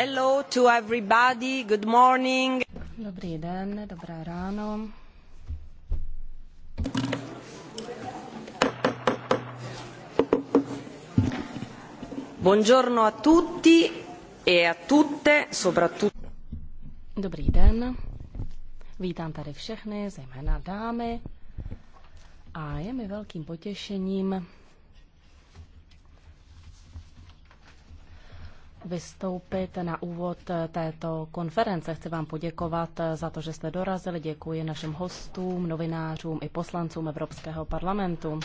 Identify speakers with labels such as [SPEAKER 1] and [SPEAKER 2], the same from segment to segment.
[SPEAKER 1] Hello to everybody, good morning. Dobrý den, dobré ráno. Buongiorno a tutti e a tutte, soprattutto. Dobrý den. Vítám tady všechny, zejména dámy. A je mi velkým potěšením vystoupit na úvod této konference. Chci vám poděkovat za to, že jste dorazili. Děkuji našim hostům, novinářům i poslancům Evropského parlamentu.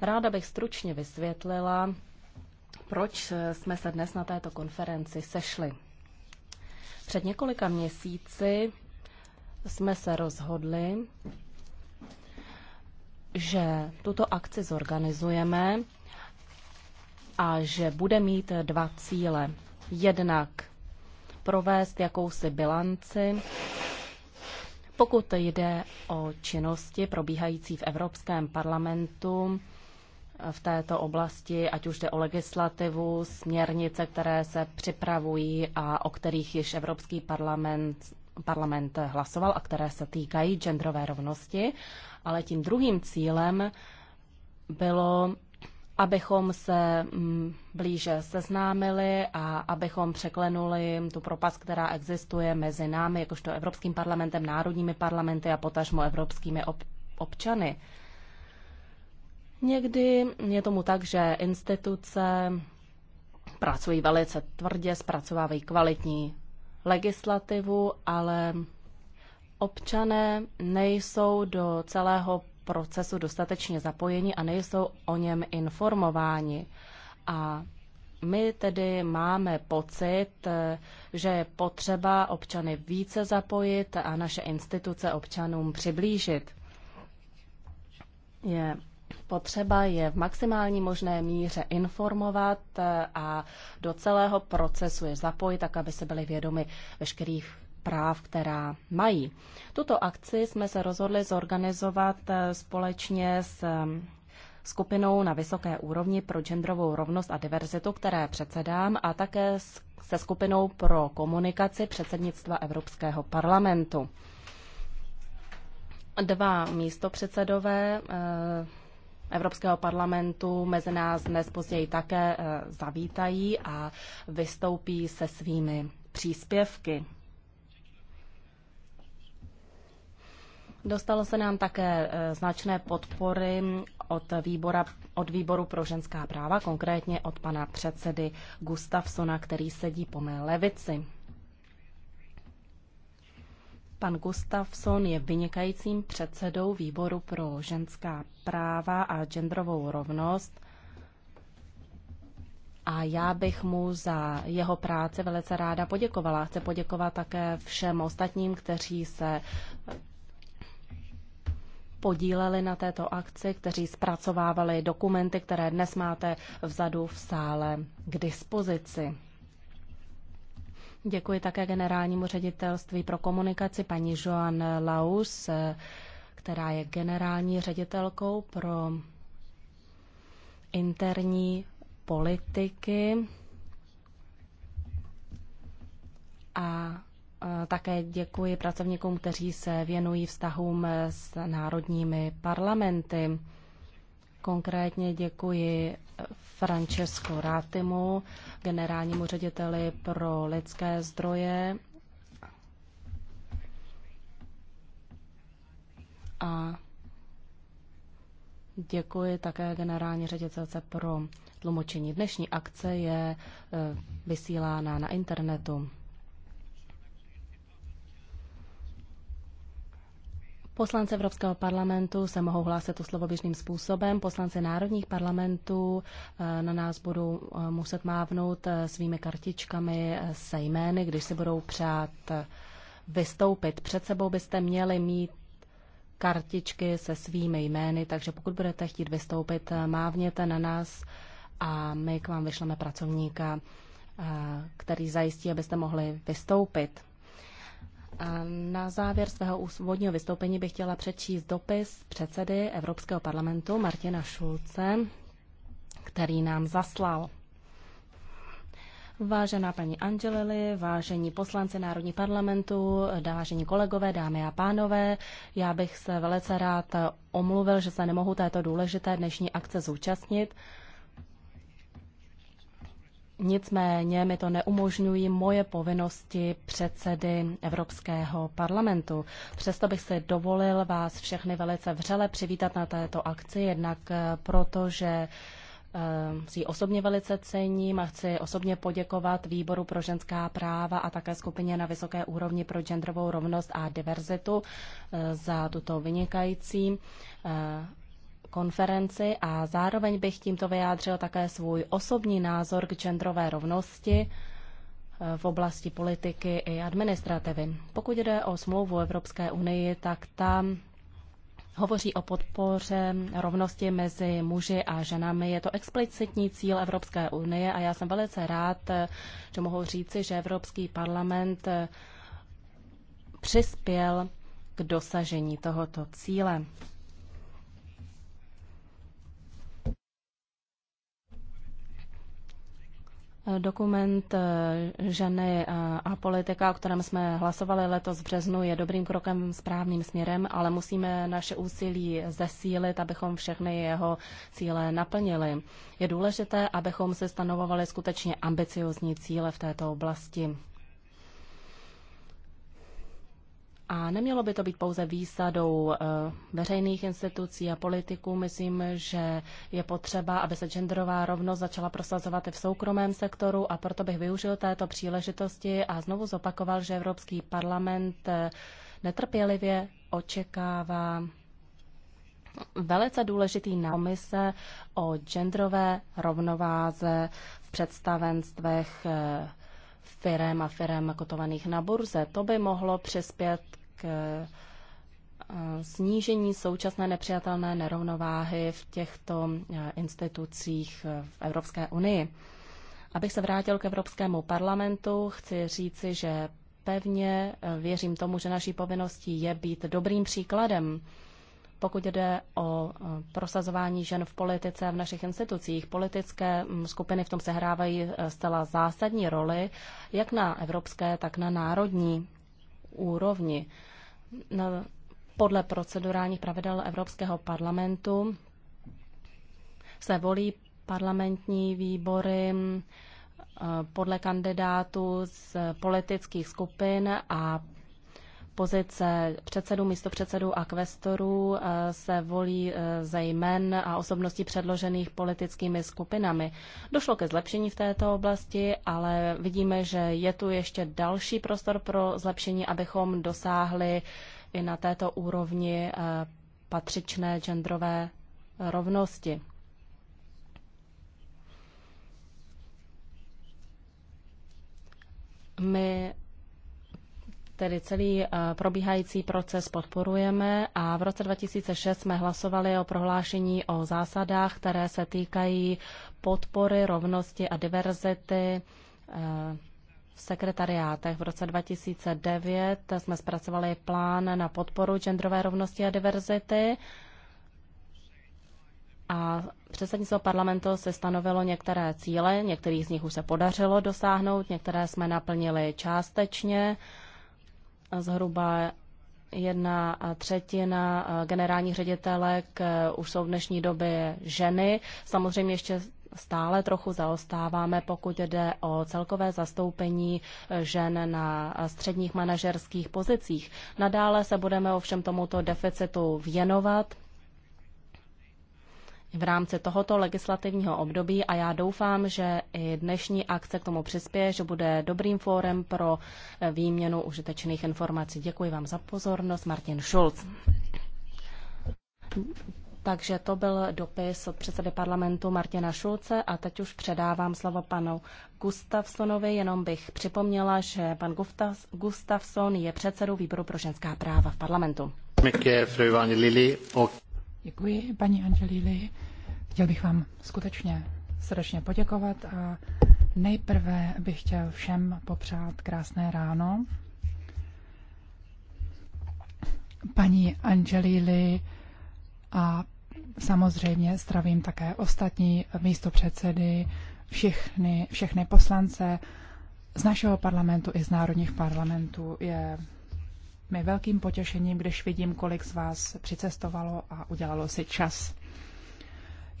[SPEAKER 1] Ráda bych stručně vysvětlila, proč jsme se dnes na této konferenci sešli. Před několika měsíci jsme se rozhodli, že tuto akci zorganizujeme a že bude mít dva cíle. Jednak provést jakousi bilanci, pokud jde o činnosti probíhající v Evropském parlamentu, v této oblasti, ať už jde o legislativu, směrnice, které se připravují a o kterých již Evropský parlament, parlament hlasoval a které se týkají genderové rovnosti. Ale tím druhým cílem bylo abychom se mm, blíže seznámili a abychom překlenuli tu propast, která existuje mezi námi, jakožto Evropským parlamentem, národními parlamenty a potažmo evropskými ob- občany. Někdy je tomu tak, že instituce pracují velice tvrdě, zpracovávají kvalitní legislativu, ale občané nejsou do celého procesu dostatečně zapojeni a nejsou o něm informováni. A my tedy máme pocit, že je potřeba občany více zapojit a naše instituce občanům přiblížit. Je potřeba je v maximální možné míře informovat a do celého procesu je zapojit, tak aby se byli vědomi veškerých práv, která mají. Tuto akci jsme se rozhodli zorganizovat eh, společně s eh, skupinou na vysoké úrovni pro genderovou rovnost a diverzitu, které předsedám, a také se skupinou pro komunikaci předsednictva Evropského parlamentu. Dva místopředsedové eh, Evropského parlamentu mezi nás dnes později také zavítají a vystoupí se svými příspěvky. Dostalo se nám také e, značné podpory od, výbora, od výboru pro ženská práva, konkrétně od pana předsedy Gustafsona, který sedí po mé levici. Pan Gustavson je vynikajícím předsedou výboru pro ženská práva a genderovou rovnost a já bych mu za jeho práci velice ráda poděkovala. Chci poděkovat také všem ostatním, kteří se podíleli na této akci, kteří zpracovávali dokumenty, které dnes máte vzadu v sále k dispozici. Děkuji také generálnímu ředitelství pro komunikaci paní Joan Laus, která je generální ředitelkou pro interní politiky a také děkuji pracovníkům, kteří se věnují vztahům s národními parlamenty. Konkrétně děkuji Francesco Rátimu, generálnímu řediteli pro lidské zdroje a děkuji také generální ředitelce pro tlumočení. Dnešní akce je e, vysílána na internetu. Poslanci Evropského parlamentu se mohou hlásit o slovo běžným způsobem. Poslanci národních parlamentů eh, na nás budou eh, muset mávnout eh, svými kartičkami se jmény, když si budou přát vystoupit. Před sebou byste měli mít kartičky se svými jmény, takže pokud budete chtít vystoupit, mávněte na nás a my k vám vyšleme pracovníka, který zajistí, abyste mohli vystoupit. Na závěr svého úvodního vystoupení bych chtěla přečíst dopis předsedy Evropského parlamentu Martina Šulce, který nám zaslal. Vážená paní Angelili, vážení poslanci Národní parlamentu, vážení kolegové, dámy a pánové, já bych se velice rád omluvil, že se nemohu této důležité dnešní akce zúčastnit. Nicméně mi to neumožňují moje povinnosti předsedy Evropského parlamentu. Přesto bych se dovolil vás všechny velice vřele přivítat na této akci, jednak eh, proto, že eh, si ji osobně velice cením a chci osobně poděkovat Výboru pro ženská práva a také skupině na vysoké úrovni pro genderovou rovnost a diverzitu eh, za tuto vynikající konferenci a zároveň bych tímto vyjádřil také svůj osobní názor k genderové rovnosti eh, v oblasti politiky i administrativy. Pokud jde o smlouvu Evropské unii, tak tam hovoří o podpoře rovnosti mezi muži a ženami. Je to explicitní cíl Evropské unie a já jsem velice rád, že mohu říci, že Evropský parlament eh, přispěl k dosažení tohoto cíle. Dokument eh, ženy a politika, o kterém jsme hlasovali letos v březnu, je dobrým krokem správným směrem, ale musíme naše úsilí zesílit, abychom všechny jeho cíle naplnili. Je důležité, abychom se stanovovali skutečně ambiciozní cíle v této oblasti. A nemělo by to být pouze výsadou eh, veřejných institucí a politiků. Myslím, že je potřeba, aby se genderová rovnost začala prosazovat i v soukromém sektoru a proto bych využil této příležitosti a znovu zopakoval, že Evropský parlament eh, netrpělivě očekává velice důležitý námise o genderové rovnováze v představenstvech eh, firem a firem kotovaných na burze. To by mohlo přispět k eh, snížení současné nepřijatelné nerovnováhy v těchto eh, institucích eh, v Evropské unii. Abych se vrátil k Evropskému parlamentu, chci říci, že pevně věřím tomu, že naší povinností je být dobrým příkladem pokud jde o prosazování žen v politice v našich institucích. Politické mm, skupiny v tom sehrávají e, zcela zásadní roli, jak na evropské, tak na národní úrovni. Podle procedurálních pravidel Evropského parlamentu se volí parlamentní výbory mm, e, podle kandidátů z politických skupin a Pozice předsedů, místopředsedů a kvestorů eh, se volí eh, ze jmen a osobností předložených politickými skupinami. Došlo ke zlepšení v této oblasti, ale vidíme, že je tu ještě další prostor pro zlepšení, abychom dosáhli i na této úrovni eh, patřičné genderové rovnosti. My Tedy celý eh, probíhající proces podporujeme a v roce 2006 jsme hlasovali o prohlášení o zásadách, které se týkají podpory rovnosti a diverzity eh, v sekretariátech. V roce 2009 jsme zpracovali plán na podporu genderové rovnosti a diverzity a předsednictvo parlamentu se stanovilo některé cíle, některých z nich už se podařilo dosáhnout, některé jsme naplnili částečně Zhruba jedna třetina eh, generálních ředitelek eh, už jsou v dnešní době ženy. Samozřejmě ještě stále trochu zaostáváme, pokud jde o celkové zastoupení eh, žen na středních manažerských pozicích. Nadále se budeme ovšem tomuto deficitu věnovat v rámci tohoto legislativního období a já doufám, že i dnešní akce k tomu přispěje, že bude dobrým fórem pro eh, výměnu užitečných informací. Děkuji vám za pozornost, Martin Schulz. Takže to byl dopis od předsedy parlamentu Martina Šulce a teď už předávám slovo panu Gustavsonovi. Jenom bych připomněla, že pan Gustavson je předsedou výboru pro ženská práva v parlamentu.
[SPEAKER 2] Děkuji, paní Angelili. Chtěl bych vám skutečně srdečně poděkovat a nejprve bych chtěl všem popřát krásné ráno. Paní Angelili a samozřejmě zdravím také ostatní místopředsedy, všechny, všechny poslance z našeho parlamentu i z národních parlamentů. Je mi velkým potěšením, když vidím, kolik z vás přicestovalo a udělalo si čas.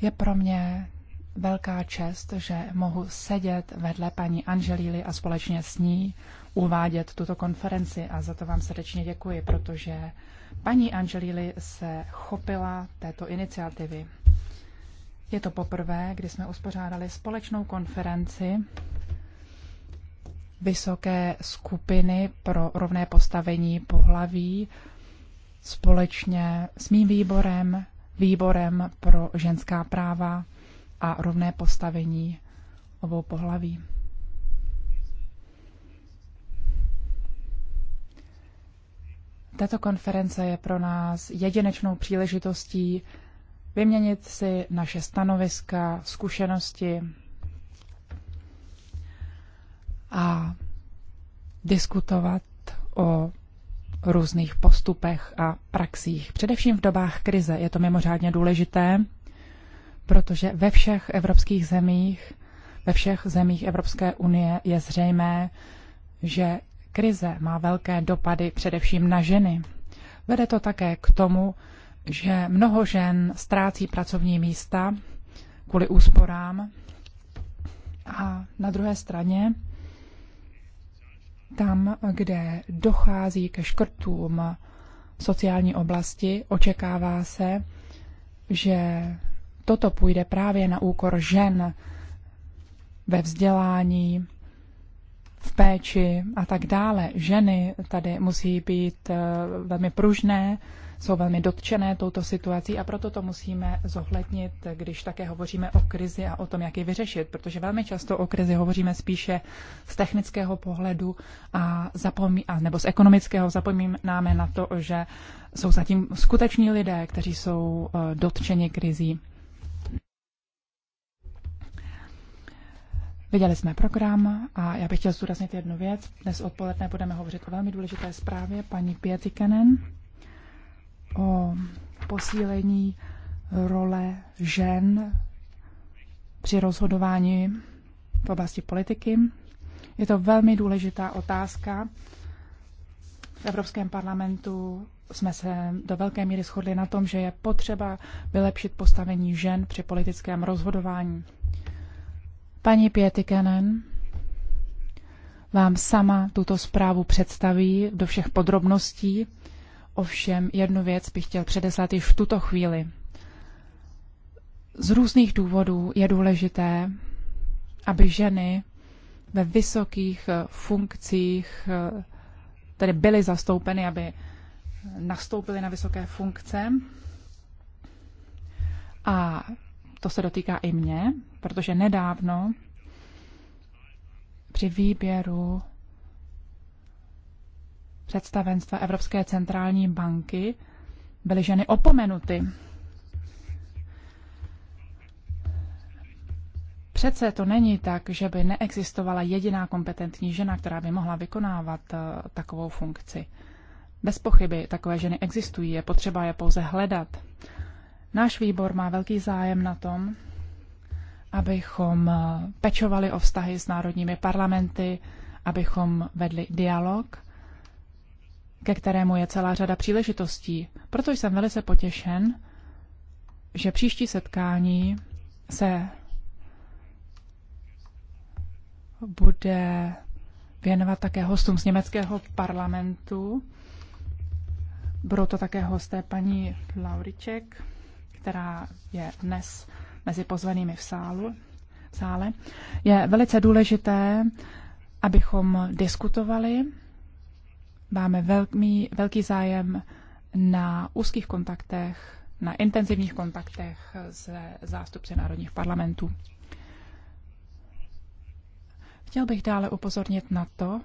[SPEAKER 2] Je pro mě velká čest, že mohu sedět vedle paní Angelíly a společně s ní uvádět tuto konferenci a za to vám srdečně děkuji, protože paní Angelíly se chopila této iniciativy. Je to poprvé, kdy jsme uspořádali společnou konferenci vysoké skupiny pro rovné postavení pohlaví společně s mým výborem, výborem pro ženská práva a rovné postavení obou pohlaví. Tato konference je pro nás jedinečnou příležitostí vyměnit si naše stanoviska, zkušenosti, a diskutovat o různých postupech a praxích. Především v dobách krize je to mimořádně důležité, protože ve všech evropských zemích, ve všech zemích Evropské unie je zřejmé, že krize má velké dopady především na ženy. Vede to také k tomu, že mnoho žen ztrácí pracovní místa kvůli úsporám a na druhé straně tam, kde dochází ke škrtům sociální oblasti, očekává se, že toto půjde právě na úkor žen ve vzdělání, v péči a tak dále. Ženy tady musí být eh, velmi pružné jsou velmi dotčené touto situací a proto to musíme zohlednit, když také hovoříme o krizi a o tom, jak ji vyřešit, protože velmi často o krizi hovoříme spíše z technického pohledu a, zapomí, a nebo z ekonomického zapomínáme na to, že jsou zatím skuteční lidé, kteří jsou eh, dotčeni krizí. Viděli jsme program a já bych chtěl zdůraznit jednu věc. Dnes odpoledne budeme hovořit o velmi důležité zprávě paní Pietikenen o posílení role žen při rozhodování v oblasti politiky. Je to velmi důležitá otázka. V Evropském parlamentu jsme se do velké míry shodli na tom, že je potřeba vylepšit postavení žen při politickém rozhodování. Paní Pietikenen vám sama tuto zprávu představí do všech podrobností. Ovšem jednu věc bych chtěl předeslat již v tuto chvíli. Z různých důvodů je důležité, aby ženy ve vysokých eh, funkcích eh, tedy byly zastoupeny, aby nastoupily na vysoké funkce. A to se dotýká i mě, protože nedávno při výběru představenstva Evropské centrální banky byly ženy opomenuty. Přece to není tak, že by neexistovala jediná kompetentní žena, která by mohla vykonávat eh, takovou funkci. Bez pochyby takové ženy existují, je potřeba je pouze hledat. Náš výbor má velký zájem na tom, abychom eh, pečovali o vztahy s národními parlamenty, abychom vedli dialog ke kterému je celá řada příležitostí. Proto jsem velice potěšen, že příští setkání se bude věnovat také hostům z německého parlamentu. Budou to také hosté paní Lauriček, která je dnes mezi pozvanými v sálu, v sále. Je velice důležité, abychom diskutovali Máme velký, velký zájem na úzkých kontaktech, na intenzivních kontaktech se zástupci národních parlamentů. Chtěl bych dále upozornit na to,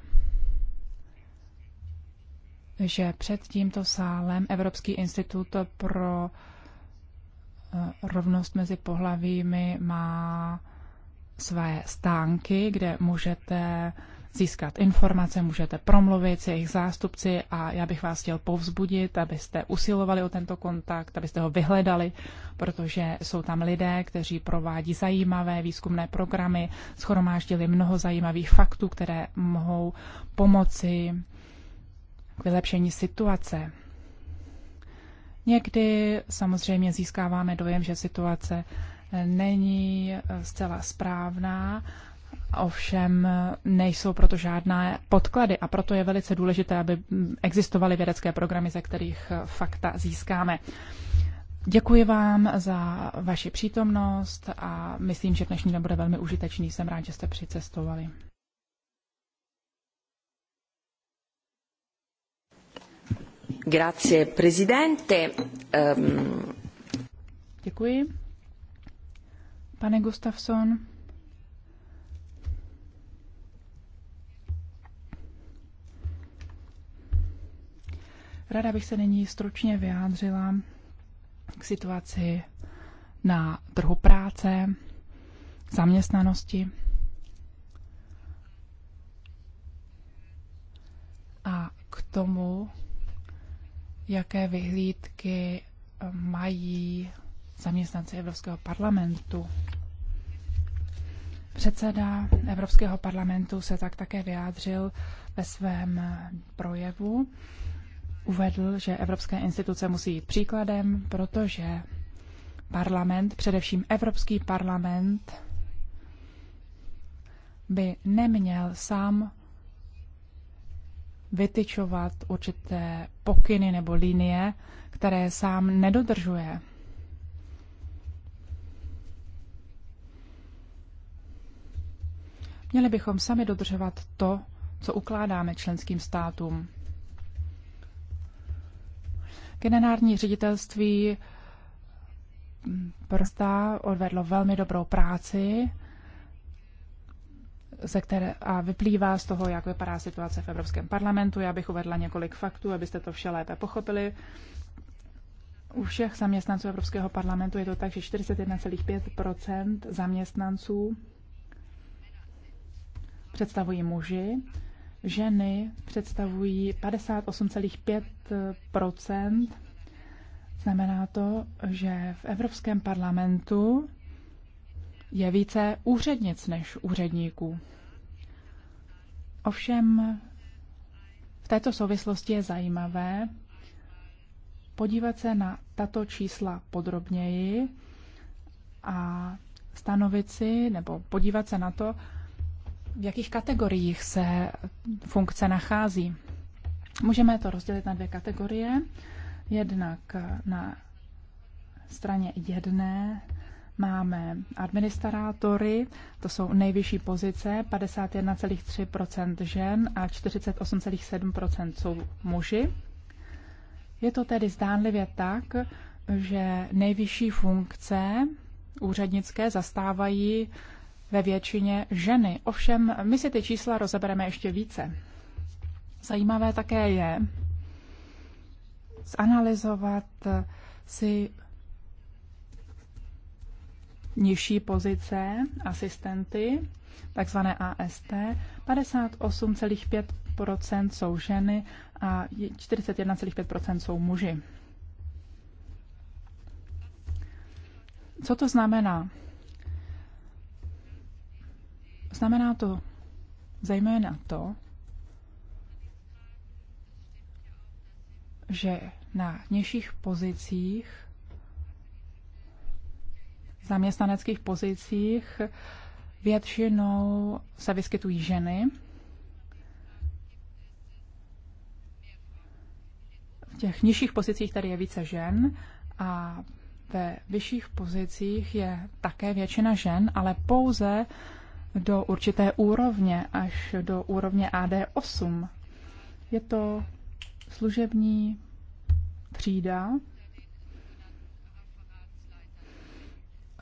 [SPEAKER 2] že před tímto sálem Evropský institut pro eh, rovnost mezi pohlavími má své stánky, kde můžete získat informace, můžete promluvit s jejich zástupci a já bych vás chtěl povzbudit, abyste usilovali o tento kontakt, abyste ho vyhledali, protože jsou tam lidé, kteří provádí zajímavé výzkumné programy, schromáždili mnoho zajímavých faktů, které mohou pomoci k vylepšení situace. Někdy samozřejmě získáváme dojem, že situace není zcela správná ovšem nejsou proto žádné podklady a proto je velice důležité, aby existovaly vědecké programy, ze kterých eh, fakta získáme. Děkuji vám za vaši přítomnost a myslím, že dnešní den bude velmi užitečný. Jsem rád, že jste přicestovali.
[SPEAKER 1] Grazie, prezidente. Um... Ehm. Děkuji.
[SPEAKER 2] Pane Gustafsson. Ráda bych se nyní stručně vyjádřila k situaci na trhu práce, zaměstnanosti a k tomu, jaké vyhlídky eh, mají zaměstnanci Evropského parlamentu. Předseda Evropského parlamentu se tak také vyjádřil ve svém projevu uvedl, že evropské instituce musí jít příkladem, protože parlament, především Evropský parlament, by neměl sám vytyčovat určité pokyny nebo linie, které sám nedodržuje. Měli bychom sami dodržovat to, co ukládáme členským státům. Generální ředitelství prsta odvedlo velmi dobrou práci ze které a vyplývá z toho, jak vypadá situace v Evropském parlamentu. Já bych uvedla několik faktů, abyste to vše lépe pochopili. U všech zaměstnanců Evropského parlamentu je to tak, že 41,5 zaměstnanců představují muži ženy představují 58,5 Znamená to, že v Evropském parlamentu je více úřednic než úředníků. Ovšem v této souvislosti je zajímavé podívat se na tato čísla podrobněji a stanovit si nebo podívat se na to, v jakých kategoriích se funkce nachází. Můžeme to rozdělit na dvě kategorie. Jednak na straně jedné máme administrátory, to jsou nejvyšší pozice, 51,3 žen a 48,7 jsou muži. Je to tedy zdánlivě tak, že nejvyšší funkce úřednické zastávají ve většině ženy. Ovšem, my si ty čísla rozebereme ještě více. Zajímavé také je zanalizovat si nižší pozice asistenty, takzvané AST, 58,5% jsou ženy a 41,5% jsou muži. Co to znamená? Znamená to zejména to, že na nižších pozicích, zaměstnaneckých pozicích, většinou se vyskytují ženy. V těch nižších pozicích tady je více žen a ve vyšších pozicích je také většina žen, ale pouze do určité úrovně, až do úrovně AD8. Je to služební třída,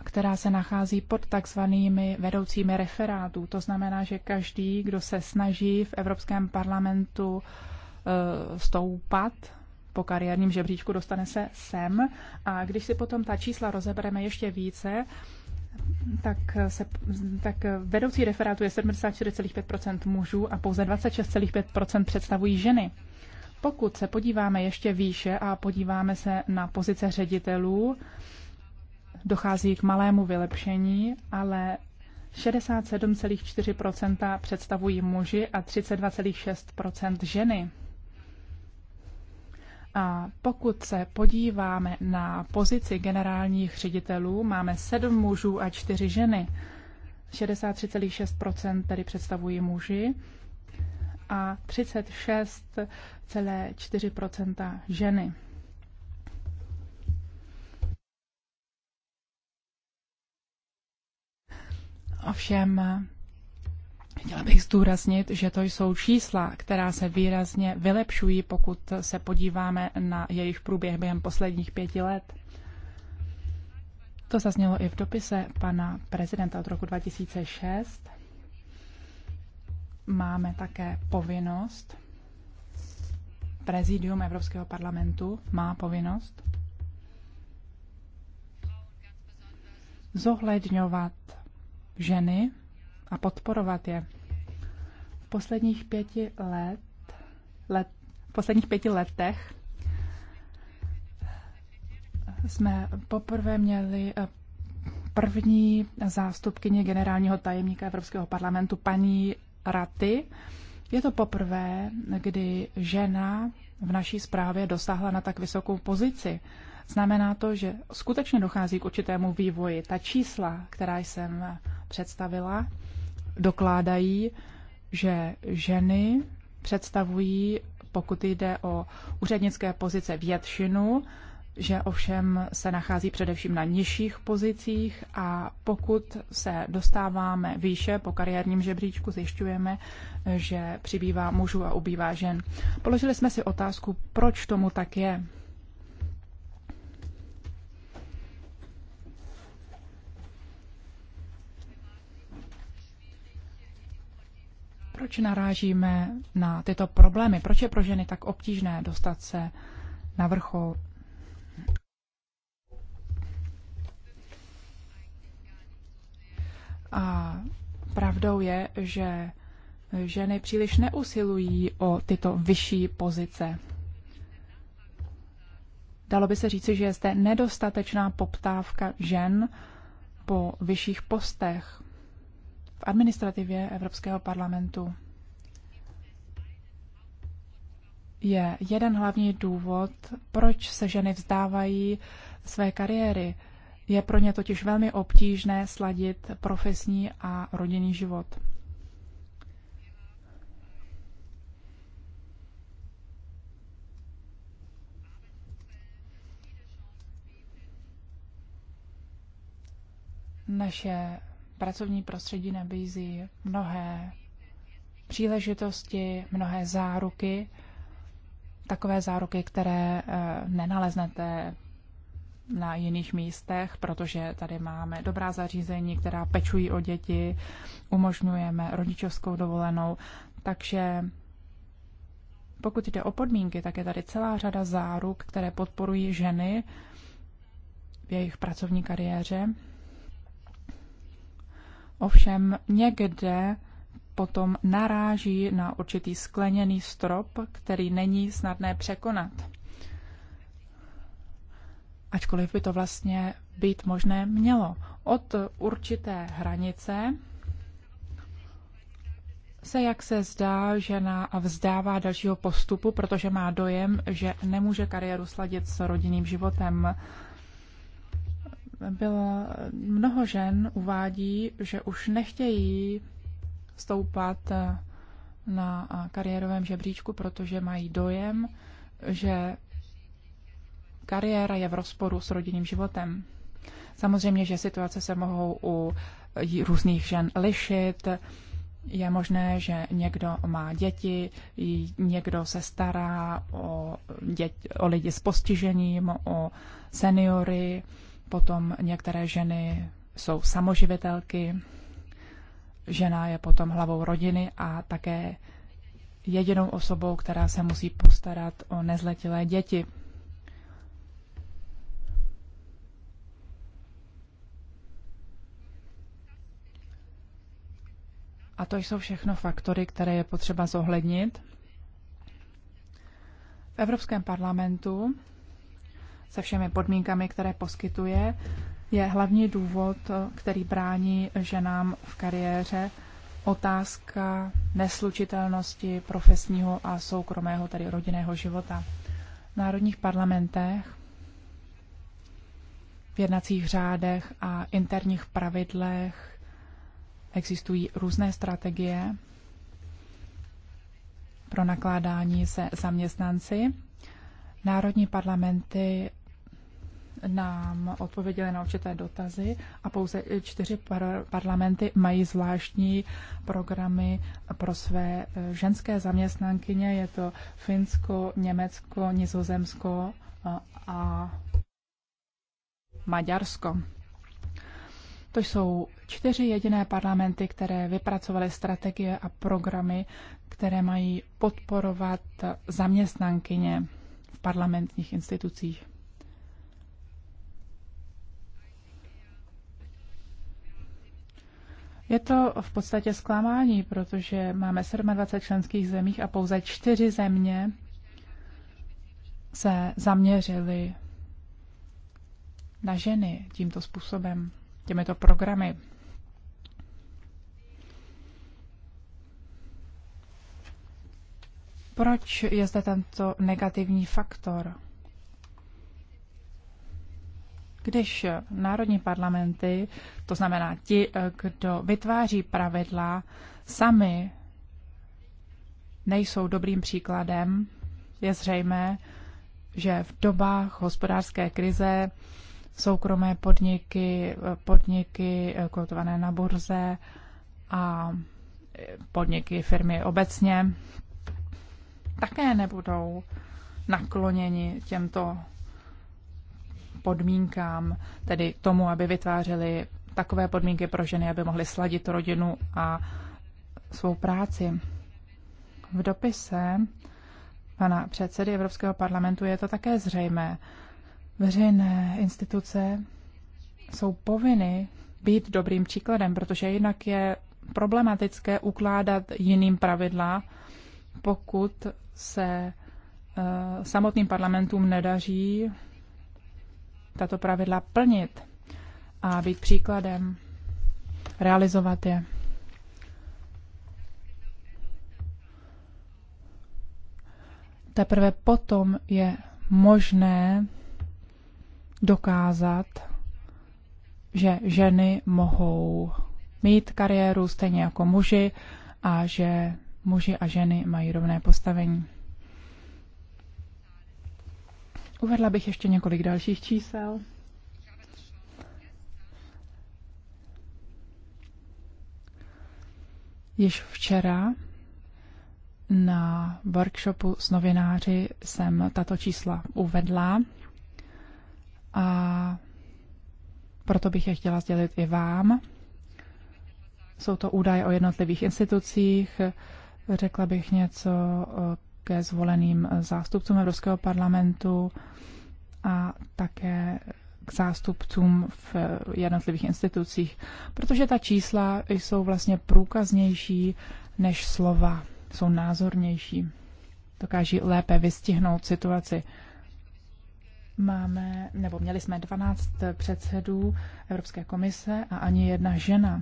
[SPEAKER 2] která se nachází pod takzvanými vedoucími referátů. To znamená, že každý, kdo se snaží v Evropském parlamentu e, stoupat po kariérním žebříčku, dostane se sem. A když si potom ta čísla rozebereme ještě více, tak, se, tak vedoucí referátu je 74,5 mužů a pouze 26,5 představují ženy. Pokud se podíváme ještě výše a podíváme se na pozice ředitelů, dochází k malému vylepšení, ale 67,4 představují muži a 32,6 ženy pokud se podíváme na pozici generálních ředitelů, máme sedm mužů a čtyři ženy. 63,6 tedy představují muži a 36,4 ženy. Ovšem Chtěla bych zdůraznit, že to jsou čísla, která se výrazně vylepšují, pokud se podíváme na jejich průběh během posledních pěti let. To zaznělo i v dopise pana prezidenta od roku 2006. Máme také povinnost, prezidium Evropského parlamentu má povinnost zohledňovat ženy a podporovat je. V posledních pěti let, let v posledních pěti letech jsme poprvé měli eh, první zástupkyně generálního tajemníka Evropského parlamentu, paní Raty. Je to poprvé, kdy žena v naší zprávě dosáhla na tak vysokou pozici. Znamená to, že skutečně dochází k určitému vývoji. Ta čísla, která jsem představila, dokládají, že ženy představují, pokud jde o úřednické pozice většinu, že ovšem se nachází především na nižších pozicích a pokud se dostáváme výše po kariérním žebříčku, zjišťujeme, že přibývá mužů a ubývá žen. Položili jsme si otázku, proč tomu tak je. Proč narážíme na tyto problémy? Proč je pro ženy tak obtížné dostat se na vrchol? A pravdou je, že ženy příliš neusilují o tyto vyšší pozice. Dalo by se říci, že je zde nedostatečná poptávka žen po vyšších postech v administrativě Evropského parlamentu je jeden hlavní důvod, proč se ženy vzdávají své kariéry. Je pro ně totiž velmi obtížné sladit profesní a rodinný život. Naše pracovní prostředí nabízí mnohé příležitosti, mnohé záruky, takové záruky, které eh, nenaleznete na jiných místech, protože tady máme dobrá zařízení, která pečují o děti, umožňujeme rodičovskou dovolenou, takže pokud jde o podmínky, tak je tady celá řada záruk, které podporují ženy v jejich pracovní kariéře ovšem někde potom naráží na určitý skleněný strop, který není snadné překonat. Ačkoliv by to vlastně být možné mělo. Od určité hranice se, jak se zdá, žena vzdává dalšího postupu, protože má dojem, že nemůže kariéru sladit s rodinným životem bylo, mnoho žen uvádí, že už nechtějí stoupat eh, na eh, kariérovém žebříčku, protože mají dojem, že kariéra je v rozporu s rodinným životem. Samozřejmě, že situace se mohou u eh, různých žen lišit. Je možné, že někdo má děti, někdo se stará o, dět, o lidi s postižením, o seniory, Potom některé ženy jsou samoživitelky, žena je potom hlavou rodiny a také jedinou osobou, která se musí postarat o nezletilé děti. A to jsou všechno faktory, které je potřeba zohlednit. V Evropském parlamentu se všemi podmínkami, které poskytuje, je hlavní důvod, který brání ženám v kariéře, otázka neslučitelnosti profesního a soukromého, tedy rodinného života. V národních parlamentech, v jednacích řádech a interních pravidlech existují různé strategie pro nakládání se zaměstnanci Národní parlamenty nám odpověděly na určité dotazy a pouze čtyři par- parlamenty mají zvláštní programy pro své e, ženské zaměstnankyně. Je to Finsko, Německo, Nizozemsko e, a Maďarsko. To jsou čtyři jediné parlamenty, které vypracovaly strategie a programy, které mají podporovat zaměstnankyně parlamentních institucích. Je to v podstatě zklamání, protože máme 27 členských zemích a pouze čtyři země se zaměřily na ženy tímto způsobem, těmito programy. Proč je zde tento negativní faktor? Když národní parlamenty, to znamená ti, kdo vytváří pravidla, sami nejsou dobrým příkladem, je zřejmé, že v dobách hospodářské krize soukromé podniky, podniky kotované na burze a podniky firmy obecně také nebudou nakloněni těmto podmínkám, tedy tomu, aby vytvářeli takové podmínky pro ženy, aby mohly sladit rodinu a svou práci. V dopise pana předsedy Evropského parlamentu je to také zřejmé. Veřejné instituce jsou povinny být dobrým příkladem, protože jinak je problematické ukládat jiným pravidla, pokud se eh, samotným parlamentům nedaří tato pravidla plnit a být příkladem, realizovat je. Teprve potom je možné dokázat, že ženy mohou mít kariéru stejně jako muži a že muži a ženy mají rovné postavení. Uvedla bych ještě několik dalších čísel. Již včera na workshopu s novináři jsem tato čísla uvedla a proto bych je chtěla sdělit i vám. Jsou to údaje o jednotlivých institucích, Řekla bych něco eh, ke zvoleným eh, zástupcům Evropského parlamentu a také k zástupcům v eh, jednotlivých institucích, protože ta čísla jsou vlastně průkaznější než slova, jsou názornější, dokáží lépe vystihnout situaci. Máme, nebo měli jsme 12 předsedů Evropské komise a ani jedna žena.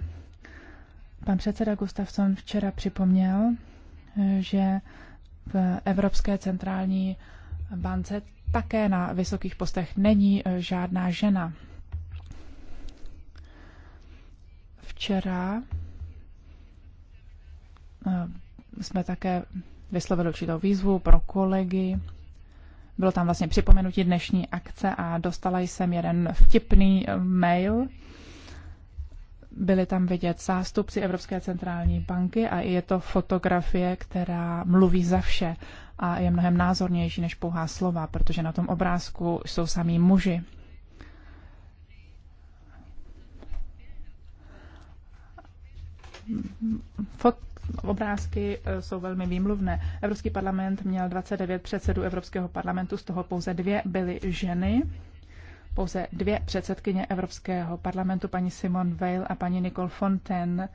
[SPEAKER 2] Pan předseda Gustavson včera připomněl, že v Evropské centrální bance také na vysokých postech není e, žádná žena. Včera e, jsme také vyslovili určitou výzvu pro kolegy. Bylo tam vlastně připomenutí dnešní akce a dostala jsem jeden vtipný e, mail byli tam vidět zástupci Evropské centrální banky a je to fotografie, která mluví za vše a je mnohem názornější než pouhá slova, protože na tom obrázku jsou samí muži. Fot, obrázky eh, jsou velmi výmluvné. Evropský parlament měl 29 předsedů Evropského parlamentu, z toho pouze dvě byly ženy pouze dvě předsedkyně Evropského parlamentu, paní Simon Weil a paní Nicole Fontaine,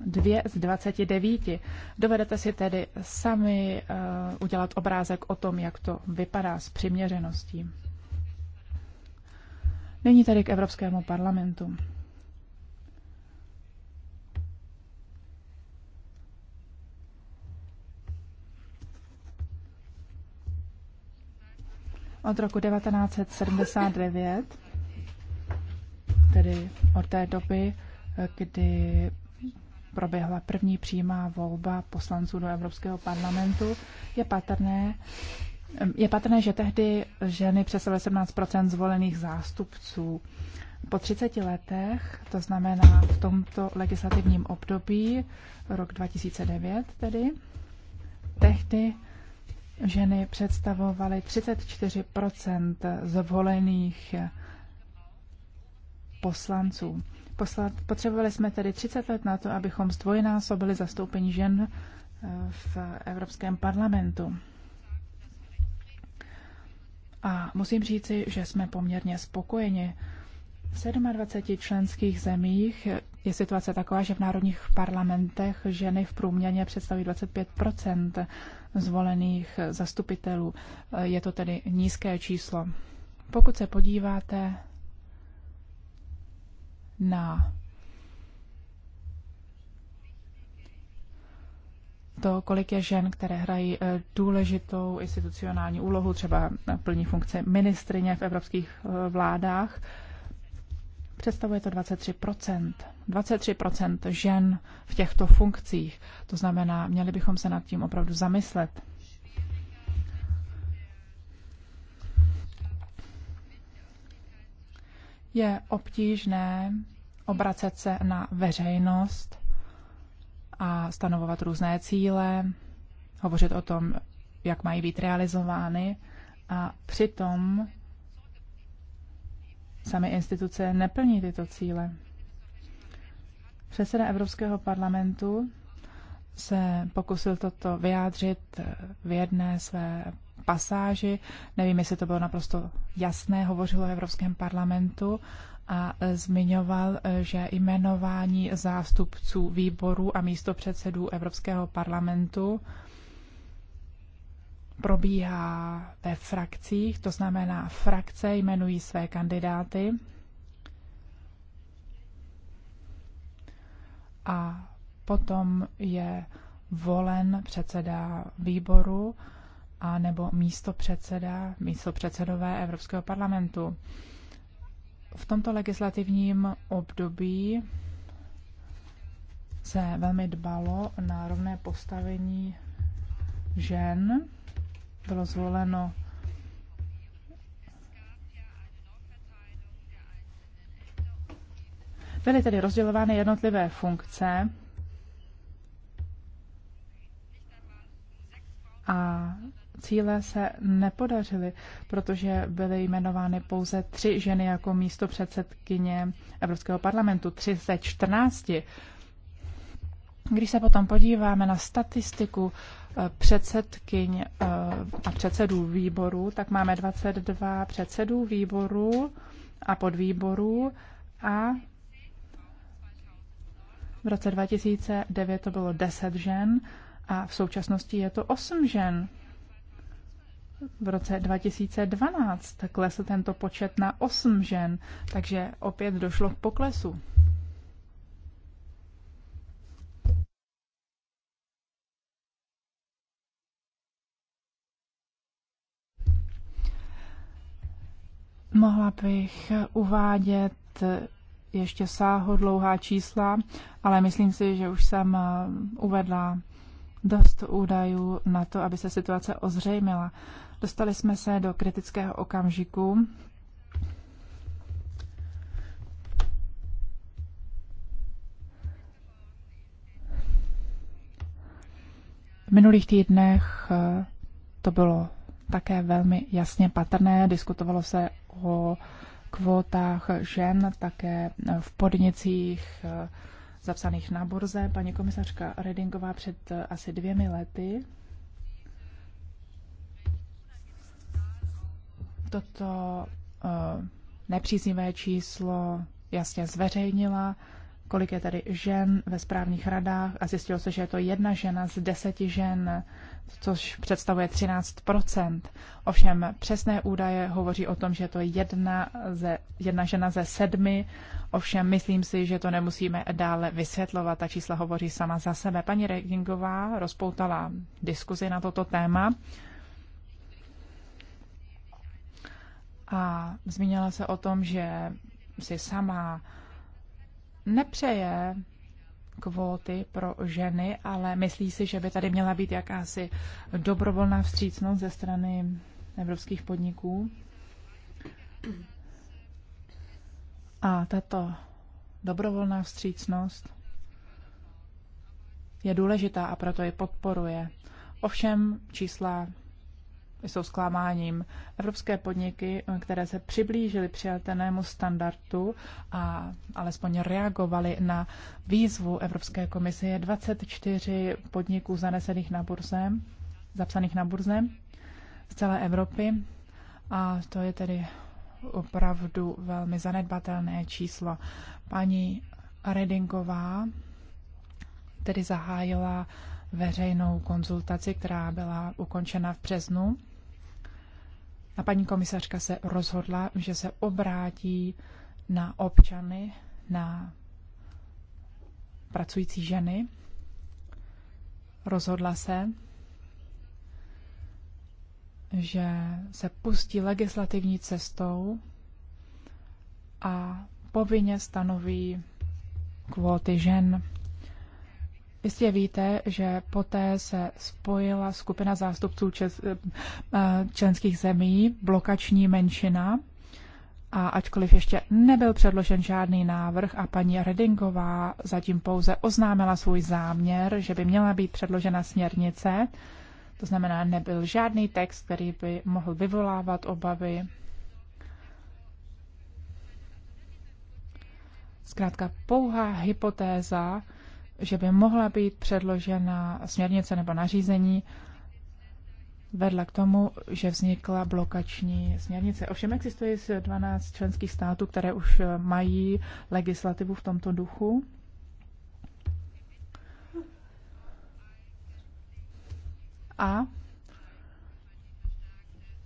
[SPEAKER 2] dvě z 29. Dovedete si tedy sami uh, udělat obrázek o tom, jak to vypadá s přiměřeností. Nyní tedy k Evropskému parlamentu. od roku 1979, tedy od té doby, kdy proběhla první přímá volba poslanců do Evropského parlamentu, je patrné, je patrné, že tehdy ženy přes 18 zvolených zástupců. Po 30 letech, to znamená v tomto legislativním období, rok 2009 tedy, tehdy Ženy představovaly 34 zvolených poslanců. Poslat, potřebovali jsme tedy 30 let na to, abychom zdvojnásobili zastoupení žen eh, v Evropském parlamentu. A musím říci, že jsme poměrně spokojeni. V 27 členských zemích je situace taková, že v národních parlamentech ženy v průměrně představují 25 zvolených zastupitelů. Je to tedy nízké číslo. Pokud se podíváte na to, kolik je žen, které hrají eh, důležitou institucionální úlohu, třeba plní funkce ministrině v evropských eh, vládách, Představuje to 23%. 23% žen v těchto funkcích. To znamená, měli bychom se nad tím opravdu zamyslet. Je obtížné obracet se na veřejnost a stanovovat různé cíle, hovořit o tom, jak mají být realizovány a přitom sami instituce neplní tyto cíle. Předseda Evropského parlamentu se pokusil toto vyjádřit eh, v jedné své pasáži. Nevím, jestli to bylo naprosto jasné, hovořil o Evropském parlamentu a eh, zmiňoval, eh, že jmenování zástupců výboru a místopředsedů Evropského parlamentu probíhá ve frakcích, to znamená frakce jmenují své kandidáty a potom je volen předseda výboru a nebo místo předseda, místo předsedové Evropského parlamentu. V tomto legislativním období se velmi dbalo na rovné postavení žen bylo zvoleno. Byly tedy rozdělovány jednotlivé funkce a cíle se nepodařily, protože byly jmenovány pouze tři ženy jako místo předsedkyně Evropského parlamentu, tři ze čtrnácti. Když se potom podíváme na statistiku předsedkyň eh, a předsedů výborů, tak máme 22 předsedů výborů a podvýborů a v roce 2009 to bylo 10 žen a v současnosti je to 8 žen. V roce 2012 klesl tento počet na 8 žen, takže opět došlo k poklesu. Mohla bych uvádět ještě sáho dlouhá čísla, ale myslím si, že už jsem eh, uvedla dost údajů na to, aby se situace ozřejmila. Dostali jsme se do kritického okamžiku. V minulých týdnech eh, to bylo také velmi jasně patrné. Diskutovalo se o kvótách žen také v podnicích eh, zapsaných na burze. Paní komisařka Redingová před eh, asi dvěmi lety toto eh, nepříznivé číslo jasně zveřejnila kolik je tady žen ve správních radách a zjistilo se, že je to jedna žena z deseti žen, což představuje 13 Ovšem přesné údaje hovoří o tom, že to je jedna, ze, jedna žena ze sedmi, ovšem myslím si, že to nemusíme dále vysvětlovat, ta čísla hovoří sama za sebe. Paní Regingová rozpoutala diskuzi na toto téma a zmínila se o tom, že si sama nepřeje kvóty pro ženy, ale myslí si, že by tady měla být jakási dobrovolná vstřícnost ze strany evropských podniků. A tato dobrovolná vstřícnost je důležitá a proto ji podporuje. Ovšem čísla jsou zklamáním. Evropské podniky, které se přiblížily přijatelnému standardu a alespoň reagovaly na výzvu Evropské komise, je 24 podniků zanesených na burze, zapsaných na burze z celé Evropy a to je tedy opravdu velmi zanedbatelné číslo. Paní Redingová tedy zahájila veřejnou konzultaci, která byla ukončena v březnu. A paní komisařka se rozhodla, že se obrátí na občany, na pracující ženy. Rozhodla se, že se pustí legislativní cestou a povinně stanoví kvóty žen Jistě víte, že poté se spojila skupina zástupců čes, eh, členských zemí, blokační menšina, a ačkoliv ještě nebyl předložen žádný návrh a paní Redingová zatím pouze oznámila svůj záměr, že by měla být předložena směrnice, to znamená, nebyl žádný text, který by mohl vyvolávat obavy. Zkrátka pouhá hypotéza, že by mohla být předložena směrnice nebo nařízení, vedla k tomu, že vznikla blokační směrnice. Ovšem existuje z 12 členských států, které už eh, mají legislativu v tomto duchu. A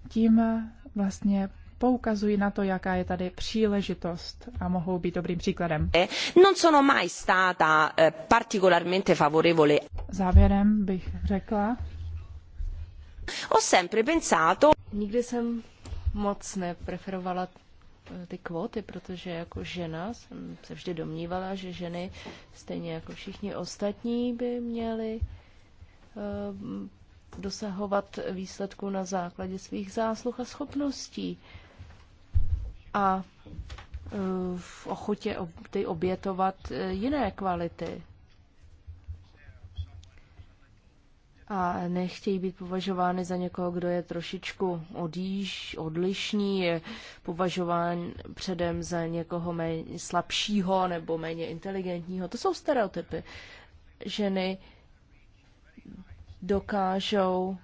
[SPEAKER 2] tím eh, vlastně poukazují na to, jaká je tady příležitost a mohou být dobrým příkladem.
[SPEAKER 1] Non sono mai stata eh, particolarmente favorevole.
[SPEAKER 2] Závěrem bych řekla. Ho sempre pensato. Nikdy jsem
[SPEAKER 3] moc nepreferovala eh, ty kvóty, protože jako žena jsem se vždy domnívala, že ženy stejně jako všichni ostatní by měly eh, dosahovat výsledků na základě svých zásluh a schopností a e, v ochotě ty obětovat e, jiné kvality. A nechtějí být považovány za někoho, kdo je trošičku odjíž, odlišný, je považován předem za někoho méně slabšího nebo méně inteligentního. To jsou stereotypy. Ženy dokážou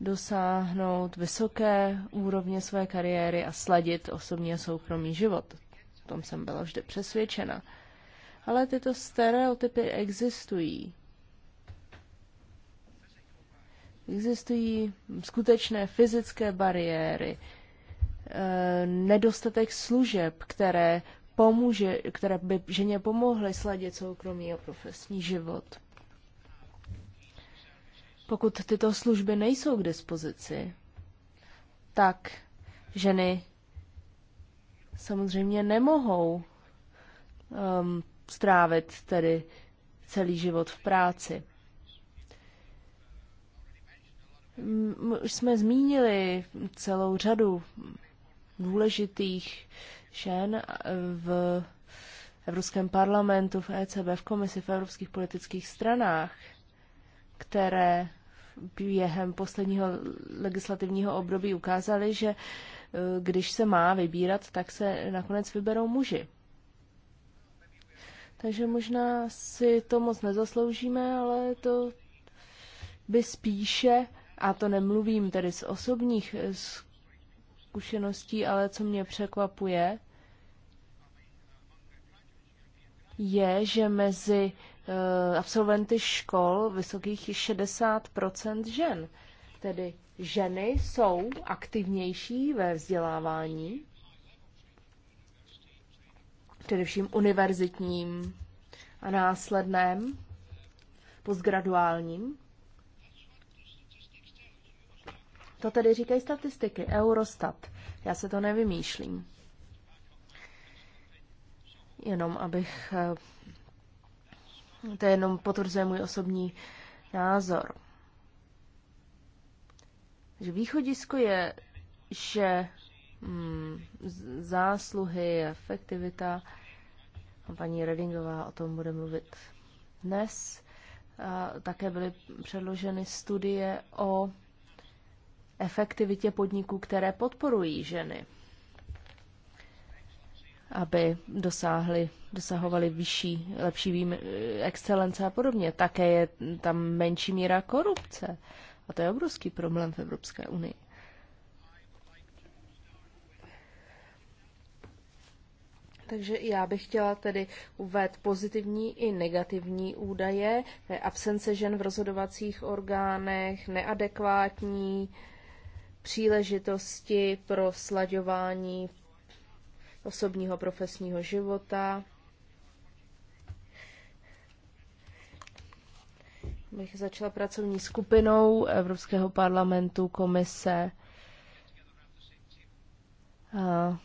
[SPEAKER 3] dosáhnout vysoké úrovně své kariéry a sladit osobní a soukromý život. V tom jsem byla vždy přesvědčena. Ale tyto stereotypy existují. Existují skutečné fyzické bariéry, eh, nedostatek služeb, které pomůže, které by ženě pomohly sladit soukromý a profesní život pokud tyto služby nejsou k dispozici, tak ženy samozřejmě nemohou um, strávit tedy celý život v práci. Už jsme zmínili celou řadu důležitých žen eh, v Evropském parlamentu, v ECB, v komisi, v evropských politických stranách – které během posledního legislativního období ukázaly, že eh, když se má vybírat, tak se nakonec vyberou muži. Takže možná si to moc nezasloužíme, ale to by spíše, a to nemluvím tedy z osobních eh, zkušeností, ale co mě překvapuje, je, že mezi Eh, absolventy škol vysokých je 60 žen. Tedy ženy jsou aktivnější ve vzdělávání, především univerzitním a následném, postgraduálním. To tedy říkají statistiky, Eurostat. Já se to nevymýšlím. Jenom abych eh, to jenom potvrzuje můj osobní názor. Že východisko je, že hmm, zásluhy, efektivita, a paní Redingová o tom bude mluvit dnes, a také byly předloženy studie o efektivitě podniků, které podporují ženy aby dosáhli, dosahovali vyšší, lepší výjim, eh, excelence a podobně. Také je tam menší míra korupce. A to je obrovský problém v Evropské unii. Takže já bych chtěla tedy uvést pozitivní i negativní údaje. Absence žen v rozhodovacích orgánech, neadekvátní příležitosti pro slaďování osobního profesního života. Bych začala pracovní skupinou Evropského parlamentu, komise. A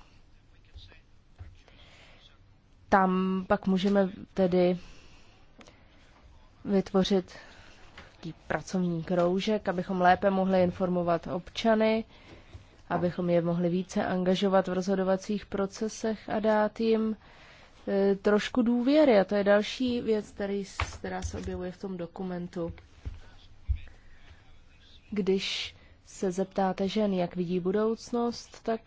[SPEAKER 3] tam pak můžeme tedy vytvořit pracovní kroužek, abychom lépe mohli informovat občany abychom je mohli více angažovat v rozhodovacích procesech a dát jim e, trošku důvěry. A to je další věc, který, která se objevuje v tom dokumentu. Když se zeptáte žen, jak vidí budoucnost, tak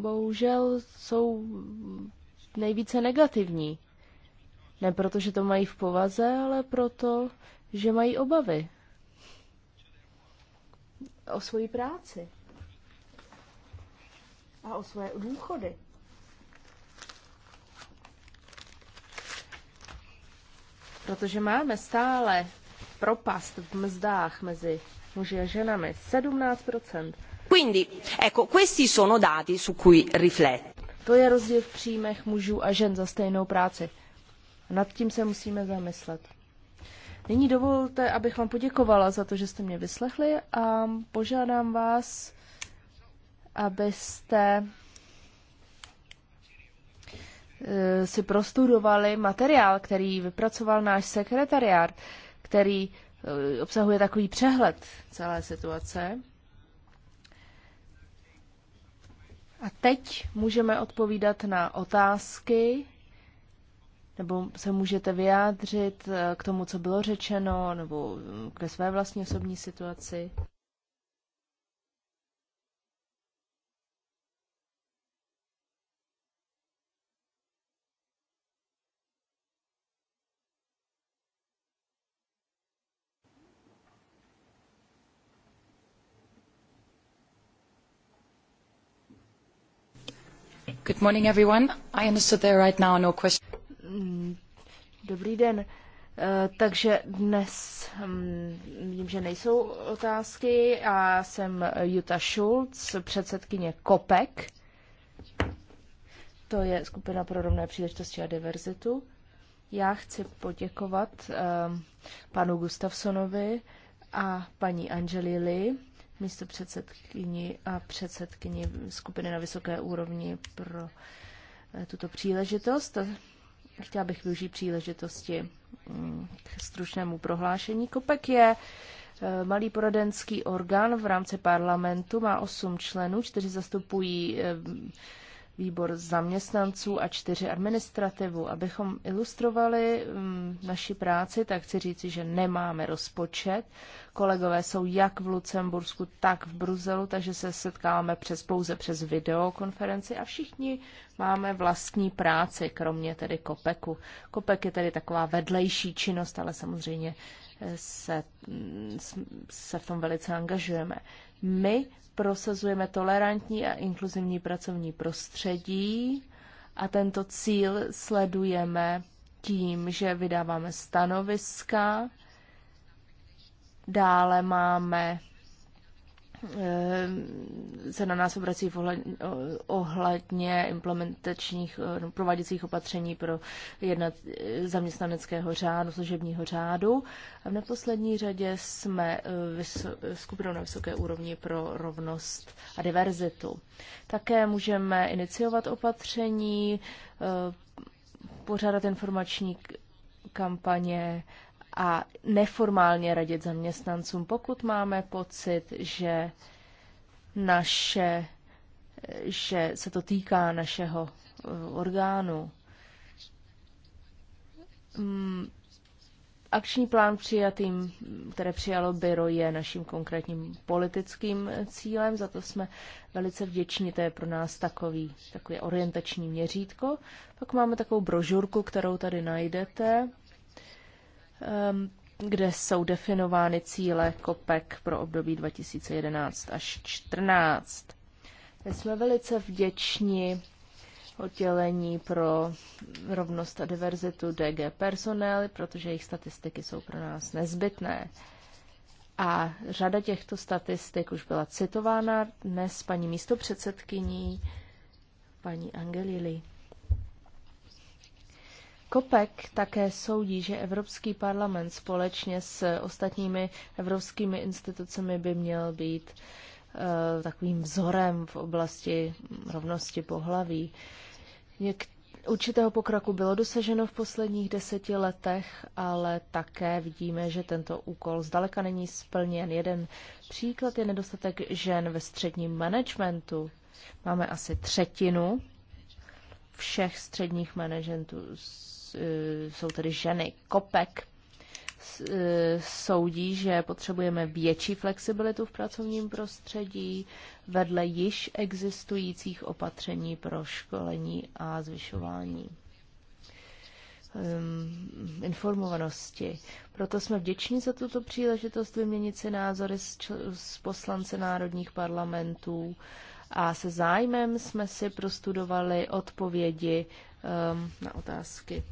[SPEAKER 3] bohužel jsou nejvíce negativní. Ne proto, že to mají v povaze, ale proto, že mají obavy o svoji práci a o svoje důchody. Protože máme stále propast v mzdách mezi muži a ženami 17
[SPEAKER 1] Quindi, ecco, questi sono dati su cui riflettere.
[SPEAKER 3] To je rozdíl v příjmech mužů a žen za stejnou práci. Nad tím se musíme zamyslet. Nyní dovolte, abych vám poděkovala za to, že jste mě vyslechli a požádám vás abyste eh, si prostudovali materiál, který vypracoval náš sekretariát, který eh, obsahuje takový přehled celé situace. A teď můžeme odpovídat na otázky, nebo se můžete vyjádřit eh, k tomu, co bylo řečeno, nebo ke své vlastní osobní situaci. No mm, dobrý den. Eh, takže dnes hm, vím, že nejsou otázky a jsem Jutta Schulz, předsedkyně COPEC. To je skupina pro rovné příležitosti a diverzitu. Já chci poděkovat hm, panu Gustavsonovi a paní Angelili místo předsedkyni a předsedkyni skupiny na vysoké úrovni pro eh, tuto příležitost. Chtěla bych využít příležitosti mm, k stručnému prohlášení. Kopek je eh, malý poradenský orgán v rámci parlamentu, má osm členů, čtyři zastupují eh, výbor zaměstnanců a čtyři administrativu. Abychom ilustrovali mm, naši práci, tak chci říci, že nemáme rozpočet. Kolegové jsou jak v Lucembursku, tak v Bruselu, takže se setkáváme přes, pouze přes videokonferenci a všichni máme vlastní práci, kromě tedy Kopeku. Kopek je tedy taková vedlejší činnost, ale samozřejmě eh, se, mm, se v tom velice angažujeme. My prosazujeme tolerantní a inkluzivní pracovní prostředí a tento cíl sledujeme tím, že vydáváme stanoviska, dále máme Eh, se na nás obrací ohledně implementačních eh, no, prováděcích opatření pro jednat eh, zaměstnaneckého řádu, služebního řádu. A v neposlední řadě jsme skupinou na vysoké úrovni pro rovnost a diverzitu. Také můžeme iniciovat opatření, pořádat informační kampaně a neformálně radit zaměstnancům, pokud máme pocit, že naše, že se to týká našeho eh, orgánu. Mm, akční plán přijatým, které přijalo byro, je naším konkrétním politickým cílem, za to jsme velice vděční, to je pro nás takový, takové orientační měřítko. Pak máme takovou brožurku, kterou tady najdete, Um, kde jsou definovány cíle kopek pro období 2011 až 2014. Jsme velice vděční oddělení pro rovnost a diverzitu DG personel, protože jejich statistiky jsou pro nás nezbytné. A řada těchto statistik už byla citována dnes paní místopředsedkyní, paní Angelili. Kopek také soudí, že Evropský parlament společně s ostatními evropskými institucemi by měl být eh, takovým vzorem v oblasti rovnosti pohlaví. Něk- určitého pokroku bylo dosaženo v posledních deseti letech, ale také vidíme, že tento úkol zdaleka není splněn. Jeden příklad je nedostatek žen ve středním managementu. Máme asi třetinu všech středních managementů E, jsou tedy ženy. Kopek e, soudí, že potřebujeme větší flexibilitu v pracovním prostředí vedle již existujících opatření pro školení a zvyšování ehm, informovanosti. Proto jsme vděční za tuto příležitost vyměnit si názory s, s národních parlamentů a se zájmem jsme si prostudovali odpovědi um, na otázky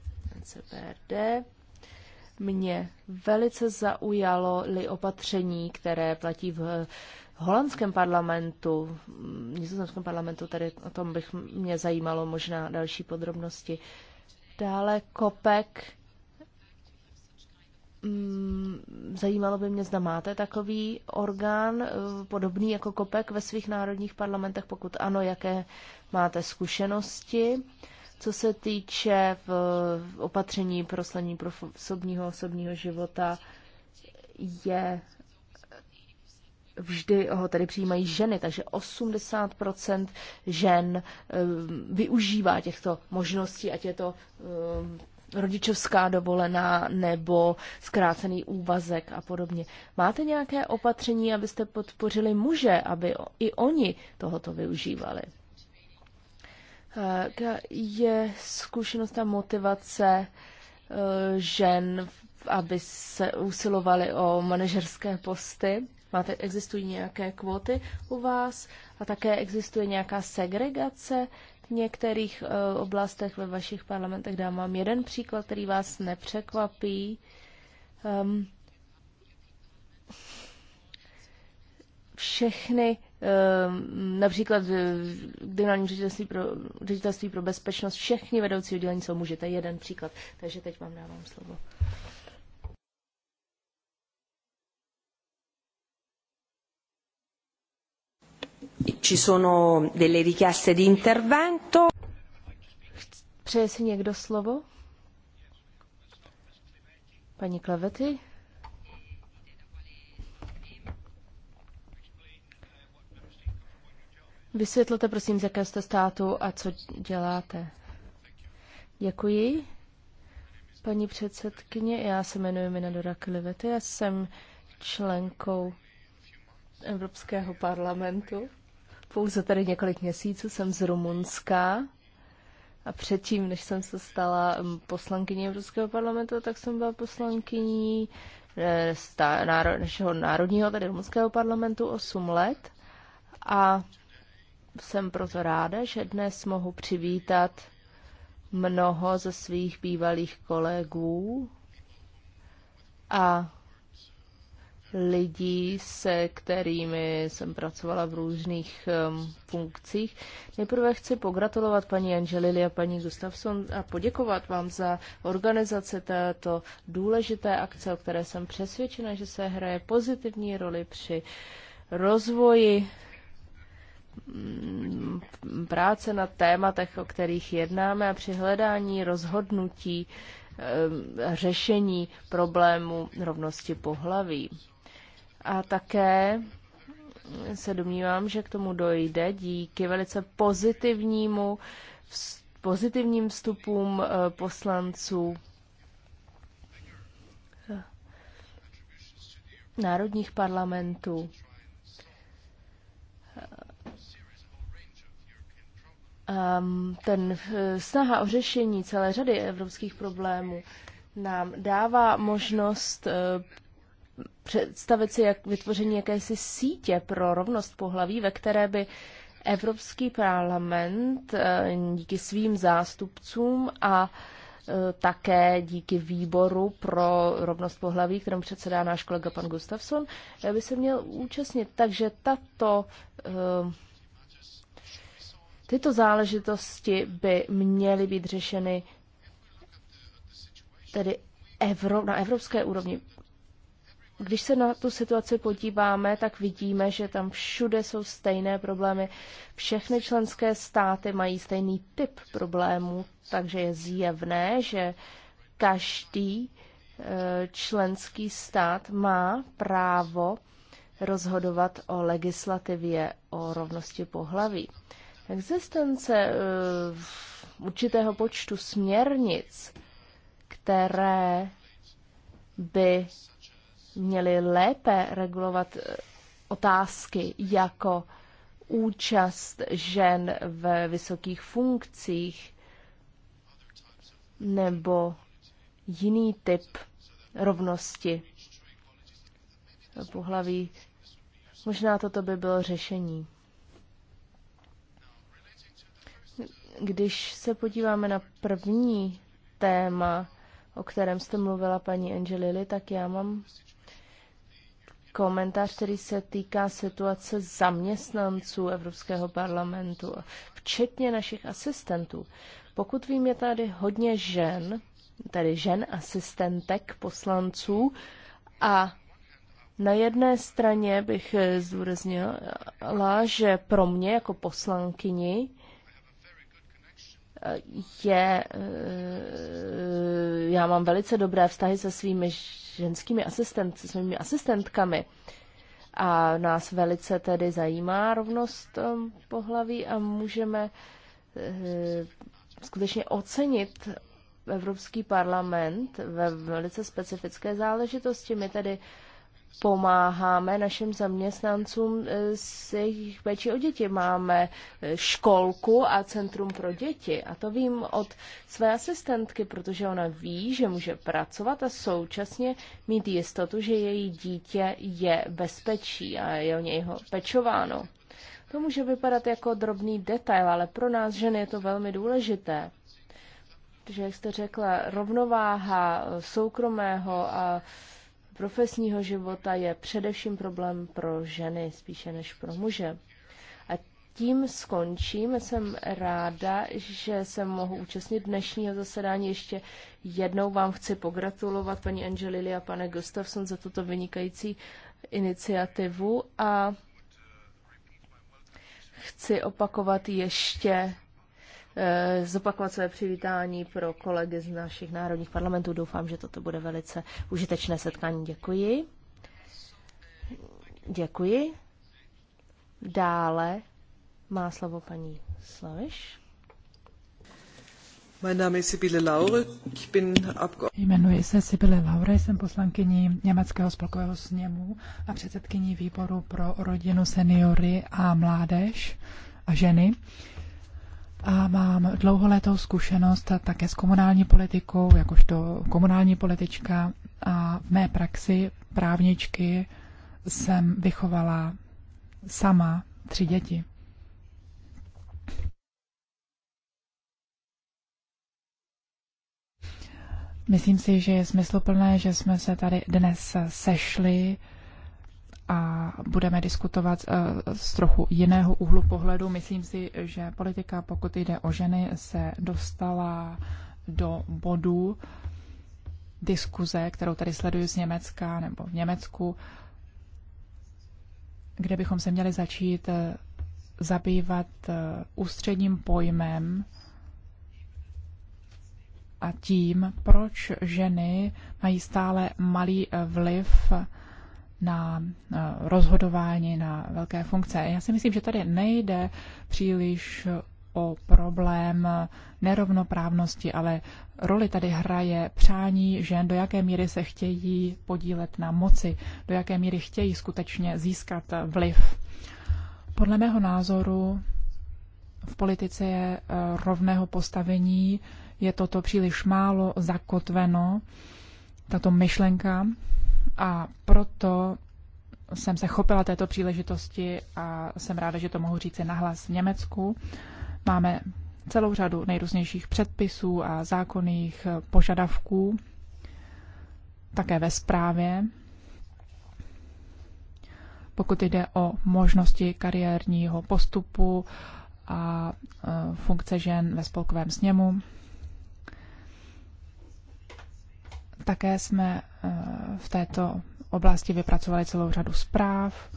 [SPEAKER 1] VRD.
[SPEAKER 3] Mě velice zaujalo li opatření, které platí v holandském parlamentu, nizozemském parlamentu, tady o tom bych mě zajímalo možná další podrobnosti. Dále Kopek. Mm, zajímalo by mě, zda máte takový orgán eh, podobný jako Kopek ve svých národních parlamentech, pokud ano, jaké máte zkušenosti. Co se týče v opatření pro sladění pro osobního osobního života, je vždy ho tady přijímají ženy, takže 80% žen eh, využívá těchto možností, ať je to eh, rodičovská dovolená nebo zkrácený úvazek a podobně. Máte nějaké opatření, abyste podpořili muže, aby i oni tohoto využívali? Eh, je zkušenost a motivace eh, žen, aby se usilovali o manažerské posty? Máte, existují nějaké kvóty u vás a také existuje nějaká segregace v některých eh, oblastech ve vašich parlamentech. Dám vám jeden příklad, který vás nepřekvapí. Um, všechny, ehm, například eh, generální ředitelství pro, ředitelství pro bezpečnost, všechny vedoucí oddělení jsou muži. To je jeden příklad. Takže teď vám dávám slovo.
[SPEAKER 1] Ci sono delle
[SPEAKER 3] richieste di intervento. Přeje si někdo slovo? Paní Klavety? Vysvětlete prosím, z jakého jste státu a co děláte. Děkuji. Paní předsedkyně, já se jmenuji Minadora Klivety, já jsem členkou Evropského parlamentu. Pouze tady několik měsíců jsem z Rumunska a předtím, než jsem se stala mm, poslankyní Evropského parlamentu, tak jsem byla poslankyní eh, našeho národního, tady rumunského parlamentu 8 let a jsem proto ráda, že dnes mohu přivítat mnoho ze svých bývalých kolegů a lidí, se kterými jsem pracovala v různých um, funkcích. Nejprve chci pogratulovat paní Angelili a paní Gustafson a poděkovat vám za organizaci této důležité akce, o které jsem přesvědčena, že se hraje pozitivní roli při rozvoji Mm, práce na tématech, o kterých jednáme a při hledání rozhodnutí řešení problému rovnosti pohlaví. A také se domnívám, že k tomu dojde díky velice pozitivnímu, pozitivním vstupům eh, poslanců eh, národních parlamentů Ehm, ten eh, snaha o řešení celé řady evropských problémů nám dává možnost eh, představit si jak vytvoření jakési sítě pro rovnost pohlaví, ve které by Evropský parlament eh, díky svým zástupcům a také díky výboru pro rovnost pohlaví, kterým předsedá náš kolega pan Gustafsson, by se měl účastnit. Takže tato Tyto záležitosti by měly být řešeny tedy evro, na evropské úrovni. Když se na tu situaci podíváme, tak vidíme, že tam všude jsou stejné problémy. Všechny členské státy mají stejný typ problémů, takže je zjevné, že každý e, členský stát má právo rozhodovat o legislativě o rovnosti pohlaví. Existence eh, určitého počtu směrnic, které by měly lépe regulovat eh, otázky jako účast žen ve vysokých funkcích nebo jiný typ rovnosti pohlaví. Možná toto by bylo řešení. Když se podíváme na první téma, o kterém jste mluvila, paní Angelili, tak já mám komentář, který se týká situace zaměstnanců Evropského parlamentu, včetně našich asistentů. Pokud vím, je tady hodně žen, tedy žen asistentek poslanců a na jedné straně bych zdůraznila, že pro mě jako poslankyni je, eh, já mám velice dobré vztahy se svými ženskými asistent, se svými asistentkami a nás velice tedy zajímá rovnost eh, pohlaví a můžeme eh, skutečně ocenit Evropský parlament ve velice specifické záležitosti. My tedy pomáháme našim zaměstnancům eh, s jejich péči o děti. Máme eh, školku a centrum pro děti. A to vím od své asistentky, protože ona ví, že může pracovat a současně mít jistotu, že její dítě je bezpečí a je o něj pečováno. To může vypadat jako drobný detail, ale pro nás ženy je to velmi důležité. Takže jak jste řekla, rovnováha eh, soukromého a profesního života je především problém pro ženy, spíše než pro muže. A tím skončím. Jsem ráda, že se mohu účastnit dnešního zasedání. Ještě jednou vám chci pogratulovat, paní Angelili a pane Gustafson, za tuto vynikající iniciativu a chci opakovat ještě Eh, zopakovat své přivítání pro kolegy z našich národních parlamentů. Doufám, že toto bude velice užitečné setkání. Děkuji. Děkuji. Dále má slovo paní
[SPEAKER 2] Slaviš. Jmenuji se Sibyle Laure, jsem poslankyní Německého spolkového sněmu a předsedkyní výboru pro rodinu, seniory a mládež a ženy a mám dlouholetou zkušenost také s komunální politikou, jakožto komunální politička a v mé praxi právničky jsem vychovala sama tři děti. Myslím si, že je smysluplné, že jsme se tady dnes sešli a budeme diskutovat eh, z trochu jiného úhlu pohledu. Myslím si, že politika, pokud jde o ženy, se dostala do bodu diskuze, kterou tady sleduju z Německa nebo v Německu, kde bychom se měli začít eh, zabývat eh, ústředním pojmem a tím, proč ženy mají stále malý vliv na eh, rozhodování, na velké funkce. Já si myslím, že tady nejde příliš o problém nerovnoprávnosti, ale roli tady hraje přání žen, do jaké míry se chtějí podílet na moci, do jaké míry chtějí skutečně získat vliv. Podle mého názoru v politice eh, rovného postavení je toto příliš málo zakotveno, tato myšlenka a proto jsem se chopila této příležitosti a jsem ráda, že to mohu říct nahlas v Německu. Máme celou řadu nejrůznějších předpisů a zákonných požadavků, také ve správě. Pokud jde o možnosti kariérního postupu a e, funkce žen ve spolkovém sněmu, Také jsme eh, v této oblasti vypracovali celou řadu zpráv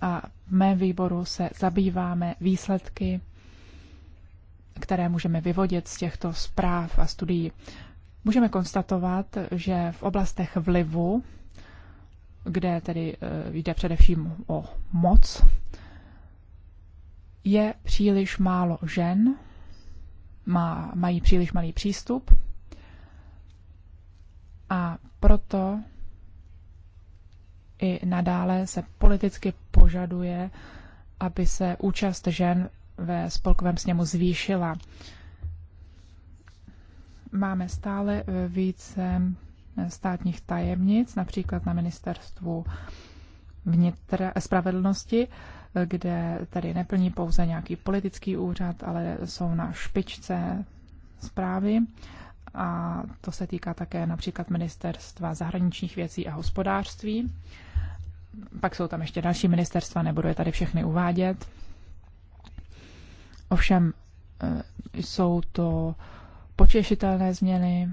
[SPEAKER 2] a v mém výboru se zabýváme výsledky, které můžeme vyvodit z těchto zpráv a studií. Můžeme konstatovat, že v oblastech vlivu, kde tedy eh, jde především o moc, je příliš málo žen, má, mají příliš malý přístup a proto i nadále se politicky požaduje, aby se účast žen ve spolkovém sněmu zvýšila. Máme stále více státních tajemnic, například na ministerstvu vnitra, spravedlnosti, kde tady neplní pouze nějaký politický úřad, ale jsou na špičce zprávy a to se týká také například ministerstva zahraničních věcí a hospodářství. Pak jsou tam ještě další ministerstva, nebudu je tady všechny uvádět. Ovšem eh, jsou to počešitelné změny,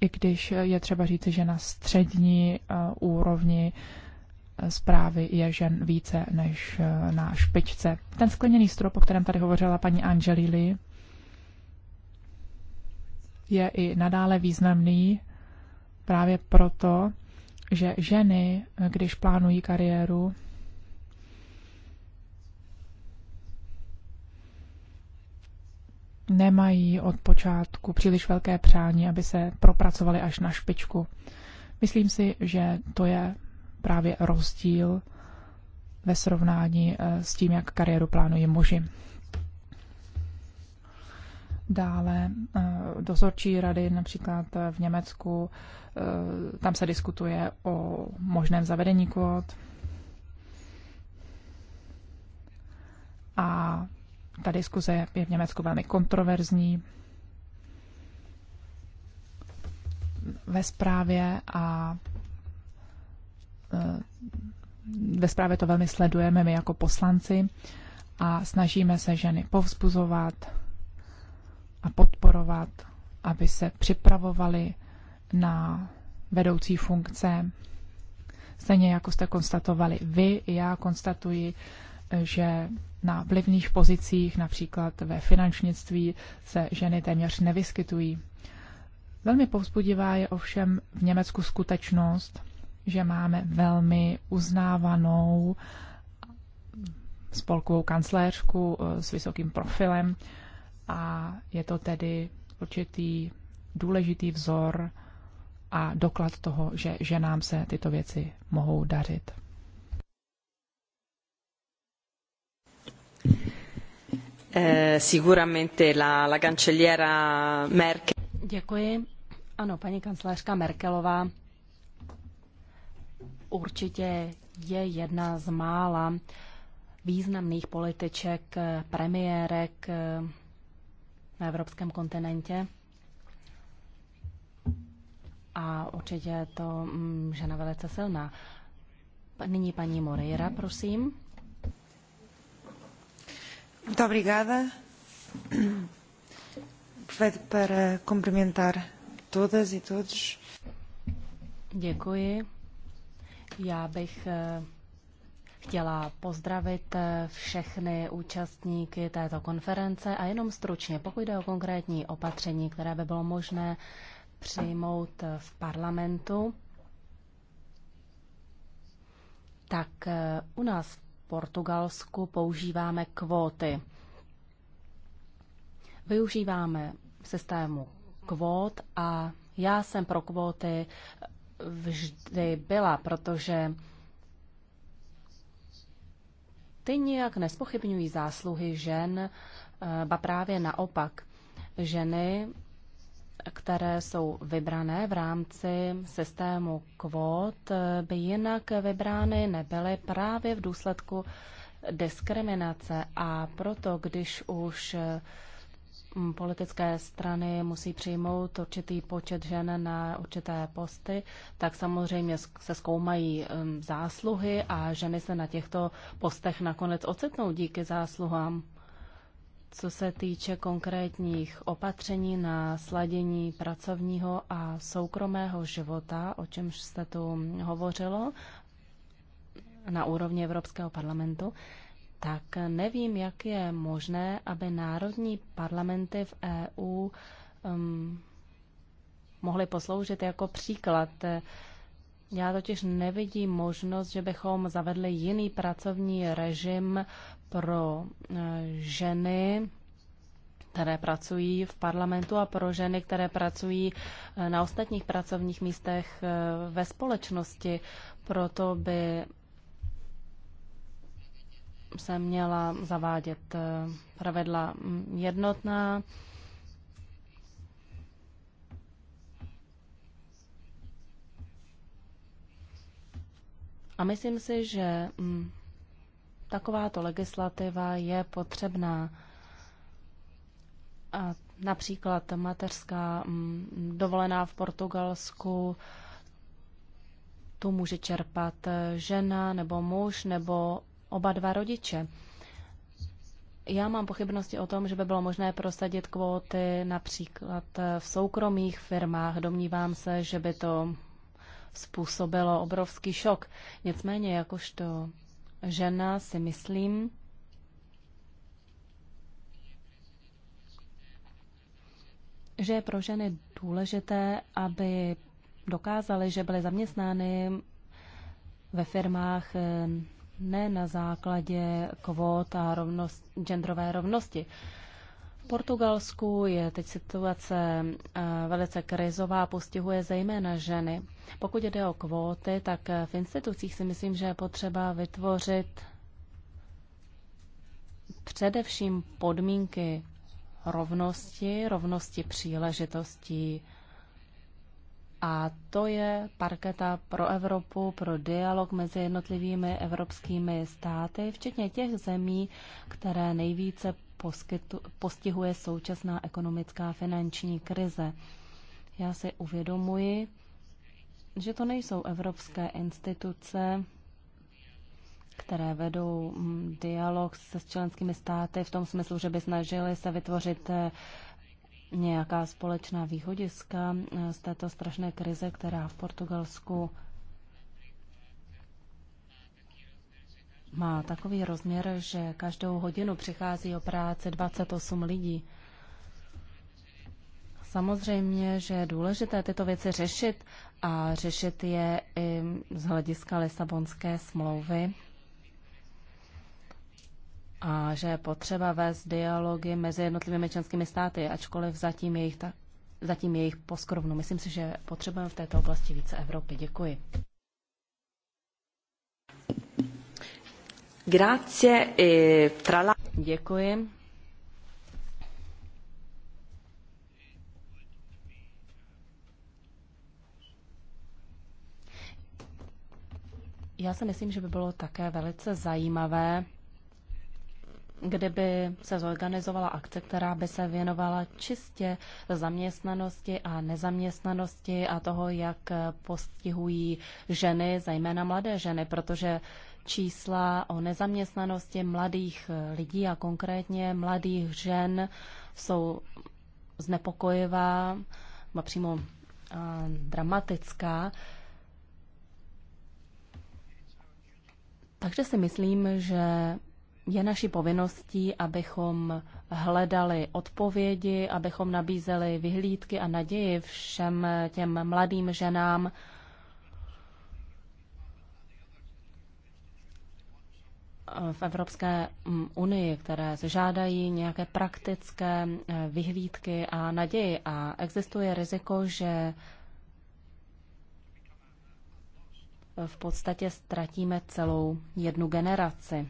[SPEAKER 2] i když je třeba říci, že na střední eh, úrovni eh, zprávy je žen více než na špičce. Ten skleněný strop, o kterém tady hovořila paní Angelili, je i nadále významný právě proto, že ženy, když plánují kariéru, nemají od počátku příliš velké přání, aby se propracovali až na špičku. Myslím si, že to je právě rozdíl ve srovnání eh, s tím, jak kariéru plánují muži. Dále eh, dozorčí rady, například eh, v Německu, eh, tam se diskutuje o možném zavedení kvót. A ta diskuze je v Německu velmi kontroverzní. Ve zprávě a ve zprávě to velmi sledujeme my jako poslanci a snažíme se ženy povzbuzovat, a podporovat, aby se připravovali na vedoucí funkce. Stejně jako jste konstatovali vy, já konstatuji, že na vlivných pozicích, například ve finančnictví, se ženy téměř nevyskytují. Velmi povzbudivá je ovšem v Německu skutečnost, že máme velmi uznávanou spolkovou kancléřku eh, s vysokým profilem, a je to tedy určitý důležitý vzor a doklad toho, že ženám se tyto věci mohou dařit.
[SPEAKER 1] Eh, la, la cancelliera Merkel. Děkuji. Ano, paní kancelářka Merkelová určitě je jedna z mála významných političek, eh, premiérek, eh, na evropském kontinentě. A určitě je to mm, žena velice silná. Nyní paní Moreira, prosím.
[SPEAKER 2] Muito obrigada. Aproveito para cumprimentar todas e todos. Děkuji.
[SPEAKER 1] Já bych eh, chtěla pozdravit eh, všechny účastníky této konference a jenom stručně, pokud jde o konkrétní opatření, které by bylo možné přijmout eh, v parlamentu, tak eh, u nás v Portugalsku používáme kvóty. Využíváme systému kvót a já jsem pro kvóty vždy byla, protože ty nijak nespochybňují zásluhy žen, eh, ba právě naopak. Ženy, které jsou vybrané v rámci systému kvót, eh, by jinak vybrány nebyly právě v důsledku diskriminace. A proto, když už eh, politické strany musí přijmout určitý počet žen na určité posty, tak samozřejmě se zkoumají zásluhy a ženy se na těchto postech nakonec ocitnou díky zásluhám. Co se týče konkrétních opatření na sladění pracovního a soukromého života, o čemž jste tu hovořilo na úrovni Evropského parlamentu, tak nevím, jak je možné, aby národní parlamenty v EU um, mohly posloužit jako příklad. Já totiž nevidím možnost, že bychom zavedli jiný pracovní režim pro eh, ženy, které pracují v parlamentu a pro ženy, které pracují eh, na ostatních pracovních místech eh, ve společnosti. Proto by se měla zavádět eh, pravidla mm, jednotná. A myslím si, že mm, takováto legislativa je potřebná. A například mateřská mm, dovolená v Portugalsku, tu může čerpat eh, žena nebo muž nebo oba dva rodiče. Já mám pochybnosti o tom, že by bylo možné prosadit kvóty například v soukromých firmách. Domnívám se, že by to způsobilo obrovský šok. Nicméně, jakožto žena si myslím, že je pro ženy důležité, aby dokázaly, že byly zaměstnány ve firmách eh, ne na základě kvót a rovnost, genderové rovnosti. V Portugalsku je teď situace eh, velice krizová, postihuje zejména ženy. Pokud jde o kvóty, tak eh, v institucích si myslím, že je potřeba vytvořit především podmínky rovnosti, rovnosti příležitostí a to je parketa pro Evropu, pro dialog mezi jednotlivými evropskými státy, včetně těch zemí, které nejvíce poskytu, postihuje současná ekonomická finanční krize. Já si uvědomuji, že to nejsou evropské instituce, které vedou mm, dialog se členskými státy v tom smyslu, že by snažili se vytvořit eh, nějaká společná východiska z této strašné krize, která v Portugalsku má takový rozměr, že každou hodinu přichází o práci 28 lidí. Samozřejmě, že je důležité tyto věci řešit a řešit je i z hlediska Lisabonské smlouvy, a že je potřeba vést dialogy mezi jednotlivými členskými státy, ačkoliv zatím jejich, ta, zatím jejich poskrovnu. Myslím si, že potřebujeme v této oblasti více Evropy. Děkuji. Grazie, e, tra Děkuji. Já si myslím, že by bylo také velice zajímavé kdyby se zorganizovala akce, která by se věnovala čistě zaměstnanosti a nezaměstnanosti a toho, jak postihují ženy, zejména mladé ženy, protože čísla o nezaměstnanosti mladých lidí a konkrétně mladých žen jsou znepokojivá, a přímo dramatická. Takže si myslím, že je naší povinností, abychom hledali odpovědi, abychom nabízeli vyhlídky a naději všem těm mladým ženám, v Evropské unii, které žádají nějaké praktické eh, vyhlídky a naději. A existuje riziko, že v podstatě ztratíme celou jednu generaci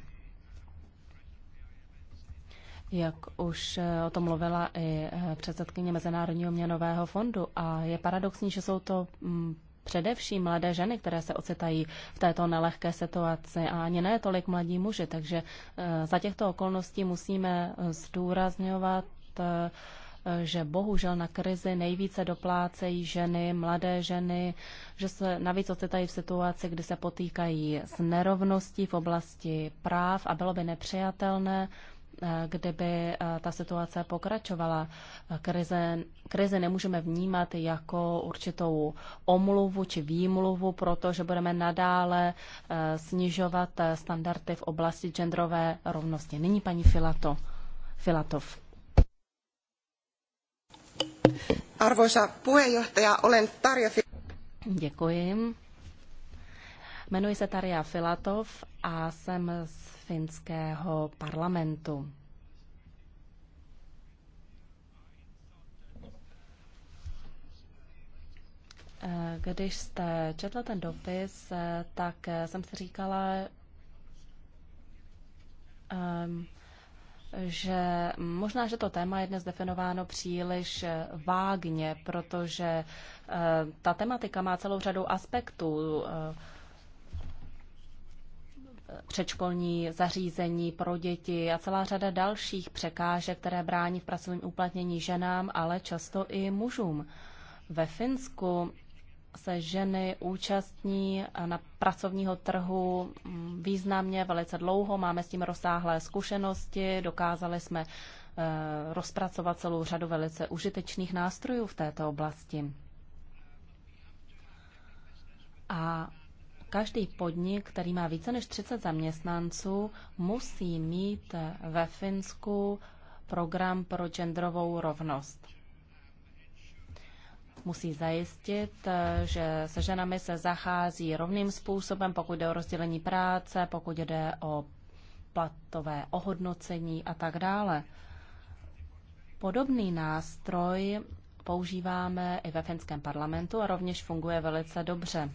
[SPEAKER 1] jak už eh, o tom mluvila i eh, předsedkyně Mezinárodního měnového fondu. A je paradoxní, že jsou to mm, především mladé ženy, které se ocitají v této nelehké situaci a ani ne tolik mladí muži. Takže eh, za těchto okolností musíme zdůrazňovat že bohužel na krizi nejvíce doplácejí ženy, mladé ženy, že se navíc ocitají v situaci, kdy se potýkají s nerovností v oblasti práv a bylo by nepřijatelné, kdyby eh, ta situace pokračovala. Krize, krize nemůžeme vnímat jako určitou omluvu či výmluvu, protože budeme nadále eh, snižovat eh, standardy v oblasti genderové rovnosti. Nyní paní Filato, Filatov. Arvoisa puheenjohtaja, olen Tarja Děkuji. Jmenuji se Taria Filatov a jsem z finského parlamentu. Eh, když jste četla ten dopis, eh, tak eh, jsem si říkala, ehm, že možná, že to téma je dnes definováno příliš vágně, protože ta tematika má celou řadu aspektů předškolní zařízení pro děti a celá řada dalších překážek, které brání v pracovním uplatnění ženám, ale často i mužům. Ve Finsku se ženy účastní na pracovního trhu mm, významně velice dlouho, máme s tím rozsáhlé zkušenosti, dokázali jsme eh, rozpracovat celou řadu velice užitečných nástrojů v této oblasti. A Každý podnik, který má více než 30 zaměstnanců, musí mít ve Finsku program pro genderovou rovnost. Musí zajistit, že se ženami se zachází rovným způsobem, pokud jde o rozdělení práce, pokud jde o platové ohodnocení a tak dále. Podobný nástroj používáme i ve finském parlamentu a rovněž funguje velice dobře.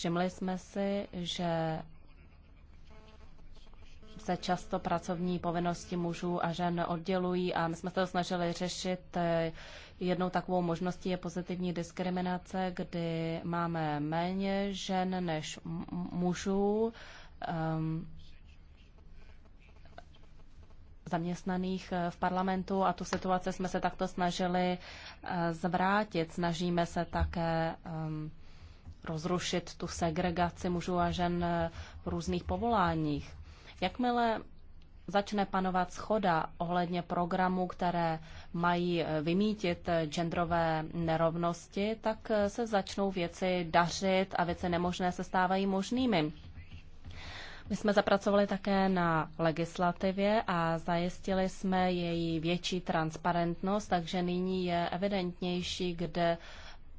[SPEAKER 1] Všimli jsme si, že se často pracovní povinnosti mužů a žen oddělují a my jsme se to snažili řešit. Jednou takovou možností je pozitivní diskriminace, kdy máme méně žen než mužů um, zaměstnaných eh, v parlamentu a tu situaci jsme se takto snažili eh, zvrátit. Snažíme se také um, rozrušit tu segregaci mužů a žen eh, v různých povoláních. Jakmile začne panovat schoda ohledně programů, které mají eh, vymítit eh, genderové nerovnosti, tak se začnou věci dařit a věci nemožné se stávají možnými. My jsme zapracovali také na legislativě a zajistili jsme její větší transparentnost, takže nyní je evidentnější, kde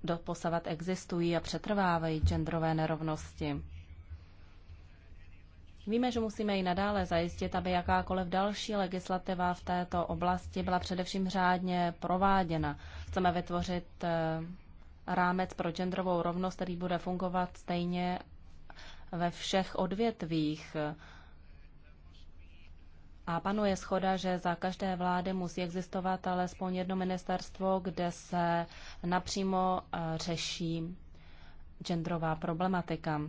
[SPEAKER 1] doposavat existují a přetrvávají genderové nerovnosti. Víme, že musíme i nadále zajistit, aby jakákoliv další legislativa v této oblasti byla především řádně prováděna. Chceme vytvořit eh, rámec pro genderovou rovnost, který bude fungovat stejně ve všech odvětvích. A panuje schoda, že za každé vlády musí existovat alespoň jedno ministerstvo, kde se napřímo eh, řeší genderová problematika.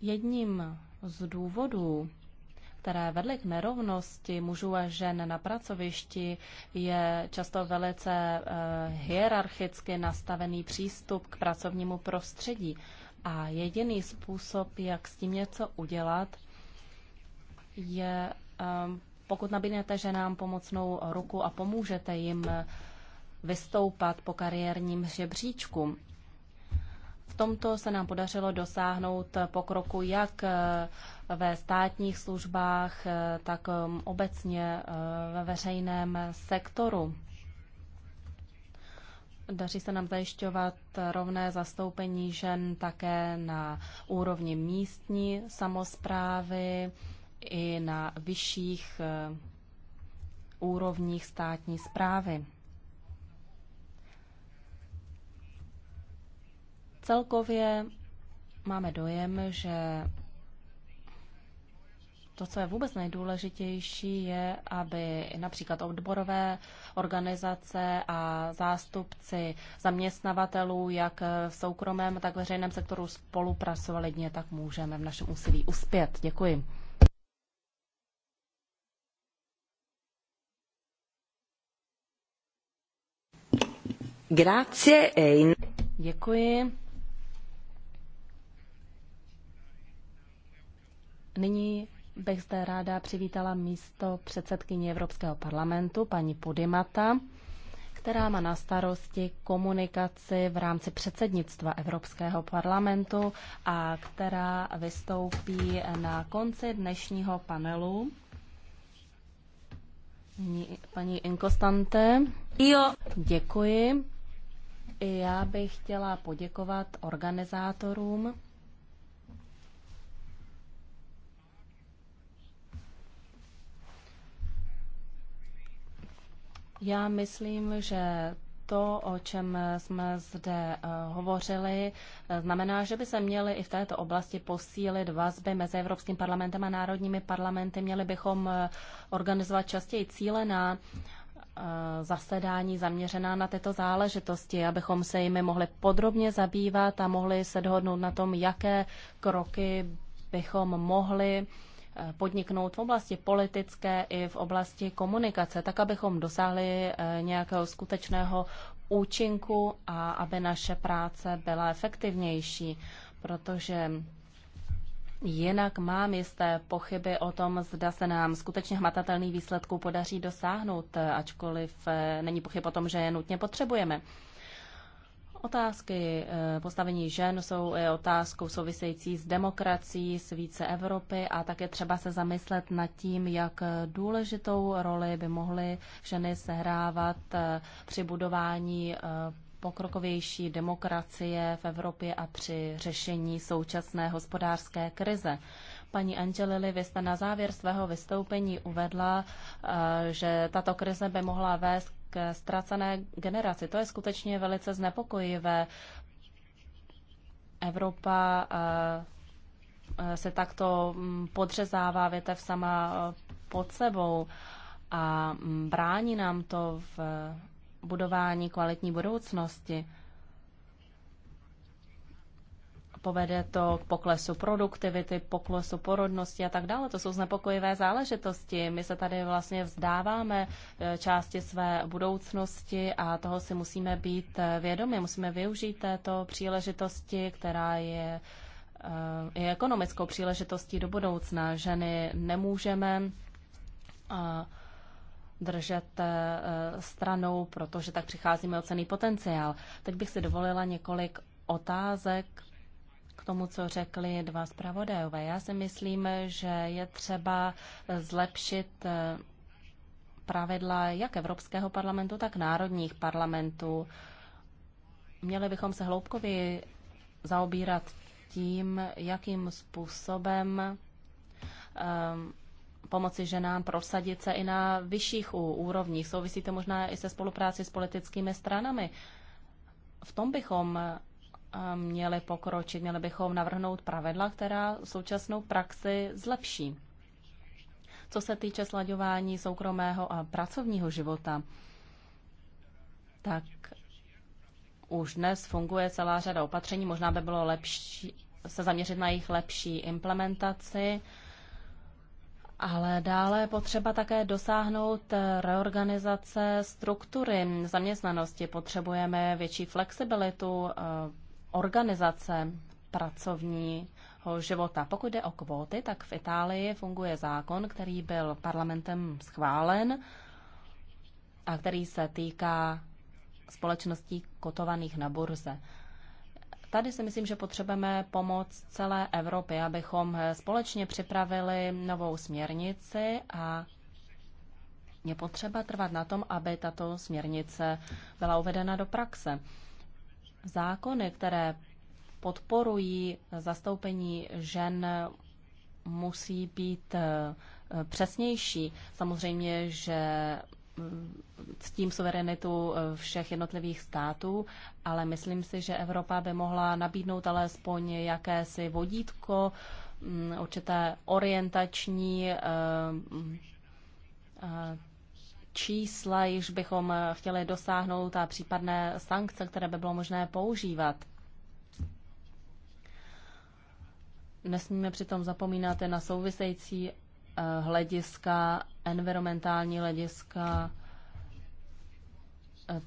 [SPEAKER 1] Jedním z důvodů, které vedly k nerovnosti mužů a žen na pracovišti, je často velice eh, hierarchicky nastavený přístup k pracovnímu prostředí. A jediný způsob, jak s tím něco udělat, je, um, pokud nabídnete ženám pomocnou ruku a pomůžete jim eh, vystoupat po kariérním žebříčku. V tomto se nám podařilo dosáhnout pokroku jak eh, ve státních službách, eh, tak um, obecně ve veřejném sektoru. Daří se nám zajišťovat rovné zastoupení žen také na úrovni místní samozprávy i na vyšších eh, úrovních státní zprávy. Celkově máme dojem, že to, co je vůbec nejdůležitější, je, aby například odborové organizace a zástupci zaměstnavatelů, jak v soukromém, tak veřejném sektoru spolupracovali. dně, tak můžeme v našem úsilí uspět. Děkuji. Grazie. E Děkuji. Nyní bych zde ráda přivítala místo předsedkyně Evropského parlamentu, paní Podimata, která má na starosti komunikaci v rámci předsednictva Evropského parlamentu a která vystoupí na konci dnešního panelu. Paní Inkostante, jo. děkuji. Já bych chtěla poděkovat organizátorům Já myslím, že to, o čem jsme zde eh, hovořili, eh, znamená, že by se měly i v této oblasti posílit vazby mezi Evropským parlamentem a národními parlamenty. Měli bychom eh, organizovat častěji cílená zasedání zaměřená na tyto záležitosti, abychom se jimi mohli podrobně zabývat a mohli se dohodnout na tom, jaké kroky bychom mohli podniknout v oblasti politické i v oblasti komunikace, tak abychom dosáhli eh, nějakého skutečného účinku a aby naše práce byla efektivnější, protože Jinak mám jisté pochyby o tom, zda se nám skutečně hmatatelný výsledků podaří dosáhnout, eh, ačkoliv eh, není pochyb o tom, že je nutně potřebujeme. Otázky eh, postavení žen jsou i eh, otázkou související s demokracií, s více Evropy a také třeba se zamyslet nad tím, jak eh, důležitou roli by mohly ženy sehrávat při budování pokrokovější demokracie v Evropě a při řešení současné hospodářské krize. Paní Angelili, vy jste na závěr svého vystoupení uvedla, že tato krize by mohla vést k ztracené generaci. To je skutečně velice znepokojivé. Evropa eh, eh, se takto mm, podřezává větev sama eh, pod sebou a mm, brání nám to v budování kvalitní budoucnosti povede to k poklesu produktivity, poklesu porodnosti a tak dále. To jsou znepokojivé záležitosti. My se tady vlastně vzdáváme eh, části své budoucnosti a toho si musíme být eh, vědomi. Musíme využít této příležitosti, která je i eh, ekonomickou příležitostí do budoucna. Ženy nemůžeme držet stranou, protože tak přicházíme o cený potenciál. Teď bych si dovolila několik otázek tomu, co řekli dva zpravodajové. Já si myslím, že je třeba zlepšit eh, pravidla jak Evropského parlamentu, tak národních parlamentů. Měli bychom se hloubkově zaobírat tím, jakým způsobem um, pomoci ženám prosadit se i na vyšších úrovních. Souvisí to možná i se spolupráci s politickými stranami. V tom bychom měli pokročit. Měli bychom navrhnout pravidla, která současnou praxi zlepší. Co se týče slaďování soukromého a pracovního života, tak už dnes funguje celá řada opatření. Možná by bylo lepší se zaměřit na jejich lepší implementaci, ale dále je potřeba také dosáhnout reorganizace struktury zaměstnanosti. Potřebujeme větší flexibilitu eh, organizace pracovního života. Pokud jde o kvóty, tak v Itálii funguje zákon, který byl parlamentem schválen a který se týká společností kotovaných na burze. Tady si myslím, že potřebujeme pomoc celé Evropy, abychom společně připravili novou směrnici a je potřeba trvat na tom, aby tato směrnice byla uvedena do praxe zákony, které podporují zastoupení žen, musí být eh, přesnější. Samozřejmě, že ctím eh, suverenitu eh, všech jednotlivých států, ale myslím si, že Evropa by mohla nabídnout alespoň jakési vodítko, mm, určité orientační čísla, již bychom eh, chtěli dosáhnout a případné sankce, které by bylo možné používat. Nesmíme přitom zapomínat na související eh, hlediska, environmentální hlediska,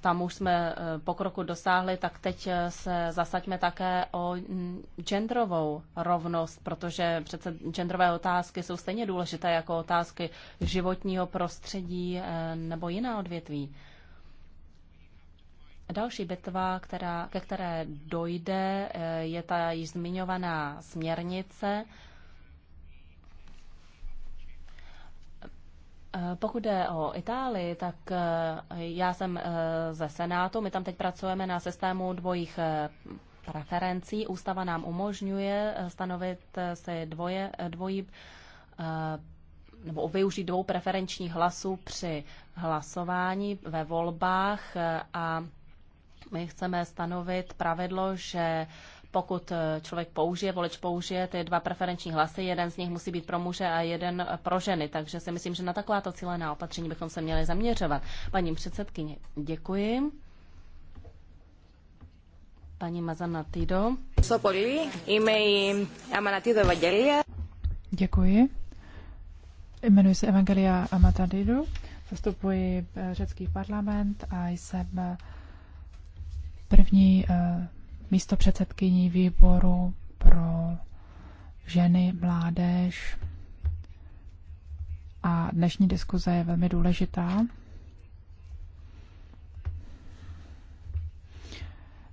[SPEAKER 1] tam už jsme eh, pokroku dosáhli, tak teď eh, se zasaďme také o mm, genderovou rovnost, protože přece genderové otázky jsou stejně důležité jako otázky životního prostředí eh, nebo jiná odvětví. Další bitva, která, ke které dojde, je ta již zmiňovaná směrnice, Eh, pokud jde o Itálii, tak eh, já jsem eh, ze Senátu, my tam teď pracujeme na systému dvojích preferencí. Ústava nám umožňuje stanovit si dvoje, dvojí nebo využít dvou preferenčních hlasů při hlasování ve volbách a my chceme stanovit pravidlo, že pokud eh, člověk použije, volič použije ty dva preferenční hlasy, jeden z nich musí být pro muže a jeden eh, pro ženy. Takže si myslím, že na takováto cílená opatření bychom se měli zaměřovat. Paní předsedkyně, děkuji. Paní Mazanatido.
[SPEAKER 2] Děkuji. Jmenuji se Evangelia Amatadidu, zastupuji eh, řecký parlament a jsem první místo předsedkyní výboru pro ženy, mládež. A dnešní diskuze je velmi důležitá.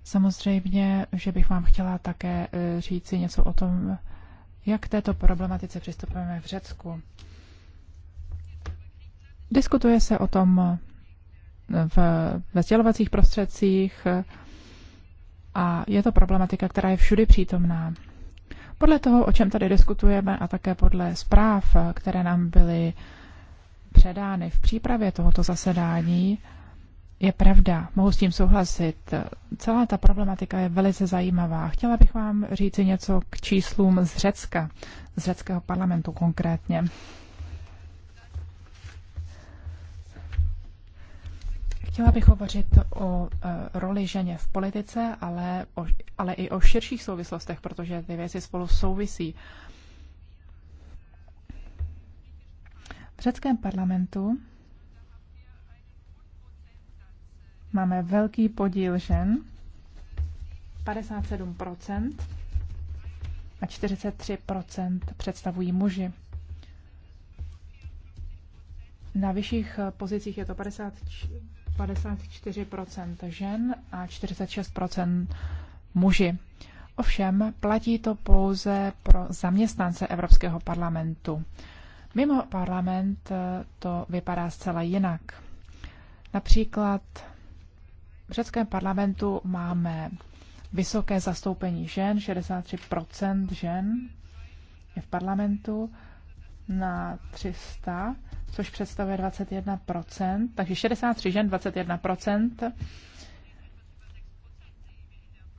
[SPEAKER 2] Samozřejmě, že bych vám chtěla také eh, říci něco o tom, jak k této problematice přistupujeme v Řecku. Diskutuje se o tom eh, v, ve sdělovacích prostředcích, a je to problematika, která je všudy přítomná. Podle toho, o čem tady diskutujeme a také podle zpráv, které nám byly předány v přípravě tohoto zasedání, je pravda, mohu s tím souhlasit. Celá ta problematika je velice zajímavá. Chtěla bych vám říci něco k číslům z Řecka, z řeckého parlamentu konkrétně. Chtěla bych hovořit o e, roli ženě v politice, ale, o, ale i o širších souvislostech, protože ty věci spolu souvisí. V řeckém parlamentu máme velký podíl žen, 57% a 43% představují muži. Na vyšších pozicích je to 54 54% žen a 46% muži. Ovšem platí to pouze pro zaměstnance Evropského parlamentu. Mimo parlament eh, to vypadá zcela jinak. Například v řeckém parlamentu máme vysoké zastoupení žen, 63% žen je v parlamentu, na 300, což představuje 21%, takže 63 žen, 21%.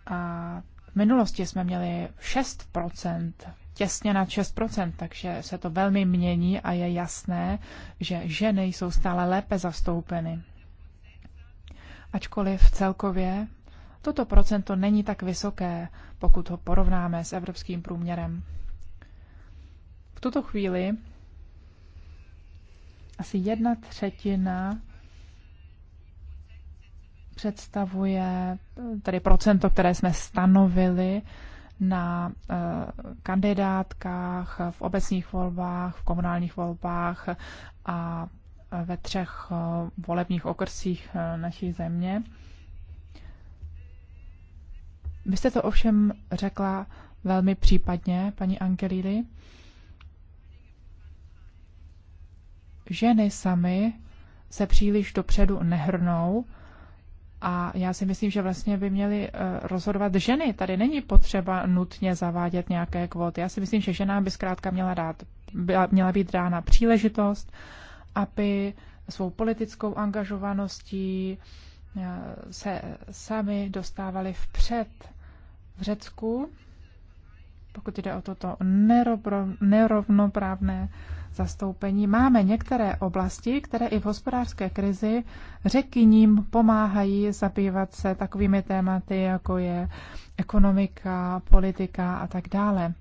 [SPEAKER 2] A v minulosti jsme měli 6%, těsně nad 6%, takže se to velmi mění a je jasné, že ženy jsou stále lépe zastoupeny. Ačkoliv celkově toto procento není tak vysoké, pokud ho porovnáme s evropským průměrem tuto chvíli asi jedna třetina představuje tedy procento, které jsme stanovili na eh, kandidátkách v obecních volbách, v komunálních volbách a ve třech eh, volebních okrscích eh, naší země. Vy jste to ovšem řekla velmi případně, paní Angelili. ženy samy se příliš dopředu nehrnou a já si myslím, že vlastně by měly eh, rozhodovat ženy. Tady není potřeba nutně zavádět nějaké kvóty. Já si myslím, že ženám by zkrátka měla, dát, měla být dána příležitost, aby svou politickou angažovaností eh, se sami dostávali vpřed v Řecku pokud jde o toto nerovnoprávné zastoupení. Máme některé oblasti, které i v hospodářské krizi řeky ním pomáhají zabývat se takovými tématy, jako je ekonomika, politika a tak dále.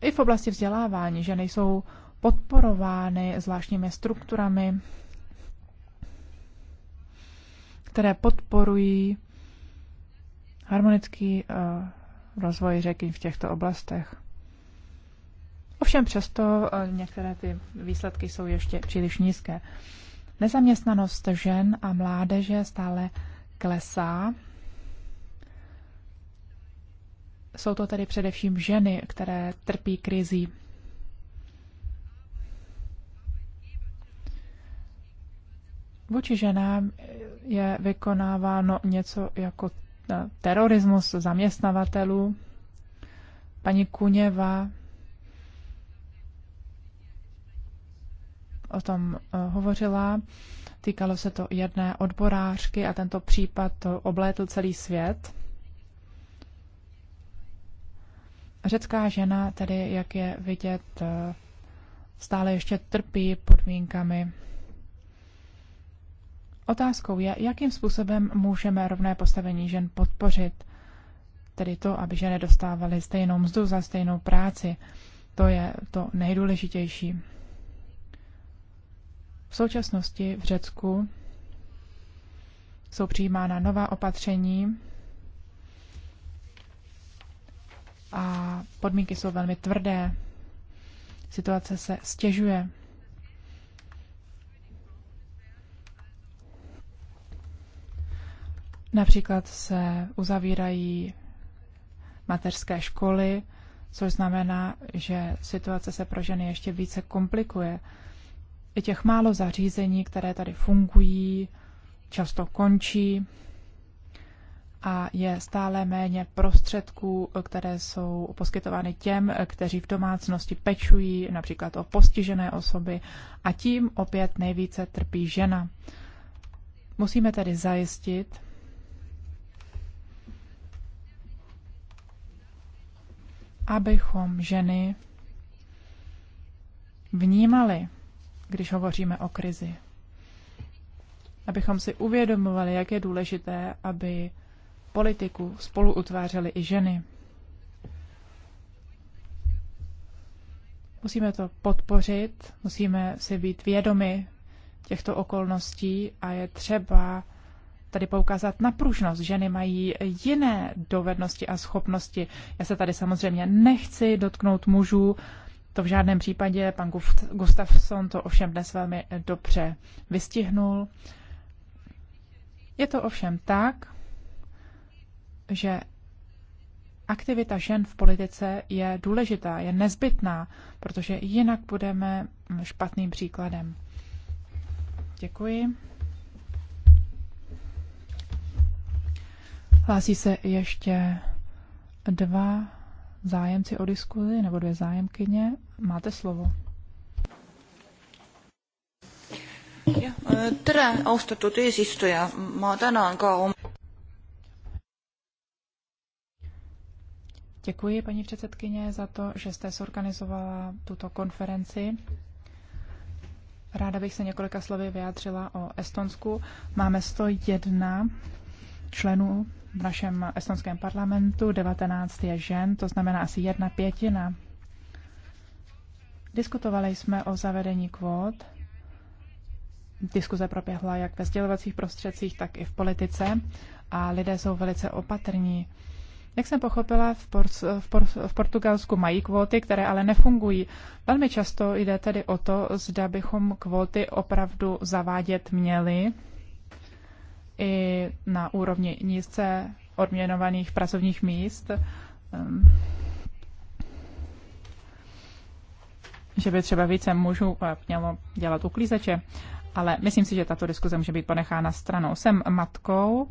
[SPEAKER 2] I v oblasti vzdělávání, že nejsou podporovány zvláštními strukturami, které podporují harmonický eh, rozvoji řeky v těchto oblastech. Ovšem přesto eh, některé ty výsledky jsou ještě příliš nízké. Nezaměstnanost žen a mládeže stále klesá. Jsou to tedy především ženy, které trpí krizí. Vůči ženám je vykonáváno něco jako terorismus zaměstnavatelů. Paní Kuněva o tom eh, hovořila. Týkalo se to jedné odborářky a tento případ oblétl celý svět. Řecká žena tedy, jak je vidět, eh, stále ještě trpí podmínkami Otázkou je, jakým způsobem můžeme rovné postavení žen podpořit, tedy to, aby ženy dostávaly stejnou mzdu za stejnou práci. To je to nejdůležitější. V současnosti v Řecku jsou přijímána nová opatření a podmínky jsou velmi tvrdé. Situace se stěžuje. Například se uzavírají mateřské školy, což znamená, že situace se pro ženy ještě více komplikuje. I těch málo zařízení, které tady fungují, často končí a je stále méně prostředků, které jsou poskytovány těm, kteří v domácnosti pečují, například o postižené osoby a tím opět nejvíce trpí žena. Musíme tedy zajistit, abychom ženy vnímali, když hovoříme o krizi. Abychom si uvědomovali, jak je důležité, aby politiku spolu utvářely i ženy. Musíme to podpořit, musíme si být vědomi těchto okolností a je třeba tady poukázat na pružnost. Ženy mají jiné dovednosti a schopnosti. Já se tady samozřejmě nechci dotknout mužů, to v žádném případě. Pan Gustafsson to ovšem dnes velmi dobře vystihnul. Je to ovšem tak, že aktivita žen v politice je důležitá, je nezbytná, protože jinak budeme špatným příkladem. Děkuji. Hlásí se ještě dva zájemci o diskuzi nebo dvě zájemkyně. Máte slovo. tere, austatud eesistuja, ma tänan ka om- Děkuji, paní předsedkyně, za to, že jste zorganizovala tuto konferenci. Ráda bych se několika slovy vyjádřila o Estonsku. Máme 101 členů v našem estonském parlamentu, 19 je žen, to znamená asi jedna pětina. Diskutovali jsme o zavedení kvót. Diskuze proběhla jak ve sdělovacích prostředcích, tak i v politice a lidé jsou velice opatrní. Jak jsem pochopila, v, Por- v, Por- v Portugalsku mají kvóty, které ale nefungují. Velmi často jde tedy o to, zda bychom kvóty opravdu zavádět měli i na úrovni nízce odměnovaných pracovních míst, ehm, že by třeba více mužů eh, mělo dělat uklízeče, ale myslím si, že tato diskuze může být ponechána stranou. Jsem matkou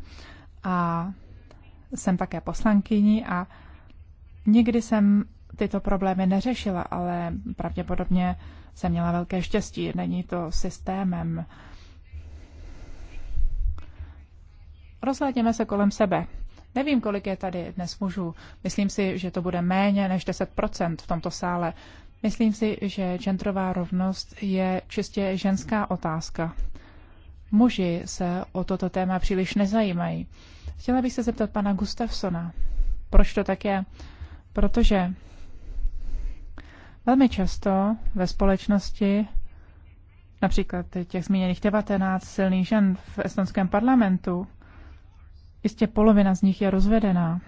[SPEAKER 2] a jsem také poslankyní a nikdy jsem tyto problémy neřešila, ale pravděpodobně jsem měla velké štěstí. Není to systémem, rozhlédněme se kolem sebe. Nevím, kolik je tady dnes mužů. Myslím si, že to bude méně než 10% v tomto sále. Myslím si, že genderová rovnost je čistě ženská otázka. Muži se o toto téma příliš nezajímají. Chtěla bych se zeptat pana Gustafsona, proč to tak je? Protože velmi často ve společnosti, například těch zmíněných 19 silných žen v estonském parlamentu, jistě polovina z nich je rozvedená.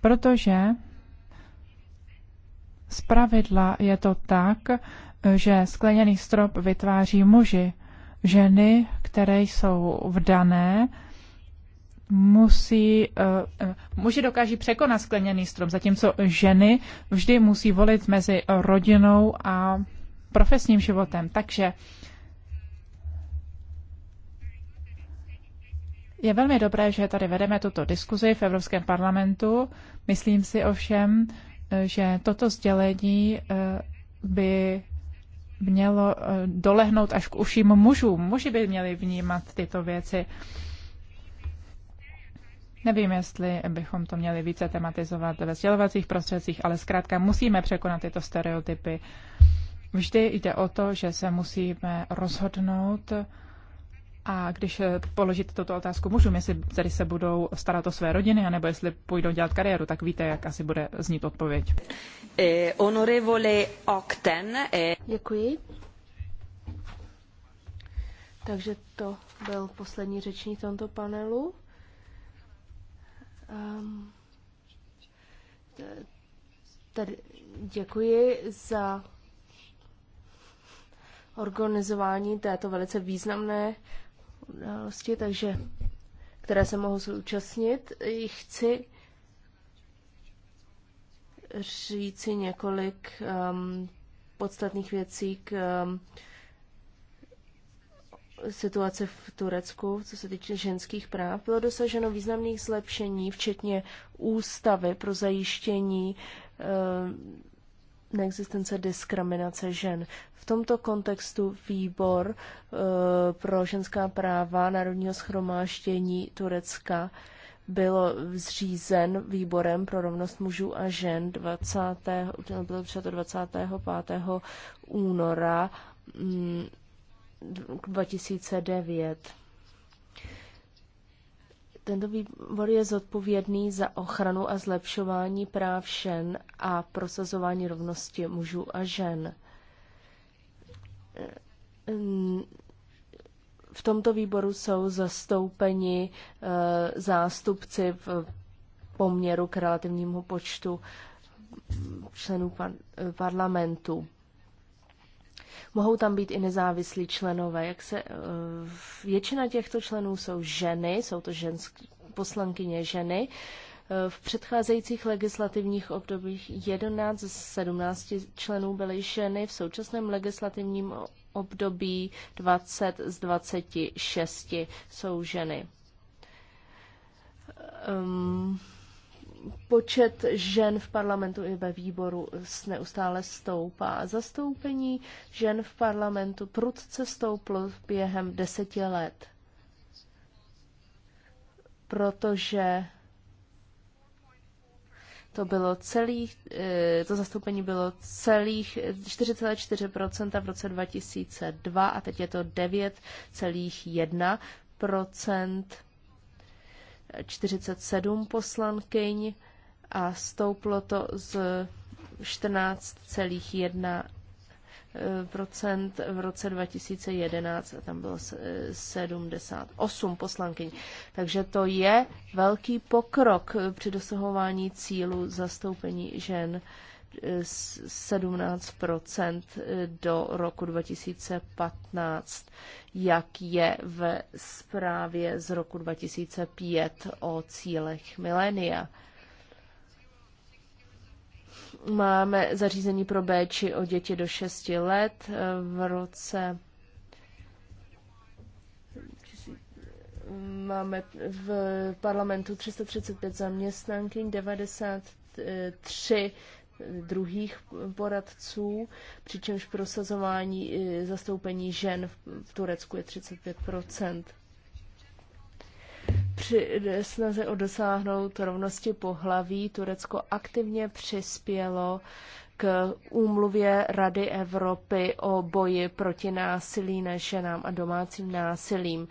[SPEAKER 2] Protože z pravidla je to tak, že skleněný strop vytváří muži. Ženy, které jsou vdané, musí, uh, muži dokáží překonat skleněný strop, zatímco ženy vždy musí volit mezi rodinou a profesním životem. Takže Je velmi dobré, že tady vedeme tuto diskuzi v Evropském parlamentu. Myslím si ovšem, že toto sdělení eh, by mělo eh, dolehnout až k uším mužům. Muži by měli vnímat tyto věci. Nevím, jestli bychom to měli více tematizovat ve sdělovacích prostředcích, ale zkrátka musíme překonat tyto stereotypy. Vždy jde o to, že se musíme rozhodnout, a když eh, položíte tuto otázku mužům, jestli tady se budou starat o své rodiny, anebo jestli půjdou dělat kariéru, tak víte, jak asi bude znít odpověď.
[SPEAKER 1] Eh, honorevole Octen. Eh. Děkuji.
[SPEAKER 3] Takže to byl poslední řečník v tomto panelu. Um, ehm, tady děkuji za organizování této velice významné události, takže které se mohou zúčastnit. Chci říci několik um, podstatných věcí k um, situaci v Turecku, co se týče ženských práv. Bylo dosaženo významných zlepšení, včetně ústavy pro zajištění um, neexistence diskriminace žen. V tomto kontextu výbor e, pro ženská práva Národního schromáždění Turecka byl zřízen výborem pro rovnost mužů a žen 20. Bylo 25. února 2009. Mm, tento výbor je zodpovědný za ochranu a zlepšování práv žen a prosazování rovnosti mužů a žen. V tomto výboru jsou zastoupeni eh, zástupci v poměru k relativnímu počtu členů eh, parlamentu. Mohou tam být i nezávislí členové. Jak se, eh, většina těchto členů jsou ženy, jsou to ženský, poslankyně ženy. Eh, v předcházejících legislativních obdobích 11 z 17 členů byly ženy, v současném legislativním období 20 z 26 jsou ženy. Um, počet žen v parlamentu i ve výboru neustále stoupá. Zastoupení žen v parlamentu prudce stouplo během deseti let, protože to bylo celých, eh, to zastoupení bylo celých 4,4% v roce 2002 a teď je to 9,1% 47 poslankyň a stouplo to z 14,1 eh, procent v roce 2011 a tam bylo 78 poslankyň. Takže to je velký pokrok při dosahování cílu zastoupení žen 17 do roku 2015, jak je ve zprávě z roku 2005 o cílech milénia. Máme zařízení pro béči o děti do 6 let v roce máme v parlamentu 335 zaměstnankyň, 93 druhých poradců, přičemž prosazování e, zastoupení žen v Turecku je 35 při e, snaze o dosáhnout rovnosti pohlaví Turecko aktivně přispělo k úmluvě Rady Evropy o boji proti násilí na ženám a domácím násilím.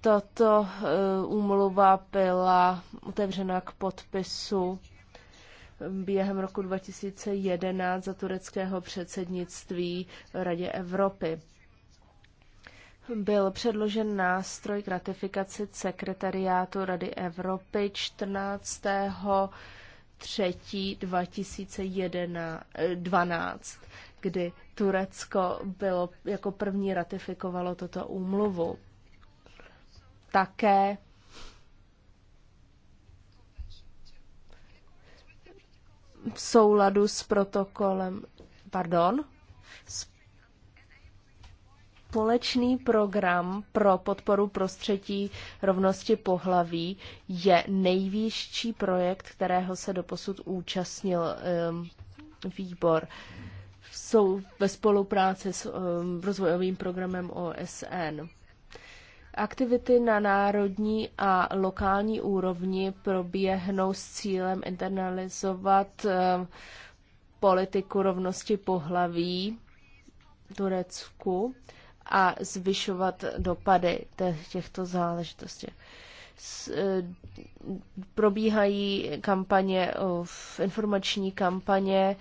[SPEAKER 3] Tato e, úmluva byla otevřena k podpisu během roku 2011 za tureckého předsednictví Radě Evropy. Byl předložen nástroj k ratifikaci sekretariátu Rady Evropy 14. 3. 2012, kdy Turecko bylo jako první ratifikovalo toto úmluvu. Také v souladu s protokolem, pardon, společný program pro podporu prostředí rovnosti pohlaví je nejvýšší projekt, kterého se doposud účastnil um, výbor. Jsou ve spolupráci s um, rozvojovým programem OSN. Aktivity na národní a lokální úrovni proběhnou s cílem internalizovat eh, politiku rovnosti pohlaví Turecku a zvyšovat dopady těchto záležitostí. Eh, probíhají kampaně, informační kampaně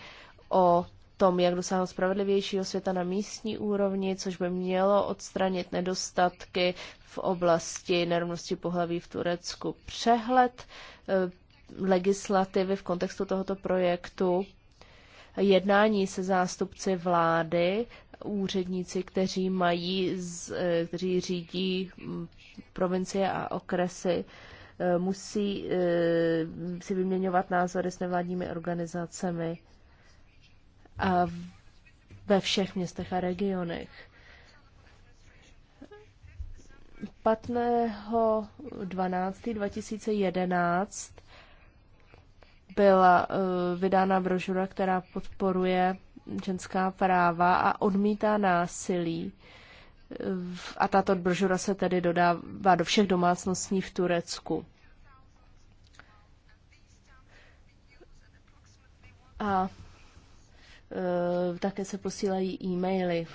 [SPEAKER 3] o tom, jak dosáhnout spravedlivějšího světa na místní úrovni, což by mělo odstranit nedostatky v oblasti nerovnosti pohlaví v Turecku. Přehled eh, legislativy v kontextu tohoto projektu, jednání se zástupci vlády, úředníci, kteří mají, eh, kteří řídí hm, provincie a okresy, eh, musí si vyměňovat názory s nevládními organizacemi a ve všech městech a regionech. 15.12.2011 byla e, vydána brožura, která podporuje ženská práva a odmítá násilí. A tato brožura se tedy dodává do všech domácností v Turecku. A Eh, také se posílají e-maily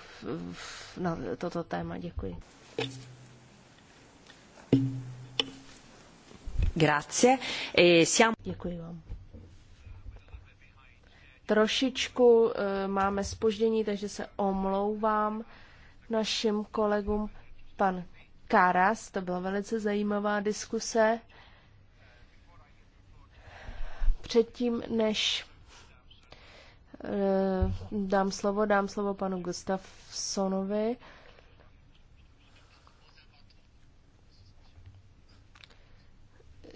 [SPEAKER 3] na toto téma. Děkuji. Grazie. E siamo... Děkuji vám. Trošičku eh, máme spoždění, takže se omlouvám našim kolegům. Pan Karas, to byla velice zajímavá diskuse. Předtím, než Eh, dám slovo, dám slovo panu Gustafsonovi.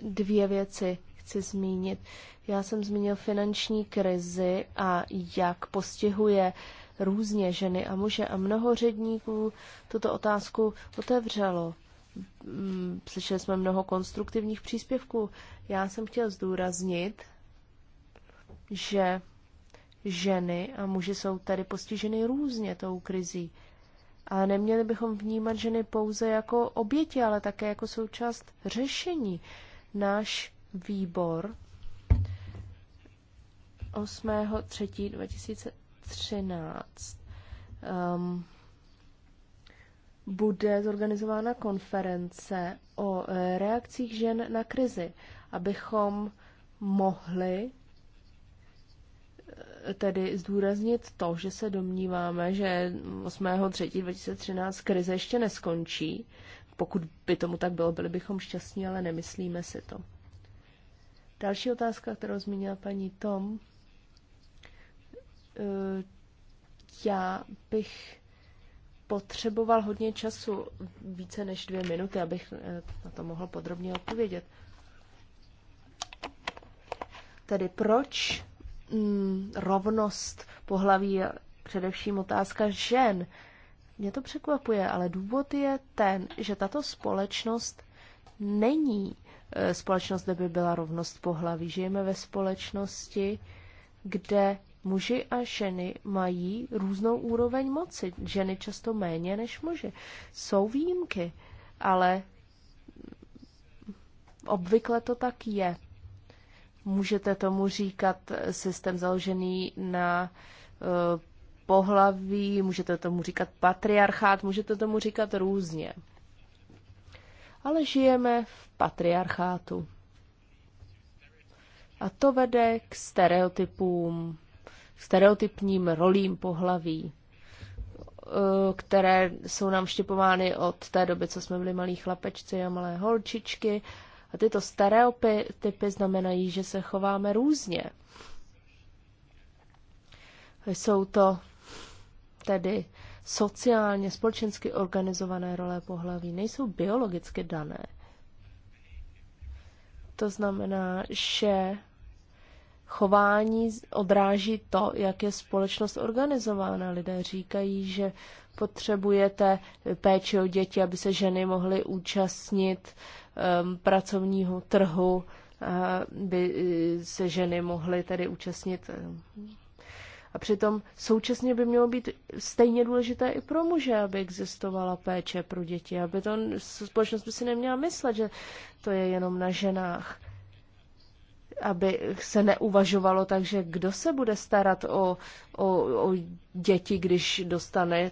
[SPEAKER 3] Dvě věci chci zmínit. Já jsem zmínil finanční krizi a jak postihuje různě ženy a muže a mnoho ředníků tuto otázku otevřelo. Mm, slyšeli jsme mnoho konstruktivních příspěvků. Já jsem chtěl zdůraznit, že ženy a muži jsou tady postiženy různě tou krizí. Ale neměli bychom vnímat ženy pouze jako oběti, ale také jako součást řešení. Náš výbor 8.3.2013 um, bude zorganizována konference o eh, reakcích žen na krizi, abychom mohli tedy zdůraznit to, že se domníváme, že 8.3.2013 krize ještě neskončí. Pokud by tomu tak bylo, byli bychom šťastní, ale nemyslíme si to. Další otázka, kterou zmínila paní Tom. Eh, já bych potřeboval hodně času, více než dvě minuty, abych eh, na to mohl podrobně odpovědět. Tedy proč Mm, rovnost pohlaví je především otázka žen. Mě to překvapuje, ale důvod je ten, že tato společnost není e, společnost, kde by byla rovnost pohlaví. Žijeme ve společnosti, kde muži a ženy mají různou úroveň moci. Ženy často méně než muži. Jsou výjimky, ale obvykle to tak je. Můžete tomu říkat eh, systém založený na eh, pohlaví, můžete tomu říkat patriarchát, můžete tomu říkat různě. Ale žijeme v patriarchátu. A to vede k stereotypům, k stereotypním rolím pohlaví, eh, které jsou nám štěpovány od té doby, co jsme byli malí chlapečci a malé holčičky a tyto stereotypy znamenají, že se chováme různě. Jsou to tedy sociálně, společensky organizované role pohlaví, nejsou biologicky dané. To znamená, že chování odráží to, jak je společnost organizována. Lidé říkají, že potřebujete péči o děti, aby se ženy mohly účastnit Um, pracovního trhu, uh, by uh, se ženy mohly tedy účastnit. Um, a přitom současně by mělo být stejně důležité i pro muže, aby existovala péče pro děti, aby to společnost by si neměla myslet, že to je jenom na ženách aby se neuvažovalo tak, že kdo se bude starat o, o, o děti, když dostane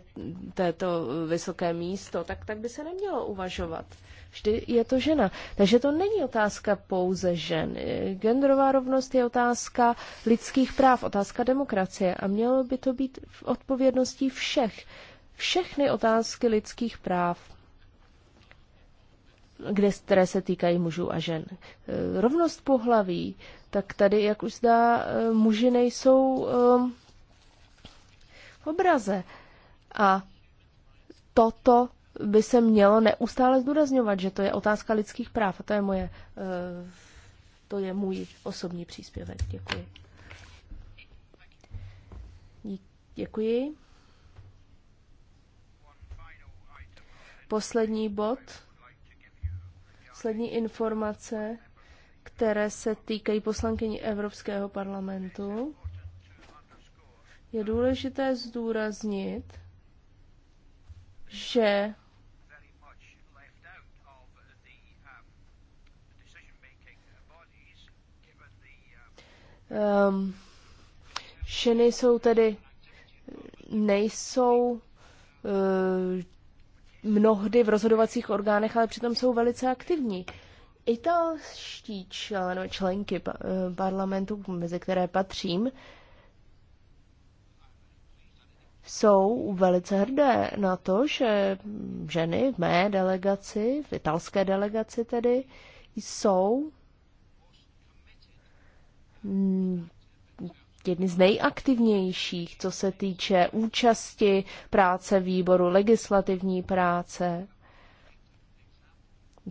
[SPEAKER 3] této vysoké místo, tak, tak by se nemělo uvažovat vždy je to žena. Takže to není otázka pouze žen. Genderová rovnost je otázka lidských práv, otázka demokracie a mělo by to být v odpovědnosti všech. Všechny otázky lidských práv, kde, které se týkají mužů a žen. E, rovnost pohlaví, tak tady, jak už zdá, e, muži nejsou e, v obraze. A toto by se mělo neustále zdůrazňovat, že to je otázka lidských práv. A to je, moje, eh, to je můj osobní příspěvek. Děkuji. Děkuji. Poslední bod. Poslední informace, které se týkají poslankyní Evropského parlamentu. Je důležité zdůraznit, že Um, ehm, šiny jsou tedy, nejsou uh, mnohdy v rozhodovacích orgánech, ale přitom jsou velice aktivní. Italští člen, členky eh, parlamentu, mezi které patřím, jsou velice hrdé na to, že ženy v mé delegaci, v italské delegaci tedy, jsou Mm, jedny z nejaktivnějších, co se týče účasti práce výboru, legislativní práce.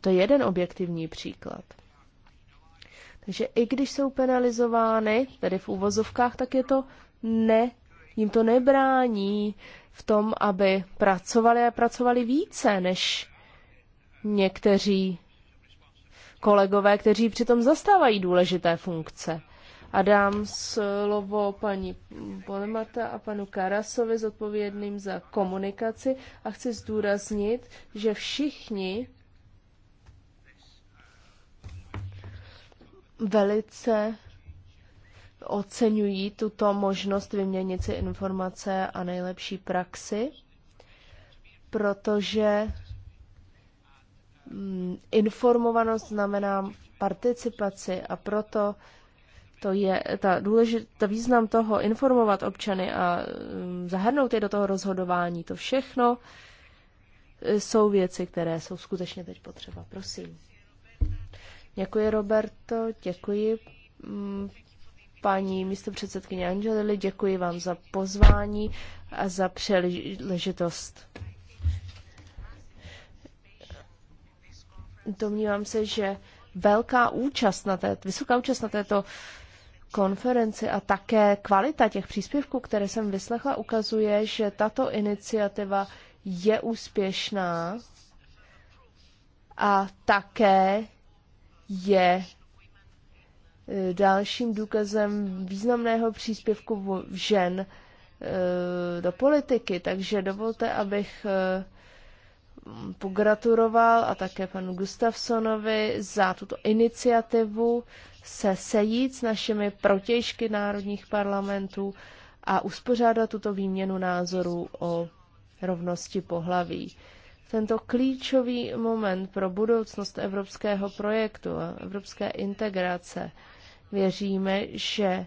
[SPEAKER 3] To je jeden objektivní příklad. Takže i když jsou penalizovány, tedy v úvozovkách, tak je to ne, jim to nebrání v tom, aby pracovali a pracovali více než někteří kolegové, kteří přitom zastávají důležité funkce a dám slovo paní Polemata a panu Karasovi zodpovědným za komunikaci a chci zdůraznit, že všichni velice oceňují tuto možnost vyměnit si informace a nejlepší praxi, protože mm, informovanost znamená participaci a proto to je ta důležitá ta význam toho informovat občany a mm, zahrnout je do toho rozhodování. To všechno e, jsou věci, které jsou skutečně teď potřeba. Prosím. Děkuji, Roberto, děkuji mm, paní místopředsedkyně Angelili, děkuji vám za pozvání a za příležitost. Domnívám se, že velká účast na té, vysoká účast na této konferenci a také kvalita těch příspěvků, které jsem vyslechla, ukazuje, že tato iniciativa je úspěšná a také je e, dalším důkazem významného příspěvku žen e, do politiky. Takže dovolte, abych e, pogratuloval a také panu Gustafsonovi za tuto iniciativu, se sejít s našimi protěžky národních parlamentů a uspořádat tuto výměnu názorů o rovnosti pohlaví. Tento klíčový moment pro budoucnost evropského projektu a evropské integrace věříme, že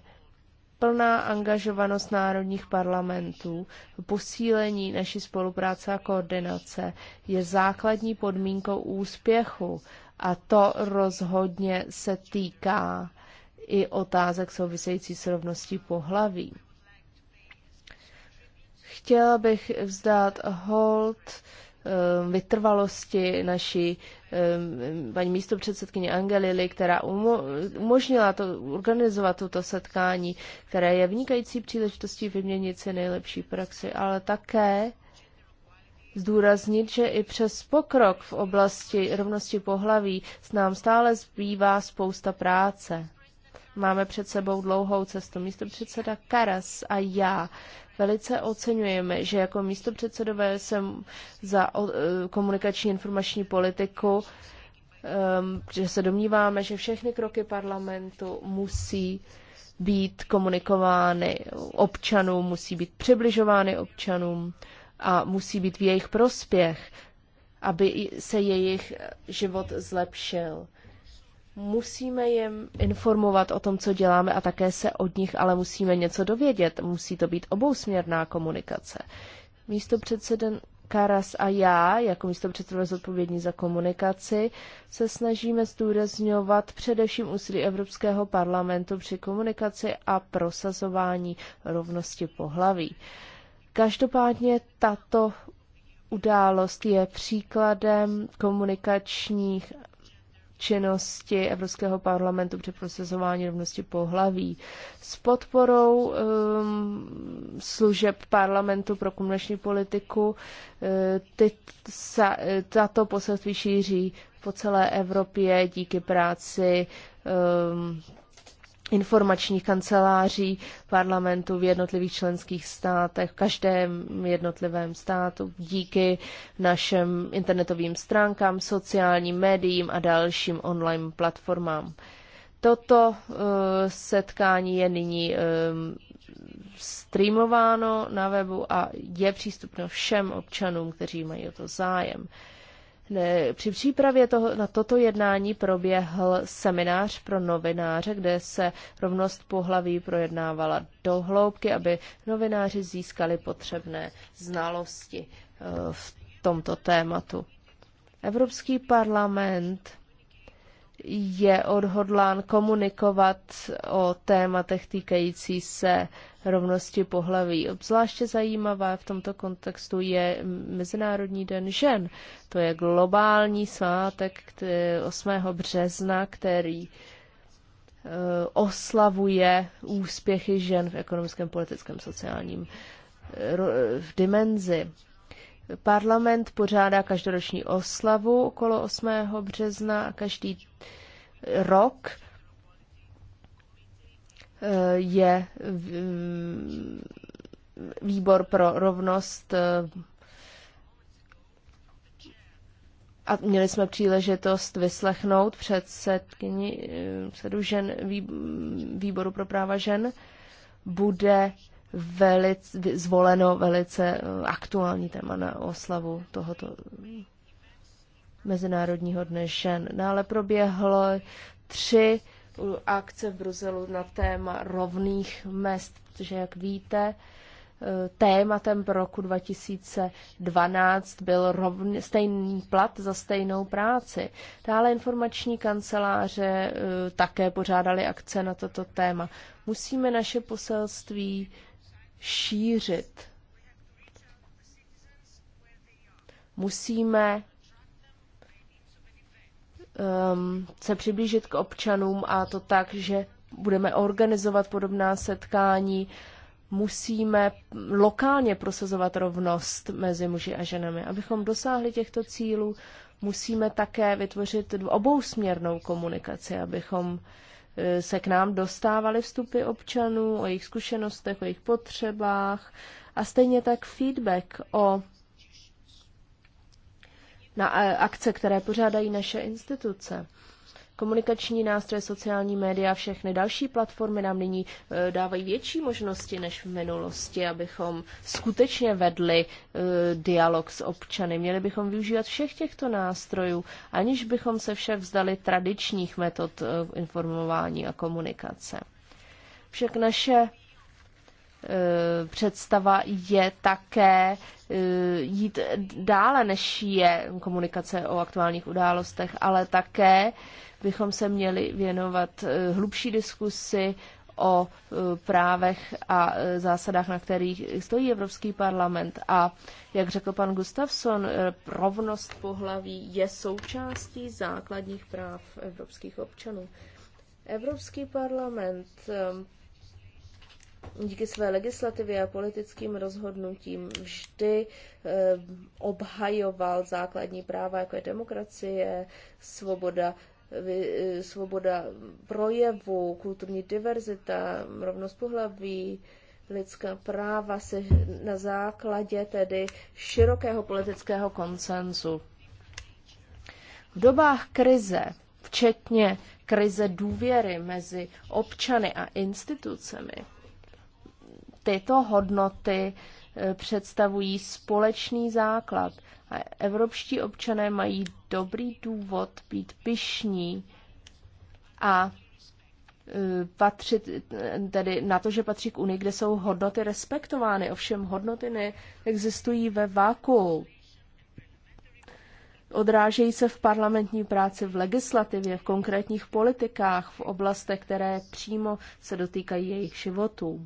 [SPEAKER 3] plná angažovanost národních parlamentů, posílení naší spolupráce a koordinace je základní podmínkou úspěchu a to rozhodně se týká i otázek související s rovností pohlaví. Chtěla bych vzdát hold eh, vytrvalosti naší eh, paní místopředsedkyně Angelily, která umožnila to, organizovat toto setkání, které je vynikající příležitostí vyměnit si nejlepší praxi, ale také zdůraznit, že i přes pokrok v oblasti rovnosti pohlaví s nám stále zbývá spousta práce. Máme před sebou dlouhou cestu. Místo předseda Karas a já velice oceňujeme, že jako místo předsedové jsem za e, komunikační informační politiku, že se domníváme, že všechny kroky parlamentu musí být komunikovány občanům, musí být přibližovány občanům a musí být v jejich prospěch, aby se jejich život zlepšil. Musíme jim informovat o tom, co děláme a také se od nich ale musíme něco dovědět. Musí to být obousměrná komunikace. Místo předseden Karas a já, jako místo předsedové zodpovědní za komunikaci, se snažíme zdůrazňovat především úsilí Evropského parlamentu při komunikaci a prosazování rovnosti pohlaví. Každopádně tato událost je příkladem komunikačních činnosti Evropského parlamentu při procesování rovnosti pohlaví. S podporou um, služeb parlamentu pro komunikační politiku uh, ty, sa, tato poselství šíří po celé Evropě díky práci um, informačních kanceláří parlamentu v jednotlivých členských státech, v každém jednotlivém státu, díky našem internetovým stránkám, sociálním médiím a dalším online platformám. Toto eh, setkání je nyní eh, streamováno na webu a je přístupno všem občanům, kteří mají o to zájem. Při přípravě toho, na toto jednání proběhl seminář pro novináře, kde se rovnost pohlaví projednávala do hloubky, aby novináři získali potřebné znalosti eh, v tomto tématu. Evropský parlament je odhodlán komunikovat o tématech týkající se rovnosti pohlaví. Obzvláště zajímavá v tomto kontextu je Mezinárodní den žen. To je globální svátek 8. března, který e, oslavuje úspěchy žen v ekonomickém, politickém, sociálním e, v dimenzi. Parlament pořádá každoroční oslavu okolo 8. března a každý rok eh, je mm, výbor pro rovnost eh, a měli jsme příležitost vyslechnout předsedkyni eh, předu žen, výboru pro práva žen, bude velic, zvoleno velice eh, aktuální téma na oslavu tohoto Mezinárodního dne žen. Dále no, proběhlo tři akce v Bruselu na téma rovných mest, protože jak víte, eh, tématem pro roku 2012 byl rovný, stejný plat za stejnou práci. Dále informační kanceláře eh, také pořádali akce na toto téma. Musíme naše poselství šířit. Musíme um, se přiblížit k občanům a to tak, že budeme organizovat podobná setkání, musíme lokálně prosazovat rovnost mezi muži a ženami. Abychom dosáhli těchto cílů, musíme také vytvořit obousměrnou komunikaci, abychom Eh, se k nám dostávaly vstupy občanů o jejich zkušenostech, o jejich potřebách a stejně tak feedback o na eh, akce, které pořádají naše instituce komunikační nástroje, sociální média a všechny další platformy nám nyní eh, dávají větší možnosti než v minulosti, abychom skutečně vedli eh, dialog s občany. Měli bychom využívat všech těchto nástrojů, aniž bychom se však vzdali tradičních metod eh, informování a komunikace. Však naše Eh, představa je také eh, jít dále, než je komunikace o aktuálních událostech, ale také bychom se měli věnovat eh, hlubší diskusi o právech a zásadách, na kterých stojí Evropský parlament. A jak řekl pan Gustafsson, rovnost pohlaví je součástí základních práv evropských občanů. Evropský parlament díky své legislativě a politickým rozhodnutím vždy eh, obhajoval základní práva, jako je demokracie, svoboda eh, svoboda projevu, kulturní diverzita, rovnost pohlaví, lidská práva se na základě tedy širokého politického konsenzu. V dobách krize, včetně krize důvěry mezi občany a institucemi, tyto hodnoty e, představují společný základ a evropští občané mají dobrý důvod být pyšní a e, patřit, tedy na to, že patří k Unii, kde jsou hodnoty respektovány. Ovšem hodnoty neexistují ve váku. Odrážejí se v parlamentní práci, v legislativě, v konkrétních politikách, v oblastech, které přímo se dotýkají jejich životů.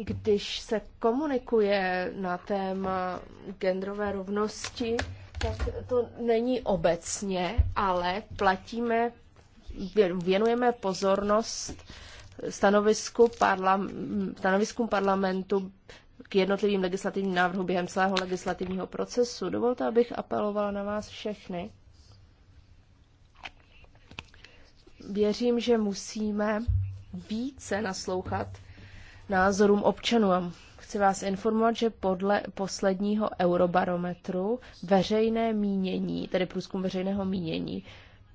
[SPEAKER 3] Když se komunikuje na téma genderové rovnosti, tak to není obecně, ale platíme, věnujeme pozornost stanovisku parlam, stanoviskům parlamentu k jednotlivým legislativním návrhům během celého legislativního procesu. Dovolte, abych apelovala na vás všechny. Věřím, že musíme více naslouchat názorům občanů. Chci vás informovat, že podle posledního eurobarometru veřejné mínění, tedy průzkum veřejného mínění,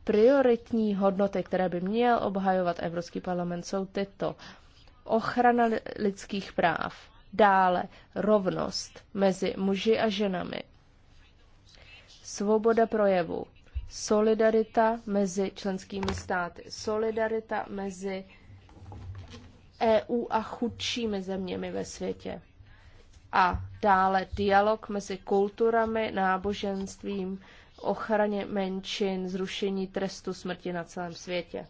[SPEAKER 3] prioritní hodnoty, které by měl obhajovat Evropský parlament, jsou tyto. Ochrana lidských práv, dále rovnost mezi muži a ženami, svoboda projevu, solidarita mezi členskými státy, solidarita mezi EU a chudšími zeměmi ve světě. A dále dialog mezi kulturami, náboženstvím, ochraně menšin, zrušení trestu smrti na celém světě.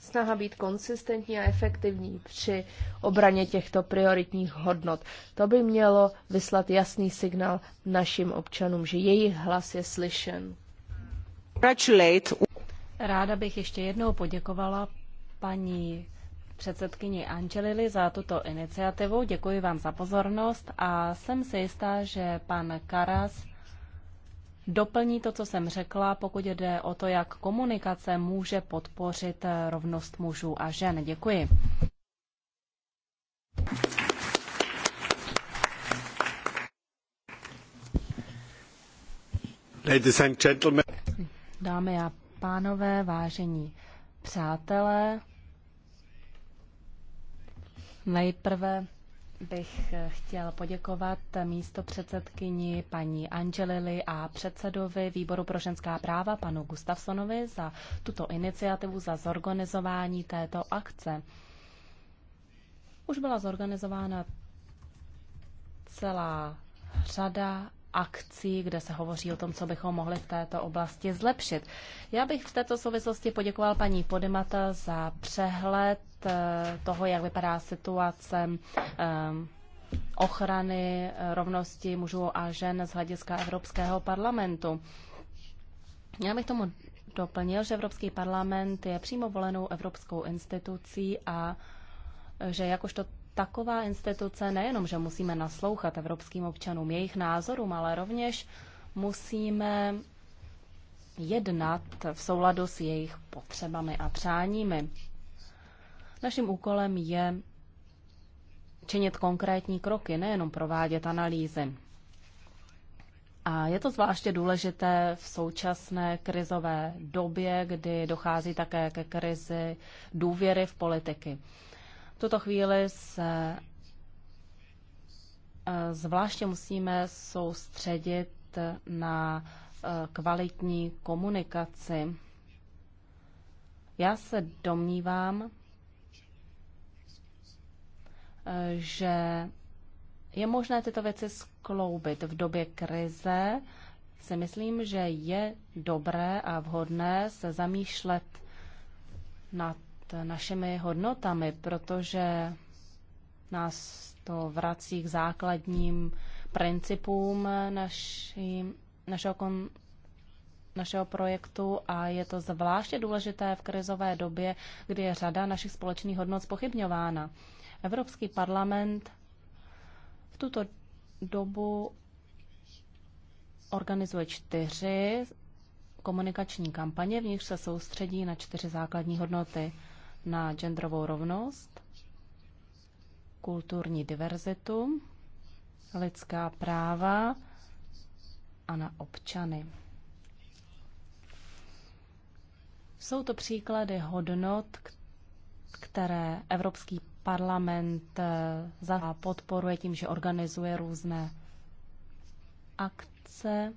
[SPEAKER 3] Snaha být konsistentní a efektivní při obraně těchto prioritních hodnot. To by mělo vyslat jasný signál našim občanům, že jejich hlas je slyšen.
[SPEAKER 1] Ráda bych ještě jednou poděkovala paní předsedkyni Angelili za tuto iniciativu. Děkuji vám za pozornost a jsem si jistá, že pan Karas doplní to, co jsem řekla, pokud jde o to, jak komunikace může podpořit rovnost mužů a žen. Děkuji. Ladies and gentlemen. Dámy a pánové, vážení přátelé, Nejprve bych eh, chtěl poděkovat místo předsedkyni paní Angelili a předsedovi Výboru pro ženská práva panu Gustafsonovi za tuto iniciativu, za zorganizování této akce. Už byla zorganizována celá řada akcí, kde se hovoří o tom, co bychom mohli v této oblasti zlepšit. Já bych v této souvislosti poděkoval paní Podemata za přehled eh, toho, jak vypadá situace eh, ochrany eh, rovnosti mužů a žen z hlediska Evropského parlamentu. Já bych tomu doplnil, že Evropský parlament je přímo volenou evropskou institucí a že jakožto taková instituce nejenom, že musíme naslouchat evropským občanům, jejich názorům, ale rovněž musíme jednat v souladu s jejich potřebami a přáními. Naším úkolem je činit konkrétní kroky, nejenom provádět analýzy. A je to zvláště důležité v současné krizové době, kdy dochází také ke krizi důvěry v politiky tuto chvíli se eh, zvláště musíme soustředit na eh, kvalitní komunikaci. Já se domnívám, eh, že je možné tyto věci skloubit. V době krize si myslím, že je dobré a vhodné se zamýšlet nad našimi hodnotami, protože nás to vrací k základním principům naší, našeho, kon, našeho projektu a je to zvláště důležité v krizové době, kdy je řada našich společných hodnot spochybňována. Evropský parlament v tuto dobu organizuje čtyři komunikační kampaně, v nichž se soustředí na čtyři základní hodnoty na genderovou rovnost, kulturní diverzitu, lidská práva a na občany. Jsou to příklady hodnot, které Evropský parlament eh, podporuje tím, že organizuje různé akce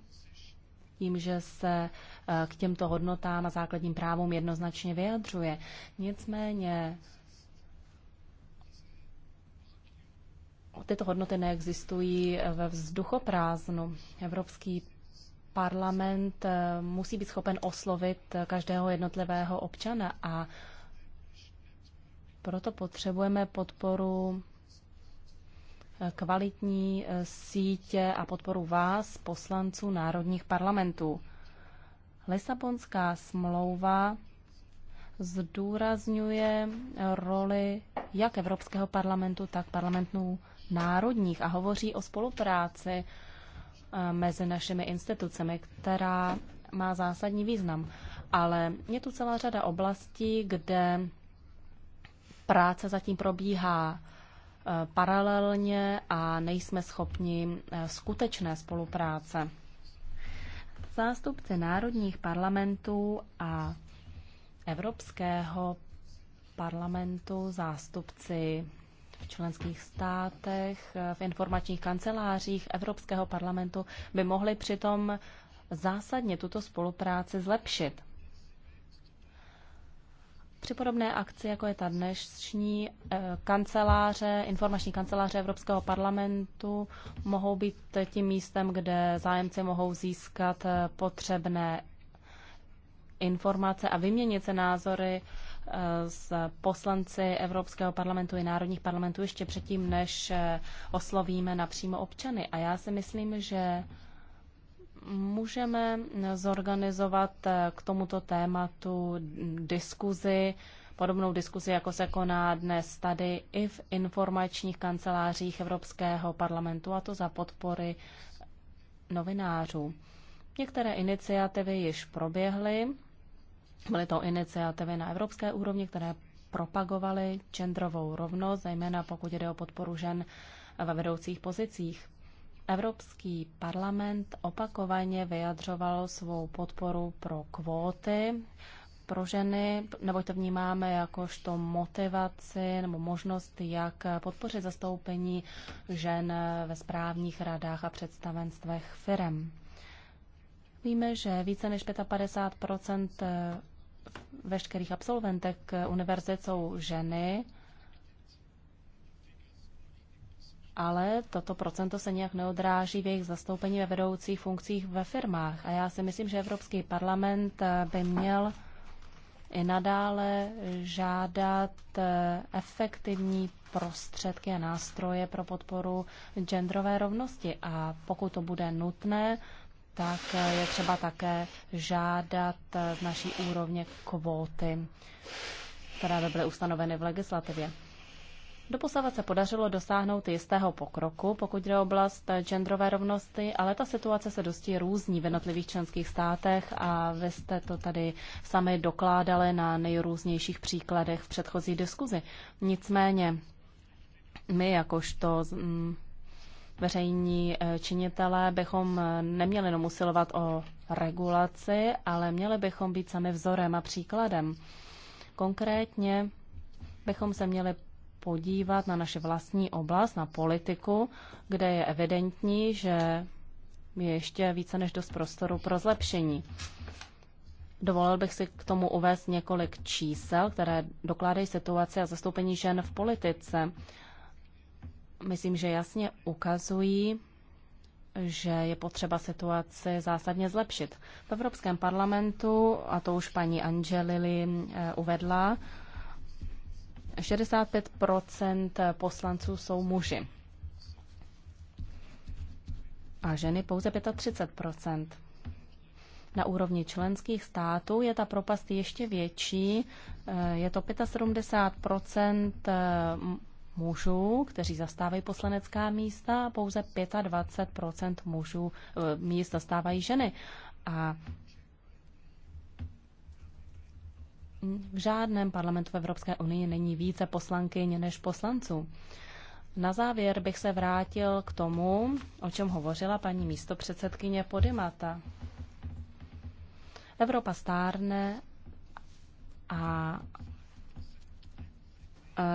[SPEAKER 1] tím, že se eh, k těmto hodnotám a základním právům jednoznačně vyjadřuje. Nicméně tyto hodnoty neexistují eh, ve vzduchoprázdnu. Evropský parlament eh, musí být schopen oslovit každého jednotlivého občana a proto potřebujeme podporu kvalitní eh, sítě a podporu vás, poslanců národních parlamentů. Lisabonská smlouva zdůrazňuje roli jak Evropského parlamentu, tak parlamentů národních a hovoří o spolupráci eh, mezi našimi institucemi, která má zásadní význam. Ale je tu celá řada oblastí, kde práce zatím probíhá Eh, paralelně a nejsme schopni eh, skutečné spolupráce. Zástupci národních parlamentů a Evropského parlamentu, zástupci v členských státech, eh, v informačních kancelářích Evropského parlamentu by mohli přitom zásadně tuto spolupráci zlepšit. Při podobné akci, jako je ta dnešní, eh, kanceláře, informační kanceláře Evropského parlamentu mohou být tím místem, kde zájemci mohou získat eh, potřebné informace a vyměnit se názory eh, s poslanci Evropského parlamentu i národních parlamentů ještě předtím, než oslovíme napřímo občany. A já si myslím, že můžeme zorganizovat eh, k tomuto tématu diskuzi, podobnou diskuzi, jako se koná dnes tady i v informačních kancelářích Evropského parlamentu, a to za podpory novinářů. Některé iniciativy již proběhly, byly to iniciativy na evropské úrovni, které propagovaly genderovou rovnost, zejména pokud jde o podporu žen ve vedoucích pozicích. Evropský parlament opakovaně vyjadřoval svou podporu pro kvóty pro ženy, neboť to vnímáme jakožto motivaci nebo možnost, jak podpořit zastoupení žen ve správních radách a představenstvech firem. Víme, že více než 55 veškerých absolventek univerzit jsou ženy ale toto procento se nějak neodráží v jejich zastoupení ve vedoucích funkcích ve firmách. A já si myslím, že Evropský parlament eh, by měl i nadále žádat eh, efektivní prostředky a nástroje pro podporu genderové rovnosti. A pokud to bude nutné, tak eh, je třeba také žádat z naší úrovně kvóty, které by byly ustanoveny v legislativě. Doposavat se podařilo dosáhnout jistého pokroku, pokud jde o oblast genderové rovnosti, ale ta situace se dosti různí v jednotlivých členských státech a vy jste to tady sami dokládali na nejrůznějších příkladech v předchozí diskuzi. Nicméně my jakožto mm, veřejní eh, činitelé bychom eh, neměli jenom usilovat o regulaci, ale měli bychom být sami vzorem a příkladem. Konkrétně bychom se měli podívat na naše vlastní oblast, na politiku, kde je evidentní, že je ještě více než dost prostoru pro zlepšení. Dovolil bych si k tomu uvést několik čísel, které dokládají situaci a zastoupení žen v politice. Myslím, že jasně ukazují, že je potřeba situaci zásadně zlepšit. V Evropském parlamentu, a to už paní Angelili eh, uvedla, 65 poslanců jsou muži a ženy pouze 35 Na úrovni členských států je ta propast ještě větší. Eh, je to 75 eh, mužů, kteří zastávají poslanecká místa a pouze 25 mužů eh, míst zastávají ženy. A v žádném parlamentu v Evropské unii není více poslankyň než poslanců. Na závěr bych se vrátil k tomu, o čem hovořila paní místopředsedkyně Podimata. Evropa stárne a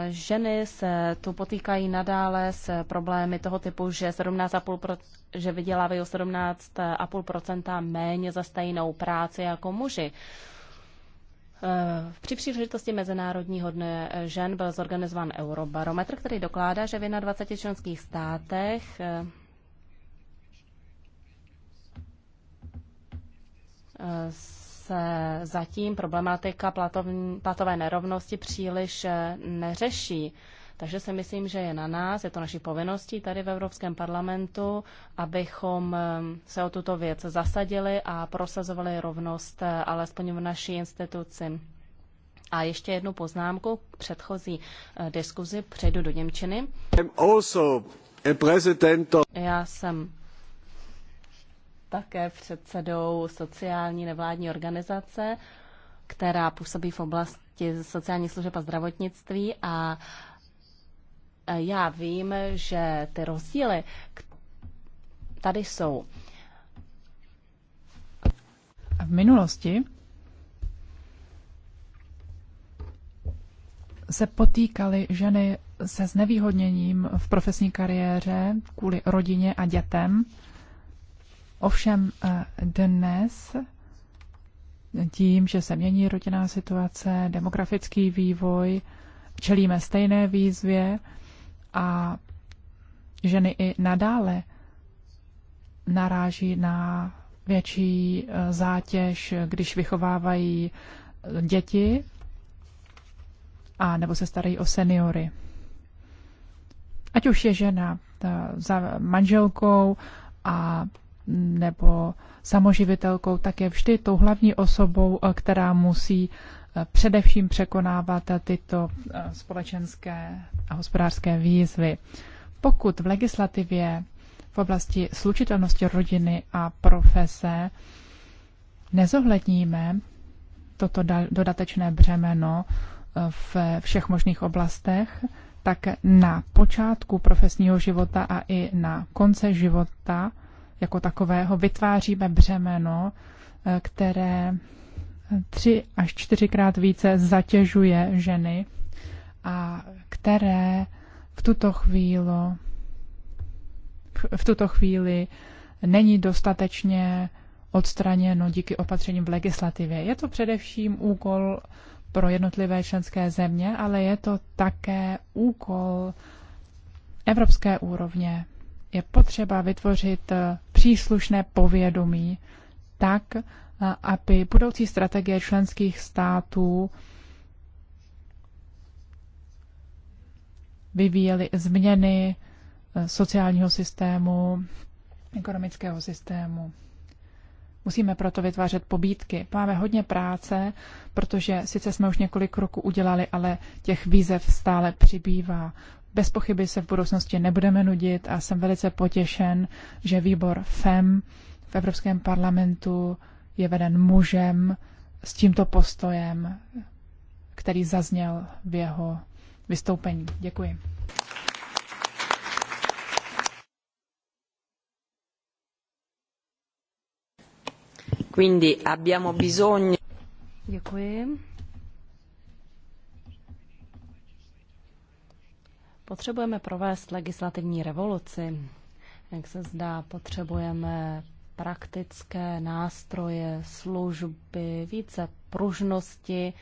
[SPEAKER 1] Ženy se tu potýkají nadále s problémy toho typu, že, 17,5%, že vydělávají 17,5% méně za stejnou práci jako muži. Eh, při příležitosti Mezinárodního dne žen byl zorganizován Eurobarometr, který dokládá, že v 21 členských státech eh, se zatím problematika platovní, platové nerovnosti příliš eh, neřeší. Takže si myslím, že je na nás, je to naší povinností tady v Evropském parlamentu, abychom se o tuto věc zasadili a prosazovali rovnost eh, alespoň v naší instituci. A ještě jednu poznámku k předchozí eh, diskuzi přejdu do Němčiny. Já jsem také předsedou sociální nevládní organizace, která působí v oblasti sociálních služeb a zdravotnictví a já vím, že ty rozdíly tady jsou.
[SPEAKER 2] A v minulosti se potýkaly ženy se znevýhodněním v profesní kariéře kvůli rodině a dětem. Ovšem eh, dnes tím, že se mění rodinná situace, demografický vývoj, čelíme stejné výzvě a ženy i nadále naráží na větší eh, zátěž, když vychovávají eh, děti a nebo se starají o seniory. Ať už je žena eh, za manželkou a nebo samoživitelkou, tak je vždy tou hlavní osobou, která musí Eh, především překonávat tyto eh, společenské a hospodářské výzvy. Pokud v legislativě v oblasti slučitelnosti rodiny a profese nezohledníme toto dodatečné břemeno eh, v všech možných oblastech, tak na počátku profesního života a i na konce života jako takového vytváříme břemeno, které tři až čtyřikrát více zatěžuje ženy a které v tuto chvíli, v tuto chvíli není dostatečně odstraněno díky opatřením v legislativě. Je to především úkol pro jednotlivé členské země, ale je to také úkol evropské úrovně. Je potřeba vytvořit příslušné povědomí tak, eh, aby budoucí strategie členských států vyvíjely změny eh, sociálního systému, ekonomického systému. Musíme proto vytvářet pobídky. Máme hodně práce, protože sice jsme už několik kroků udělali, ale těch výzev stále přibývá. Bez pochyby se v budoucnosti nebudeme nudit a jsem velice potěšen, že výbor FEM v Evropském parlamentu je veden mužem s tímto postojem, který zazněl v jeho vystoupení. Děkuji.
[SPEAKER 1] Quindi abbiamo bisogno... Děkuji. Potřebujeme provést legislativní revoluci. Jak se zdá, potřebujeme praktické nástroje, služby, více pružnosti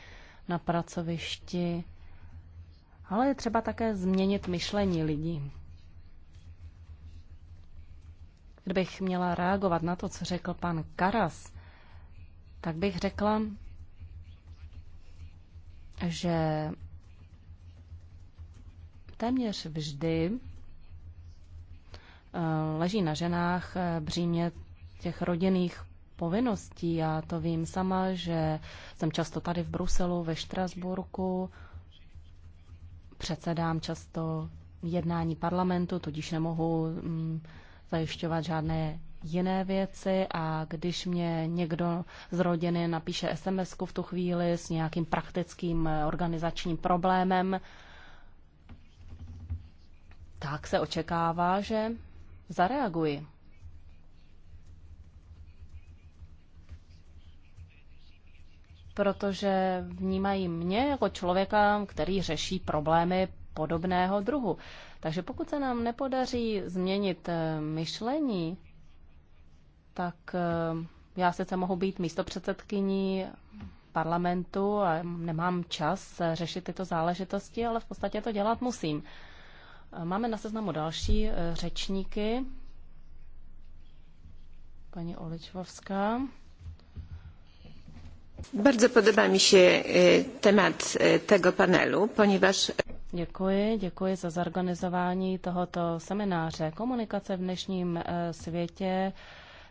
[SPEAKER 1] na pracovišti, ale je třeba také změnit myšlení lidí. Kdybych měla reagovat na to, co řekl pan Karas, tak bych řekla, že téměř vždy eh, leží na ženách eh, břímě těch rodinných povinností. Já to vím sama, že jsem často tady v Bruselu, ve Štrasburku, předsedám často jednání parlamentu, tudíž nemohu mm, zajišťovat žádné jiné věci a když mě někdo z rodiny napíše sms v tu chvíli s nějakým praktickým eh, organizačním problémem, tak se očekává, že zareaguji. protože vnímají mě jako člověka, který řeší problémy podobného druhu. Takže pokud se nám nepodaří změnit eh, myšlení, tak eh, já sice mohu být místopředsedkyní parlamentu a nemám čas eh, řešit tyto záležitosti, ale v podstatě to dělat musím. Máme na seznamu další řečníky. Paní Oličvovská.
[SPEAKER 3] Bardzo podoba mi się e, temat e, tego panelu, ponieważ...
[SPEAKER 1] Děkuji, děkuji za zorganizování tohoto semináře. Komunikace v dnešním e, světě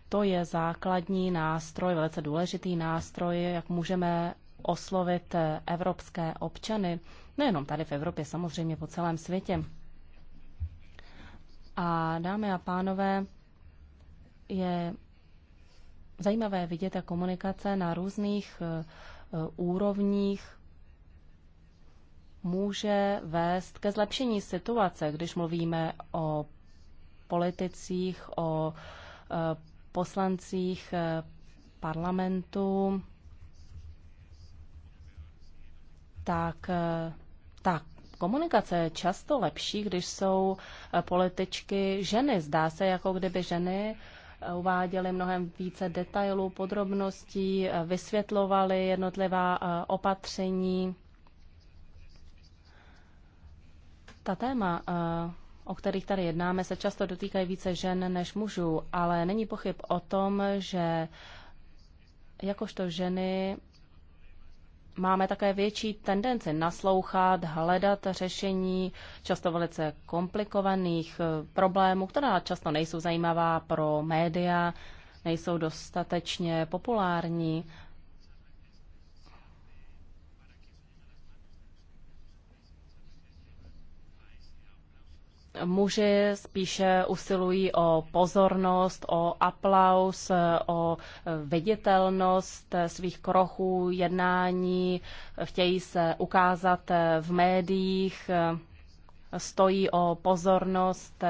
[SPEAKER 1] to je základní nástroj, velice důležitý nástroj, jak můžeme oslovit evropské občany, nejenom tady v Evropě, samozřejmě po celém světě. A dámy a pánové, je zajímavé vidět, jak komunikace na různých eh, eh, úrovních může vést ke zlepšení situace, když mluvíme o politicích, o eh, poslancích parlamentu, tak ta komunikace je často lepší, když jsou političky ženy. Zdá se, jako kdyby ženy uváděli mnohem více detailů, podrobností, vysvětlovali jednotlivá eh, opatření. Ta téma, eh, o kterých tady jednáme, se často dotýkají více žen než mužů, ale není pochyb o tom, že jakožto ženy máme také větší tendenci naslouchat, hledat řešení často velice komplikovaných eh, problémů, která často nejsou zajímavá pro média, nejsou dostatečně populární muži spíše usilují o pozornost, o aplaus, o viditelnost svých krochů, jednání, chtějí se ukázat v médiích, stojí o pozornost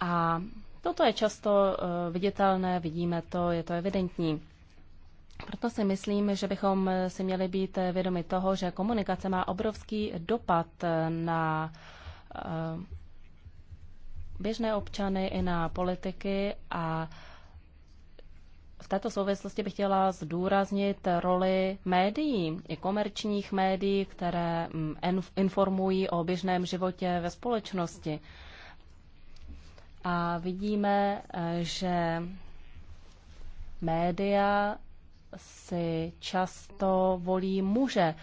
[SPEAKER 1] a toto je často eh, viditelné, vidíme to, je to evidentní. Proto si myslím, že bychom si měli být eh, vědomi toho, že komunikace má obrovský dopad eh, na Eh, běžné občany i na politiky a v této souvislosti bych chtěla zdůraznit roli médií, i komerčních médií, které mm, informují o běžném životě ve společnosti. A vidíme, eh, že média si často volí muže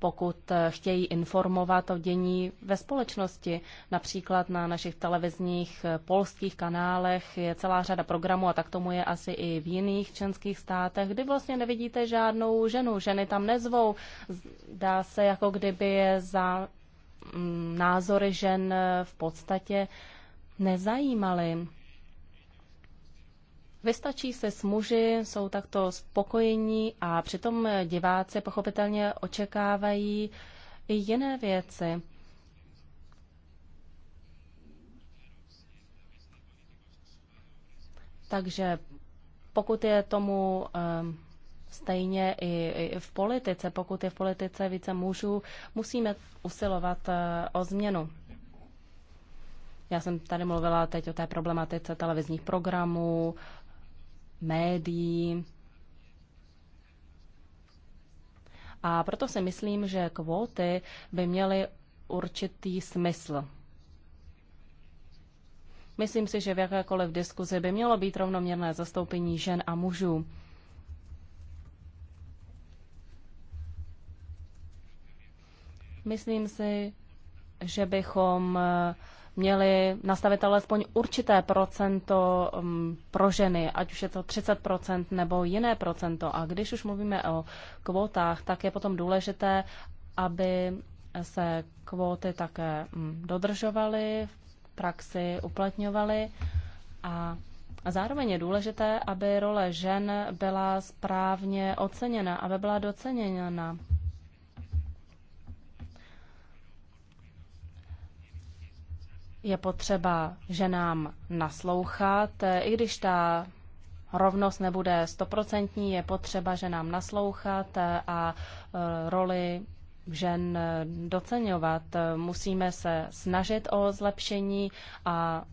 [SPEAKER 1] pokud eh, chtějí informovat o dění ve společnosti. Například na našich televizních eh, polských kanálech je celá řada programů a tak tomu je asi i v jiných členských státech, kdy vlastně nevidíte žádnou ženu. Ženy tam nezvou. Dá se, jako kdyby je za mm, názory žen eh, v podstatě nezajímaly. Vystačí se s muži, jsou takto spokojení a přitom diváci pochopitelně očekávají i jiné věci. Takže pokud je tomu ehm, stejně i v politice, pokud je v politice více mužů, musíme usilovat eh, o změnu. Já jsem tady mluvila teď o té problematice televizních programů, médií. A proto si myslím, že kvóty by měly určitý smysl. Myslím si, že v jakékoliv diskuzi by mělo být rovnoměrné zastoupení žen a mužů. Myslím si, že bychom měli nastavit alespoň určité procento um, pro ženy, ať už je to 30% nebo jiné procento. A když už mluvíme o kvótách, tak je potom důležité, aby se kvóty také um, dodržovaly, v praxi uplatňovaly a a zároveň je důležité, aby role žen byla správně oceněna, aby byla doceněna. Je potřeba ženám naslouchat, i když ta rovnost nebude stoprocentní, je potřeba ženám naslouchat a e, roli žen doceňovat. Musíme se snažit o zlepšení a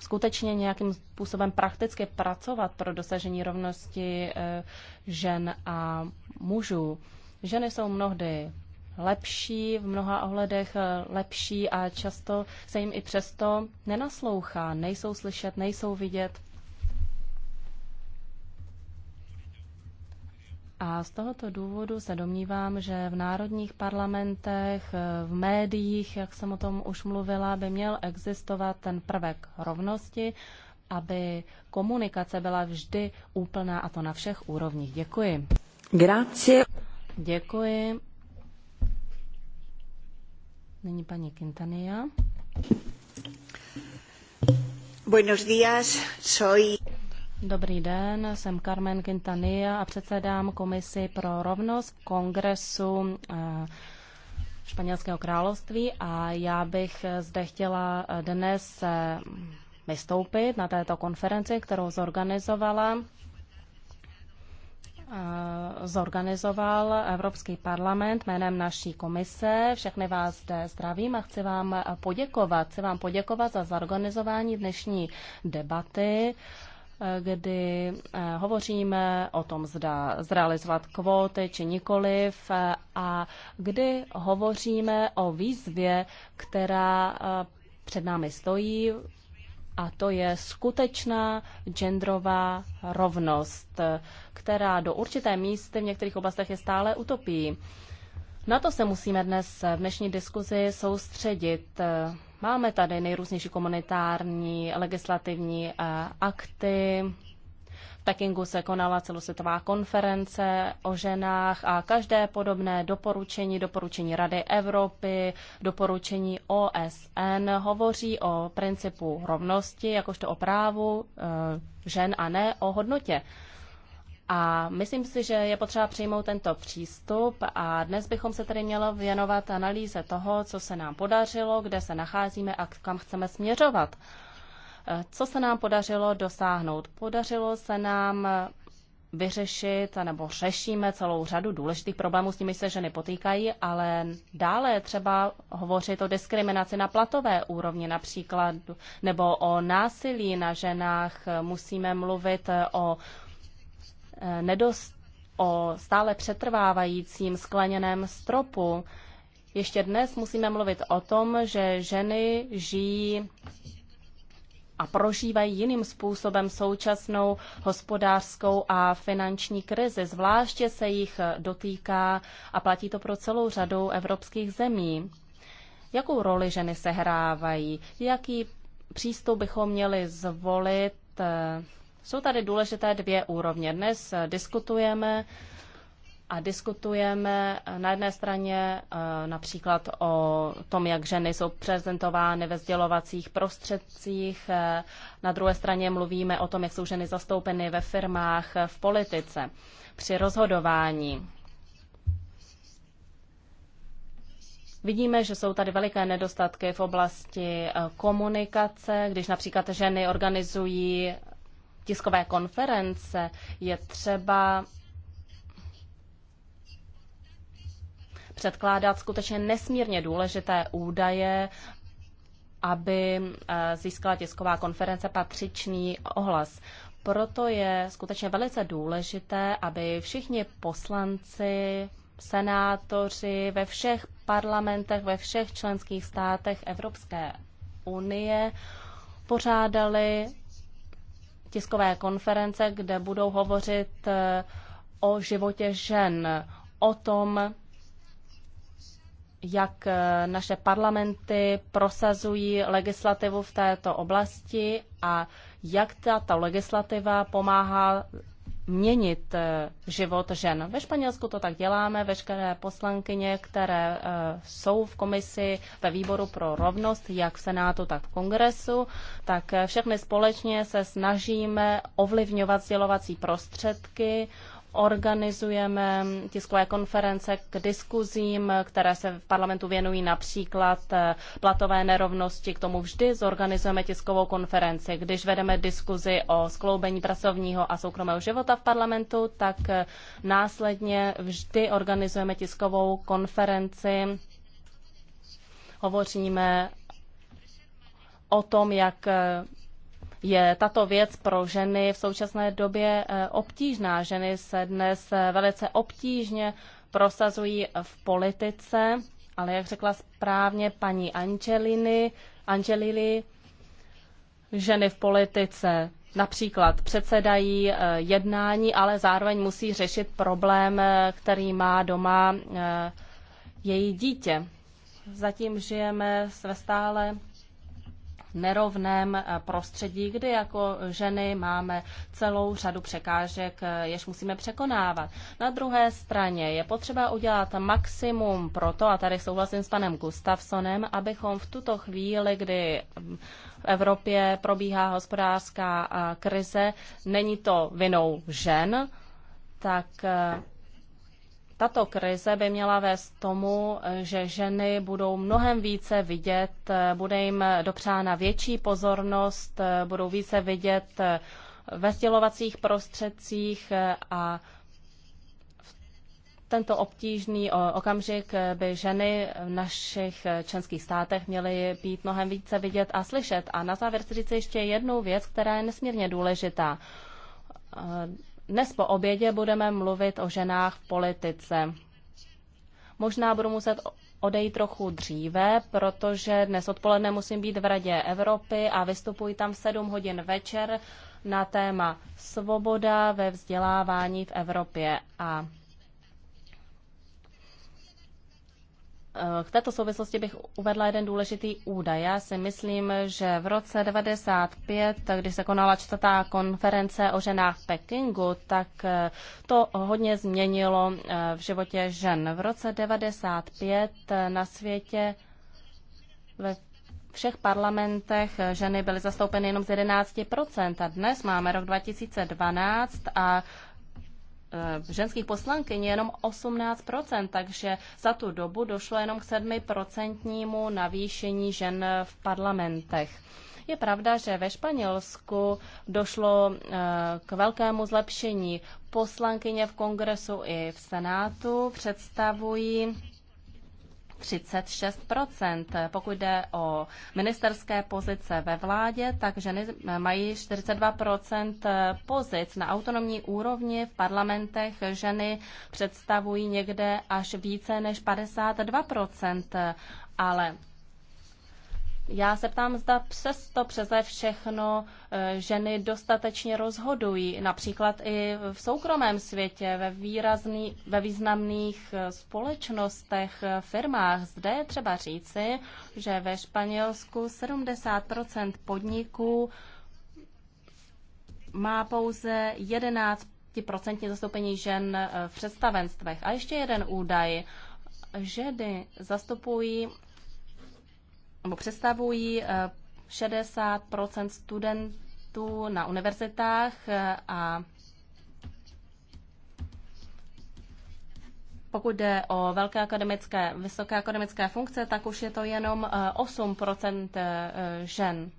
[SPEAKER 1] skutečně nějakým způsobem prakticky pracovat pro dosažení rovnosti e, žen a mužů. Ženy jsou mnohdy lepší, v mnoha ohledech eh, lepší a často se jim i přesto nenaslouchá, nejsou slyšet, nejsou vidět. A z tohoto důvodu se domnívám, že v národních parlamentech, eh, v médiích, jak jsem o tom už mluvila, by měl existovat ten prvek rovnosti, aby komunikace byla vždy úplná a to na všech úrovních. Děkuji. Grazie. Děkuji. Nyní paní Quintanilla. Buenos días, soy... Dobrý den, jsem Carmen Quintanilla a předsedám Komisi pro rovnost Kongresu eh, Španělského království a já bych zde chtěla eh, dnes eh, vystoupit na této konferenci, kterou zorganizovala Eh, zorganizoval Evropský parlament jménem naší komise. Všechny vás zde zdravím a chci vám poděkovat. Chci vám poděkovat za zorganizování dnešní debaty eh, kdy eh, hovoříme o tom, zda zrealizovat kvóty či nikoliv a kdy hovoříme o výzvě, která před námi stojí a to je skutečná genderová rovnost, která do určité místy v některých oblastech je stále utopí. Na to se musíme dnes v dnešní diskuzi soustředit. Máme tady nejrůznější komunitární legislativní eh, akty, Pekingu se konala celosvětová konference o ženách a každé podobné doporučení, doporučení Rady Evropy, doporučení OSN hovoří o principu rovnosti, jakožto o právu eh, žen a ne o hodnotě. A myslím si, že je potřeba přijmout tento přístup a dnes bychom se tedy mělo věnovat analýze toho, co se nám podařilo, kde se nacházíme a kam chceme směřovat. Co se nám podařilo dosáhnout? Podařilo se nám vyřešit nebo řešíme celou řadu důležitých problémů, s nimi se ženy potýkají, ale dále třeba hovořit o diskriminaci na platové úrovni například, nebo o násilí na ženách. Musíme mluvit o eh, nedost o stále přetrvávajícím skleněném stropu. Ještě dnes musíme mluvit o tom, že ženy žijí a prožívají jiným způsobem současnou hospodářskou a finanční krizi. Zvláště se jich dotýká a platí to pro celou řadu evropských zemí. Jakou roli ženy sehrávají? Jaký přístup bychom měli zvolit? Jsou tady důležité dvě úrovně. Dnes diskutujeme a diskutujeme na jedné straně eh, například o tom, jak ženy jsou prezentovány ve sdělovacích prostředcích, eh, na druhé straně mluvíme o tom, jak jsou ženy zastoupeny ve firmách, eh, v politice, při rozhodování. Vidíme, že jsou tady veliké nedostatky v oblasti komunikace, když například ženy organizují tiskové konference, je třeba předkládat skutečně nesmírně důležité údaje, aby eh, získala tisková konference patřičný ohlas. Proto je skutečně velice důležité, aby všichni poslanci, senátoři ve všech parlamentech, ve všech členských státech Evropské unie pořádali tiskové konference, kde budou hovořit eh, o životě žen, o tom, jak eh, naše parlamenty prosazují legislativu v této oblasti a jak tato legislativa pomáhá měnit eh, život žen. Ve Španělsku to tak děláme, veškeré poslankyně, které eh, jsou v komisi ve výboru pro rovnost, jak v Senátu, tak v Kongresu, tak všechny společně se snažíme ovlivňovat sdělovací prostředky, organizujeme tiskové konference k diskuzím, které se v parlamentu věnují například eh, platové nerovnosti. K tomu vždy zorganizujeme tiskovou konferenci. Když vedeme diskuzi o skloubení pracovního a soukromého života v parlamentu, tak eh, následně vždy organizujeme tiskovou konferenci. Hovoříme o tom, jak eh, je tato věc pro ženy v současné době eh, obtížná. Ženy se dnes eh, velice obtížně prosazují v politice, ale jak řekla správně paní Angeliny, Angelili, ženy v politice například předsedají eh, jednání, ale zároveň musí řešit problém, který má doma její dítě. Zatím žijeme ve stále nerovném eh, prostředí, kdy jako ženy máme celou řadu překážek, eh, jež musíme překonávat. Na druhé straně je potřeba udělat maximum pro to, a tady souhlasím s panem Gustafsonem, abychom v tuto chvíli, kdy v Evropě probíhá hospodářská eh, krize, není to vinou žen, tak tato krize by měla vést tomu, že ženy budou mnohem více vidět, bude jim dopřána větší pozornost, budou více vidět ve sdělovacích prostředcích a tento obtížný okamžik by ženy v našich členských státech měly být mnohem více vidět a slyšet. A na závěr chci říct ještě jednu věc, která je nesmírně důležitá. Dnes po obědě budeme mluvit o ženách v politice. Možná budu muset odejít trochu dříve, protože dnes odpoledne musím být v Radě Evropy a vystupuji tam v 7 hodin večer na téma svoboda ve vzdělávání v Evropě. A V eh, této souvislosti bych uvedla jeden důležitý údaj. Já si myslím, že v roce 95, když se konala čtvrtá konference o ženách v Pekingu, tak eh, to hodně změnilo eh, v životě žen. V roce 95 na světě ve všech parlamentech ženy byly zastoupeny jenom z 11%. A dnes máme rok 2012 a Eh, ženských poslankyň je jenom 18%, takže za tu dobu došlo jenom k 7% navýšení žen v parlamentech. Je pravda, že ve Španělsku došlo eh, k velkému zlepšení. Poslankyně v kongresu i v senátu představují 36 Pokud jde o ministerské pozice ve vládě, tak ženy mají 42 pozic. Na autonomní úrovni v parlamentech ženy představují někde až více než 52 ale já se ptám, zda přesto přeze všechno eh, ženy dostatečně rozhodují, například i v soukromém světě, ve, výrazný, ve významných eh, společnostech, eh, firmách. Zde je třeba říci, že ve Španělsku 70 podniků má pouze 11 zastoupení žen v představenstvech. A ještě jeden údaj. Ženy zastupují nebo představují 60 eh, studentů na univerzitách eh, a Pokud jde o velké akademické, vysoké akademické funkce, tak už je to jenom 8 eh, žen.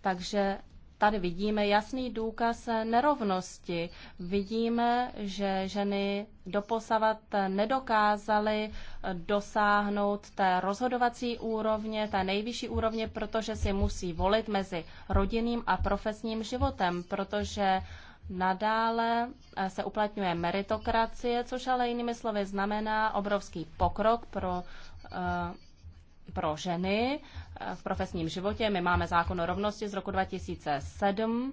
[SPEAKER 1] Takže tady vidíme jasný důkaz nerovnosti. Vidíme, že ženy doposavat nedokázaly dosáhnout té rozhodovací úrovně, té nejvyšší úrovně, protože si musí volit mezi rodinným a profesním životem, protože Nadále se uplatňuje meritokracie, což ale jinými slovy znamená obrovský pokrok pro uh, pro ženy eh, v profesním životě. My máme zákon o rovnosti z roku 2007.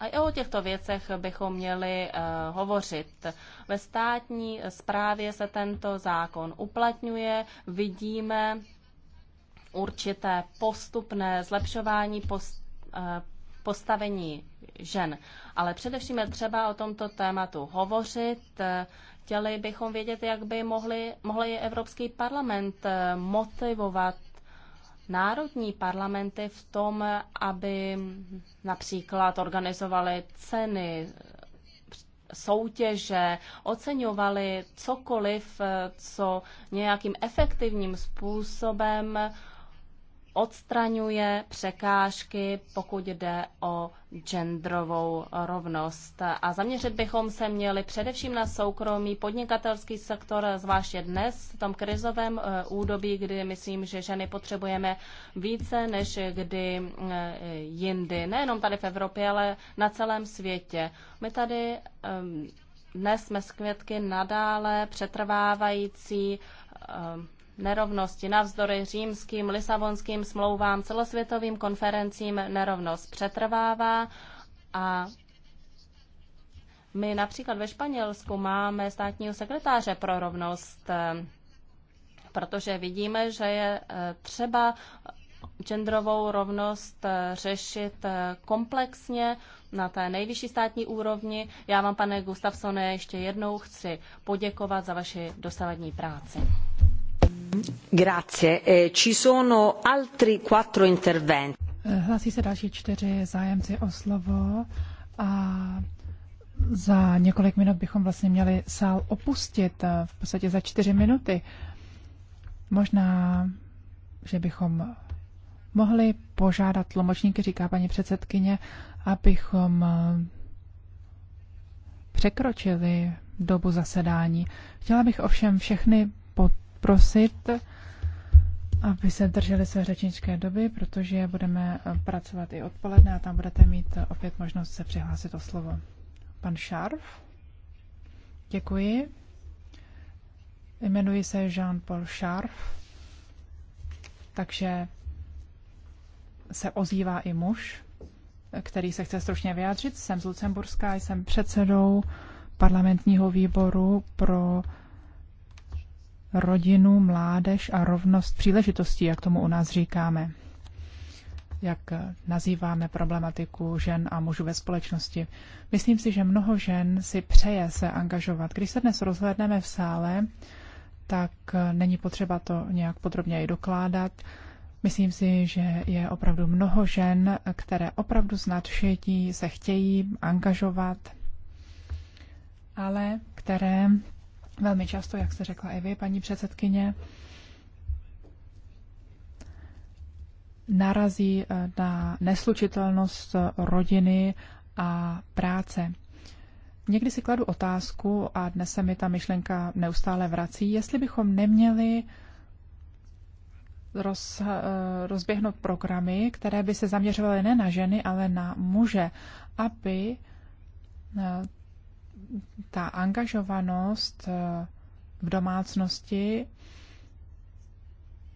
[SPEAKER 1] A i o těchto věcech bychom měli uh, hovořit. Ve státní správě se tento zákon uplatňuje. Vidíme určité postupné zlepšování post, uh, postavení žen. Ale především je třeba o tomto tématu hovořit. Chtěli bychom vědět, jak by mohli, mohli Evropský parlament eh, motivovat národní parlamenty v tom, aby například organizovali ceny, eh, soutěže, oceňovali cokoliv, eh, co nějakým efektivním způsobem odstraňuje překážky, pokud jde o genderovou rovnost. A zaměřit bychom se měli především na soukromý podnikatelský sektor, zvláště dnes, v tom krizovém eh, údobí, kdy myslím, že ženy potřebujeme více než kdy eh, jindy. Nejenom tady v Evropě, ale na celém světě. My tady ehm, dnes jsme svědky nadále přetrvávající ehm, nerovnosti. Navzdory římským, lisabonským smlouvám, celosvětovým konferencím nerovnost přetrvává a my například ve Španělsku máme státního sekretáře pro rovnost, protože vidíme, že je eh, třeba genderovou rovnost eh, řešit eh, komplexně na té nejvyšší státní úrovni. Já vám, pane Gustavsone, ještě jednou chci poděkovat za vaši dosavadní práci. Grazie. E, ci sono altri quattro interventi.
[SPEAKER 2] Eh, hlásí se další čtyři zájemci o slovo a za několik minut bychom vlastně měli sál opustit, eh, v podstatě za čtyři minuty. Možná, že bychom mohli požádat tlumočníky, říká paní předsedkyně, abychom překročili dobu zasedání. Chtěla bych ovšem všechny poprosit, aby se drželi své řečnické doby, protože budeme pracovat i odpoledne a tam budete mít opět možnost se přihlásit o slovo. Pan Šarf. Děkuji. Jmenuji se Jean-Paul Šarf, takže se ozývá i muž, který se chce stručně vyjádřit. Jsem z Lucemburska, jsem předsedou parlamentního výboru pro rodinu, mládež a rovnost příležitostí, jak tomu u nás říkáme, jak nazýváme problematiku žen a mužů ve společnosti. Myslím si, že mnoho žen si přeje se angažovat. Když se dnes rozhledneme v sále, tak není potřeba to nějak podrobněji dokládat. Myslím si, že je opravdu mnoho žen, které opravdu s nadšetí se chtějí angažovat, ale které velmi často, jak jste řekla i vy, paní předsedkyně, narazí eh, na neslučitelnost eh, rodiny a práce. Někdy si kladu otázku, a dnes se mi ta myšlenka neustále vrací, jestli bychom neměli roz, eh, rozběhnout programy, které by se zaměřovaly ne na ženy, ale na muže, aby ta angažovanost eh, v domácnosti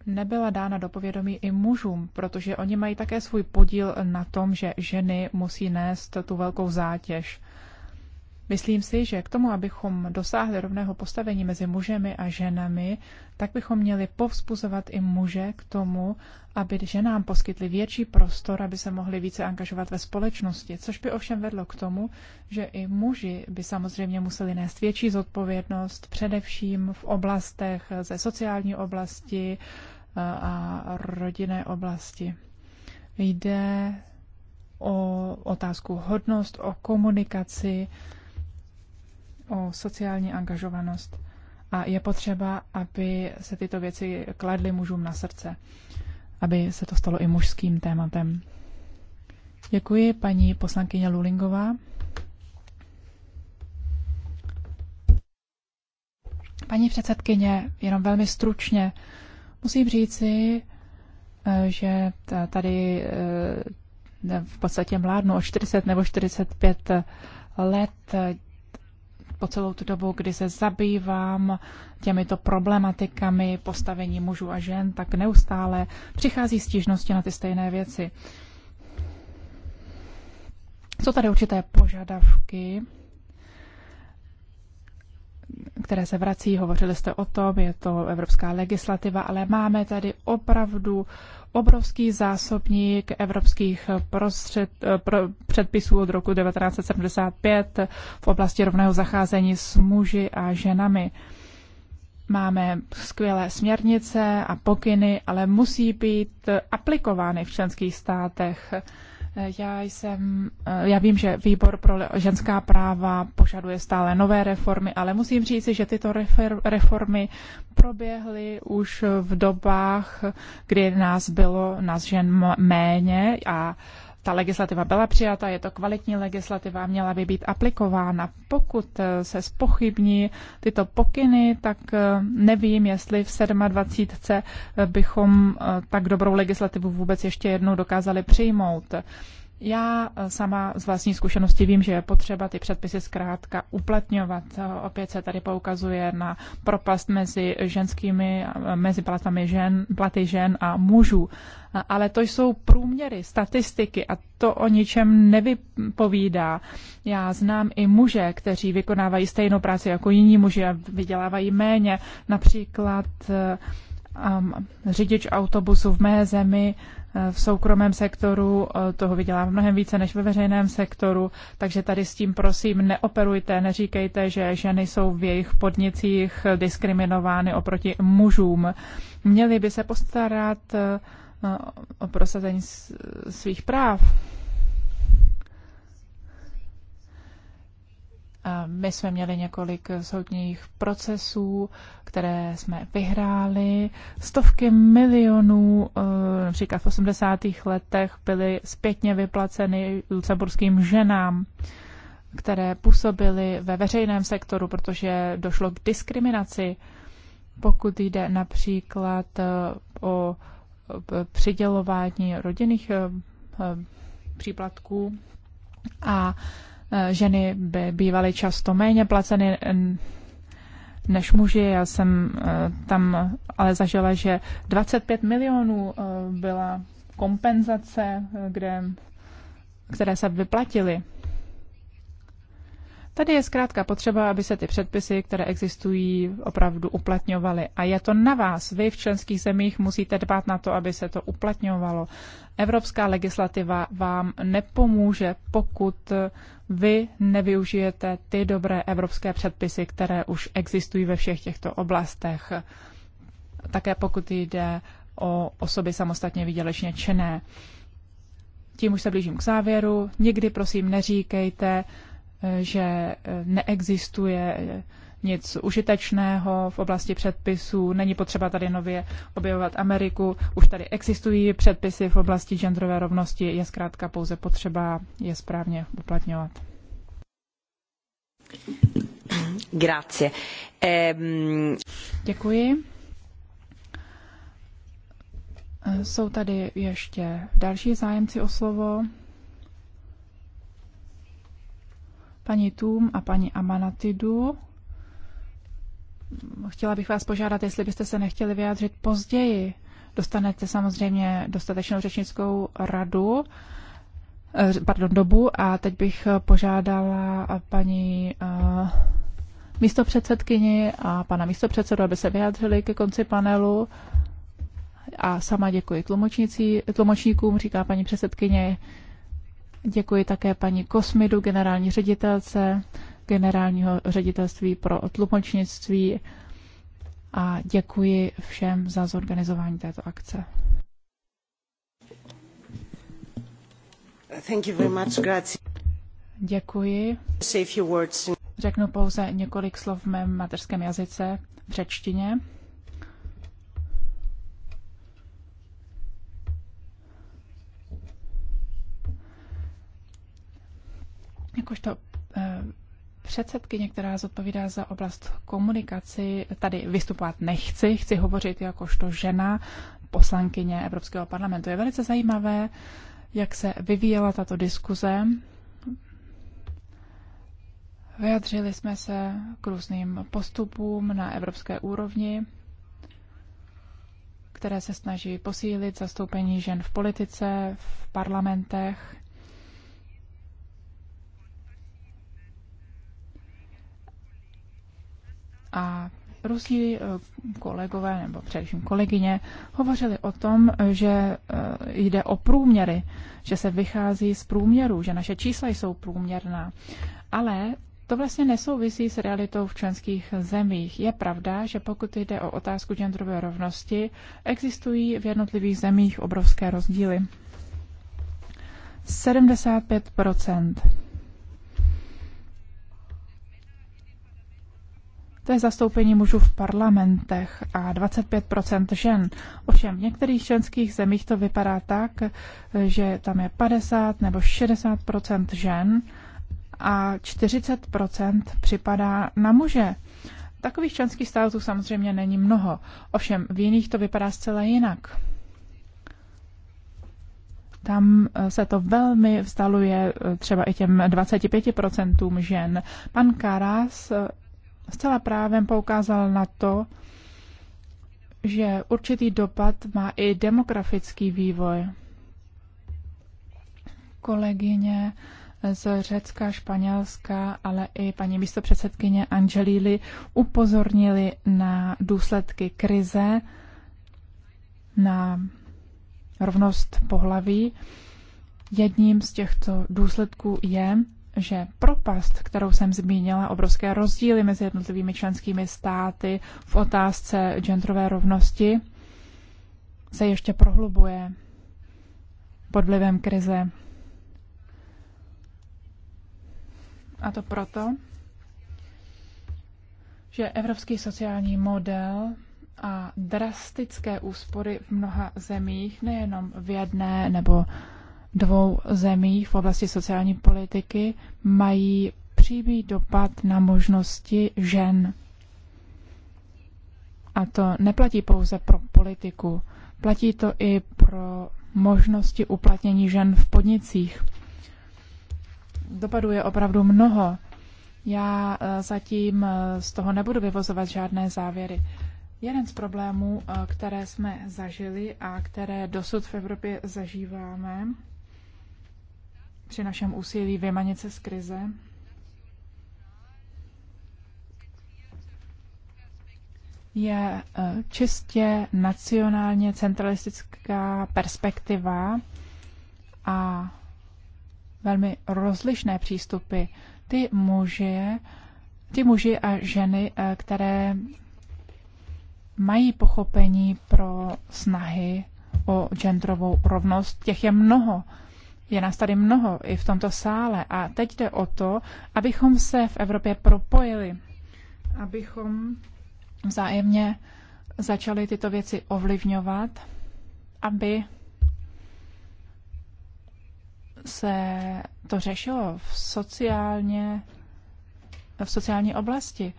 [SPEAKER 2] nebyla dána do povědomí i mužům, protože oni mají také svůj podíl na tom, že ženy musí nést tu velkou zátěž. Myslím si, že k tomu, abychom dosáhli rovného postavení mezi mužemi a ženami, tak bychom měli povzbuzovat i muže k tomu, aby ženám poskytli větší prostor, aby se mohli více angažovat ve společnosti, což by ovšem vedlo k tomu, že i muži by samozřejmě museli nést větší zodpovědnost, především v oblastech ze sociální oblasti eh, a rodinné oblasti. Jde o otázku hodnost, o komunikaci, o sociální angažovanost a je potřeba, aby se tyto věci kladly mužům na srdce, aby se to stalo i mužským tématem. Děkuji paní poslankyně Lulingová. Paní předsedkyně, jenom velmi stručně, musím říci, eh, že tady eh, v podstatě mládnu o 40 nebo 45 let po celou tu dobu, kdy se zabývám těmito problematikami postavení mužů a žen, tak neustále přichází stížnosti na ty stejné věci. Jsou tady určité požadavky které se vrací, hovořili jste o tom, je to evropská legislativa, ale máme tady opravdu obrovský zásobník evropských prostřed, eh, pro, předpisů od roku 1975 v oblasti rovného zacházení s muži a ženami. Máme skvělé směrnice a pokyny, ale musí být aplikovány v členských státech. Já jsem, já vím, že výbor pro ženská práva požaduje stále nové reformy, ale musím říct, že tyto reformy proběhly už v dobách, kdy nás bylo, nás žen méně a ta legislativa byla přijata, je to kvalitní legislativa, měla by být aplikována. Pokud eh, se spochybní tyto pokyny, tak eh, nevím, jestli v 27. Eh, bychom tak dobrou legislativu vůbec ještě jednou dokázali přijmout. Já eh, sama z vlastní zkušenosti vím, že je potřeba ty předpisy zkrátka uplatňovat. Eh, opět se tady poukazuje na propast mezi ženskými, eh, mezi platami žen, platy žen a mužů. Ale to jsou průměry, statistiky a to o ničem nevypovídá. Já znám i muže, kteří vykonávají stejnou práci jako jiní muži a vydělávají méně. Například um, řidič autobusu v mé zemi uh, v soukromém sektoru eh, toho vydělá mnohem více než ve veřejném sektoru, takže tady s tím prosím neoperujte, neříkejte, že ženy jsou v jejich podnicích diskriminovány oproti mužům. Měli by se postarat eh, o prosazení svých práv. My jsme měli několik soudních procesů, které jsme vyhráli. Stovky milionů, eh, například v 80. letech, byly zpětně vyplaceny lucemburským ženám, které působily ve veřejném sektoru, protože došlo k diskriminaci, pokud jde například eh, o eh, přidělování rodinných příplatků a Eh, ženy by bývaly často méně placeny eh, než muži. Já jsem eh, tam ale zažila, že 25 milionů byla kompenzace, kde, které se vyplatily Tady je zkrátka potřeba, aby se ty předpisy, které existují, opravdu uplatňovaly. A je to na vás. Vy v členských zemích musíte dbát na to, aby se to uplatňovalo. Evropská legislativa vám nepomůže, pokud vy nevyužijete ty dobré evropské předpisy, které už existují ve všech těchto oblastech. Také pokud jde o osoby samostatně výdělečně činné. Tím už se blížím k závěru. Nikdy prosím neříkejte, že e, neexistuje nic užitečného v oblasti předpisů, není potřeba tady nově objevovat Ameriku, už tady existují předpisy v oblasti genderové rovnosti, je zkrátka pouze potřeba je správně uplatňovat. Grazie. Ehm... Děkuji. E, jsou tady ještě další zájemci o slovo. paní Tům a paní Amanatidu. Chtěla bych vás požádat, jestli byste se nechtěli vyjádřit později. Dostanete samozřejmě dostatečnou řečnickou radu, eh, pardon, dobu a teď bych požádala paní uh, místopředsedkyni a pana místopředsedu, aby se vyjádřili ke konci panelu. A sama děkuji tlumočníkům, říká paní předsedkyně. Děkuji také paní Kosmidu, generální ředitelce generálního ředitelství pro tlumočnictví a děkuji všem za zorganizování této akce. Thank you very much, Děkuji. Say few words. Řeknu pouze několik slov v mém mateřském jazyce v řečtině. jakožto eh, předsedkyně, která zodpovídá za oblast komunikaci, tady vystupovat nechci, chci hovořit jakožto žena, poslankyně Evropského parlamentu. Je velice zajímavé, jak se vyvíjela tato diskuze. Vyjadřili jsme se k různým postupům na evropské úrovni, které se snaží posílit zastoupení žen v politice, v parlamentech A různí eh, kolegové nebo především kolegyně hovořili o tom, že eh, jde o průměry, že se vychází z průměru, že naše čísla jsou průměrná. Ale to vlastně nesouvisí s realitou v členských zemích. Je pravda, že pokud jde o otázku genderové rovnosti, existují v jednotlivých zemích obrovské rozdíly. 75 to je zastoupení mužů v parlamentech a 25 žen. Ovšem v některých členských zemích to vypadá tak, že tam je 50 nebo 60 žen a 40 připadá na muže. Takových členských států samozřejmě není mnoho, ovšem v jiných to vypadá zcela jinak. Tam eh, se to velmi vzdaluje eh, třeba i těm 25% žen. Pan Karas eh, zcela právem poukázal na to, že určitý dopad má i demografický vývoj. Kolegyně z Řecka, Španělska, ale i paní místopředsedkyně Angelíly upozornili na důsledky krize, na rovnost pohlaví. Jedním z těchto důsledků je, že propast, kterou jsem zmínila, obrovské rozdíly mezi jednotlivými členskými státy v otázce genderové rovnosti, se ještě prohlubuje pod vlivem krize. A to proto, že evropský sociální model a drastické úspory v mnoha zemích, nejenom v jedné nebo dvou zemí v oblasti sociální politiky mají přímý dopad na možnosti žen. A to neplatí pouze pro politiku, platí to i pro možnosti uplatnění žen v podnicích. Dopadů je opravdu mnoho. Já eh, zatím eh, z toho nebudu vyvozovat žádné závěry. Jeden z problémů, eh, které jsme zažili a které dosud v Evropě zažíváme, při našem úsilí vymanit se z krize. Je eh, čistě nacionálně centralistická perspektiva a velmi rozlišné přístupy. Ty muže, ty muži a ženy, eh, které mají pochopení pro snahy o genderovou rovnost, těch je mnoho. Je nás tady mnoho i v tomto sále a teď jde o to, abychom se v Evropě propojili, abychom vzájemně začali tyto věci ovlivňovat, aby se to řešilo v sociálně, v sociální oblasti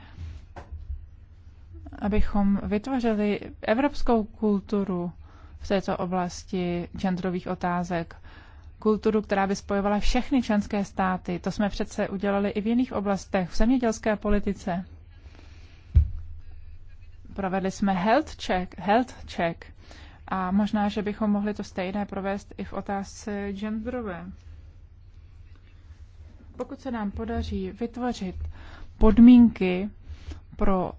[SPEAKER 2] abychom vytvořili evropskou kulturu v této oblasti genderových otázek kulturu, která by spojovala všechny členské státy. To jsme přece udělali i v jiných oblastech, v zemědělské politice. Provedli jsme health check, health check. A možná, že bychom mohli to stejné provést i v otázce genderové. Pokud se nám podaří vytvořit podmínky pro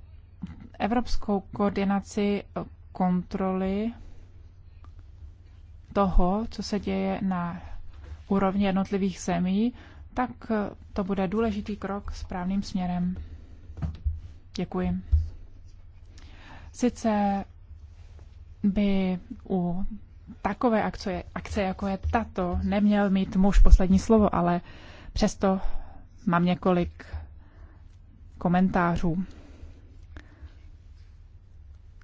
[SPEAKER 2] evropskou koordinaci kontroly toho, co se děje na úrovni jednotlivých zemí, tak to bude důležitý krok správným směrem. Děkuji. Sice by u takové akce, akce, jako je tato, neměl mít muž poslední slovo, ale přesto mám několik komentářů.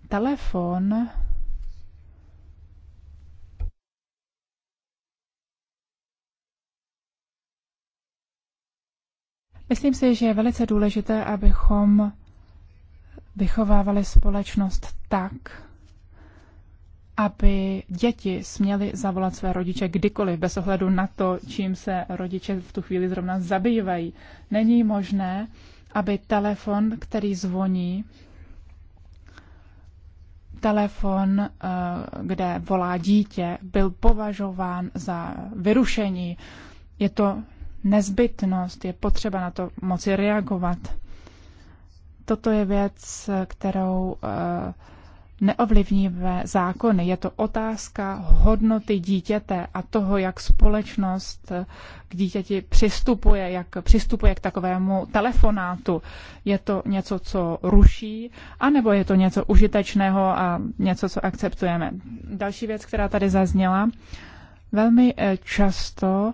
[SPEAKER 2] Telefon Myslím si, že je velice důležité, abychom vychovávali společnost tak, aby děti směly zavolat své rodiče kdykoliv, bez ohledu na to, čím se rodiče v tu chvíli zrovna zabývají. Není možné, aby telefon, který zvoní, telefon, eh, kde volá dítě, byl považován za vyrušení. Je to nezbytnost, je potřeba na to moci reagovat. Toto je věc, kterou eh, neovlivní ve zákony. Je to otázka hodnoty dítěte a toho, jak společnost k dítěti přistupuje, jak přistupuje k takovému telefonátu. Je to něco, co ruší, anebo je to něco užitečného a něco, co akceptujeme. Další věc, která tady zazněla, velmi eh, často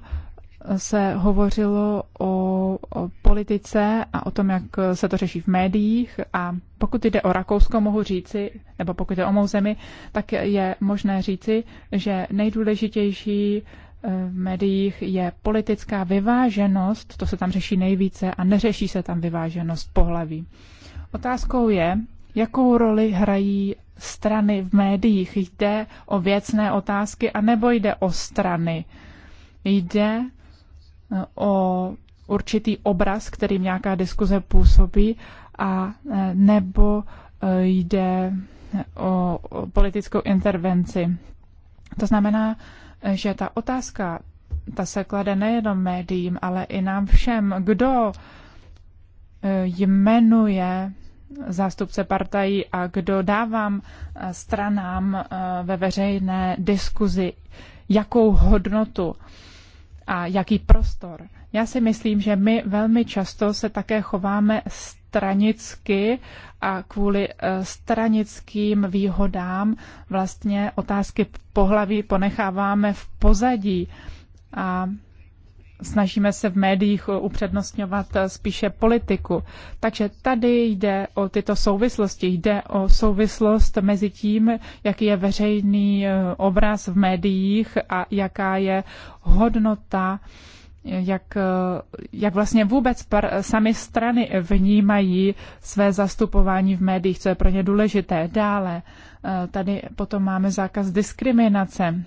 [SPEAKER 2] se hovořilo o, o politice a o tom, jak se to řeší v médiích. A pokud jde o Rakousko, mohu říci, nebo pokud jde o mou zemi, tak je možné říci, že nejdůležitější eh, v médiích je politická vyváženost, to se tam řeší nejvíce a neřeší se tam vyváženost pohlaví. Otázkou je, jakou roli hrají strany v médiích. Jde o věcné otázky, a nebo jde o strany. Jde o určitý obraz, kterým nějaká diskuze působí, a e, nebo e, jde o politickou intervenci. To znamená, že ta otázka, ta se klade nejenom médiím, ale i nám všem, kdo e, jmenuje zástupce partají a kdo dávám stranám ve veřejné diskuzi, jakou hodnotu a jaký prostor. Já si myslím, že my velmi často se také chováme stranicky a kvůli eh, stranickým výhodám vlastně otázky pohlaví ponecháváme v pozadí. A snažíme se v médiích upřednostňovat eh, spíše politiku. Takže tady jde o tyto souvislosti. Jde o souvislost mezi tím, jaký je veřejný eh, obraz v médiích a jaká je hodnota eh, jak, jak vlastně vůbec par, sami strany vnímají své zastupování v médiích, co je pro ně důležité. Dále tady potom máme zákaz diskriminace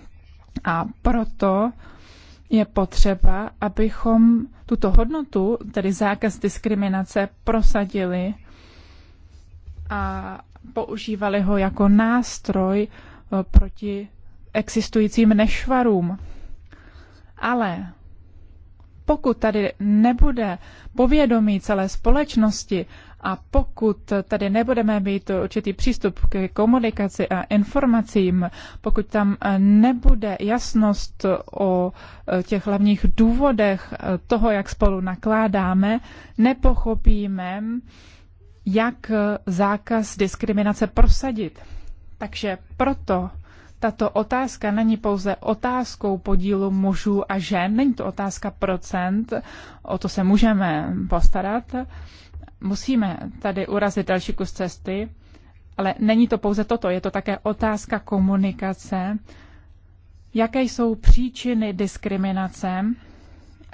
[SPEAKER 2] a proto uh, je potřeba, abychom tuto hodnotu, tedy zákaz diskriminace, prosadili a používali ho jako nástroj eh, proti existujícím nešvarům. Ale pokud tady nebude povědomí celé společnosti a pokud tady nebudeme mít určitý přístup k komunikaci a informacím, pokud tam nebude jasnost o těch hlavních důvodech toho, jak spolu nakládáme, nepochopíme, jak zákaz diskriminace prosadit. Takže proto tato otázka není pouze otázkou podílu mužů a žen, není to otázka procent, o to se můžeme postarat. Musíme tady urazit další kus cesty, ale není to pouze toto, je to také otázka komunikace, jaké jsou příčiny diskriminace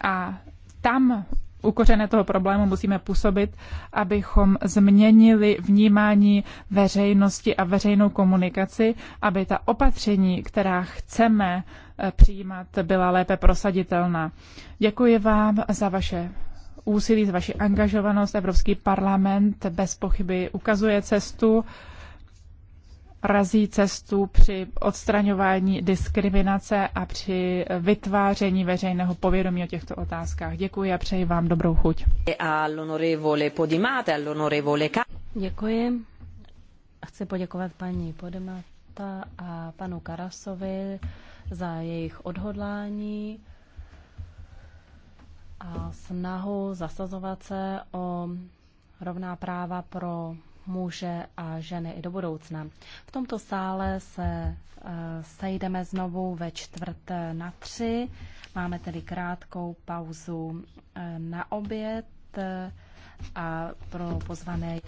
[SPEAKER 2] a tam u kořene toho problému musíme působit, abychom změnili vnímání veřejnosti a veřejnou komunikaci, aby ta opatření, která chceme eh, přijímat, byla lépe prosaditelná. Děkuji vám za vaše úsilí, za vaši angažovanost. Evropský parlament bez pochyby ukazuje cestu razí cestu při odstraňování diskriminace a při vytváření veřejného povědomí o těchto otázkách. Děkuji a přeji vám dobrou chuť. Děkuji. Chci poděkovat paní
[SPEAKER 1] Podimata a panu Karasovi za jejich odhodlání a snahu zasazovat se o rovná práva pro muže a ženy i do budoucna. V tomto sále se eh, sejdeme znovu ve čtvrt na tři. Máme tedy krátkou pauzu eh, na oběd eh, a pro pozvané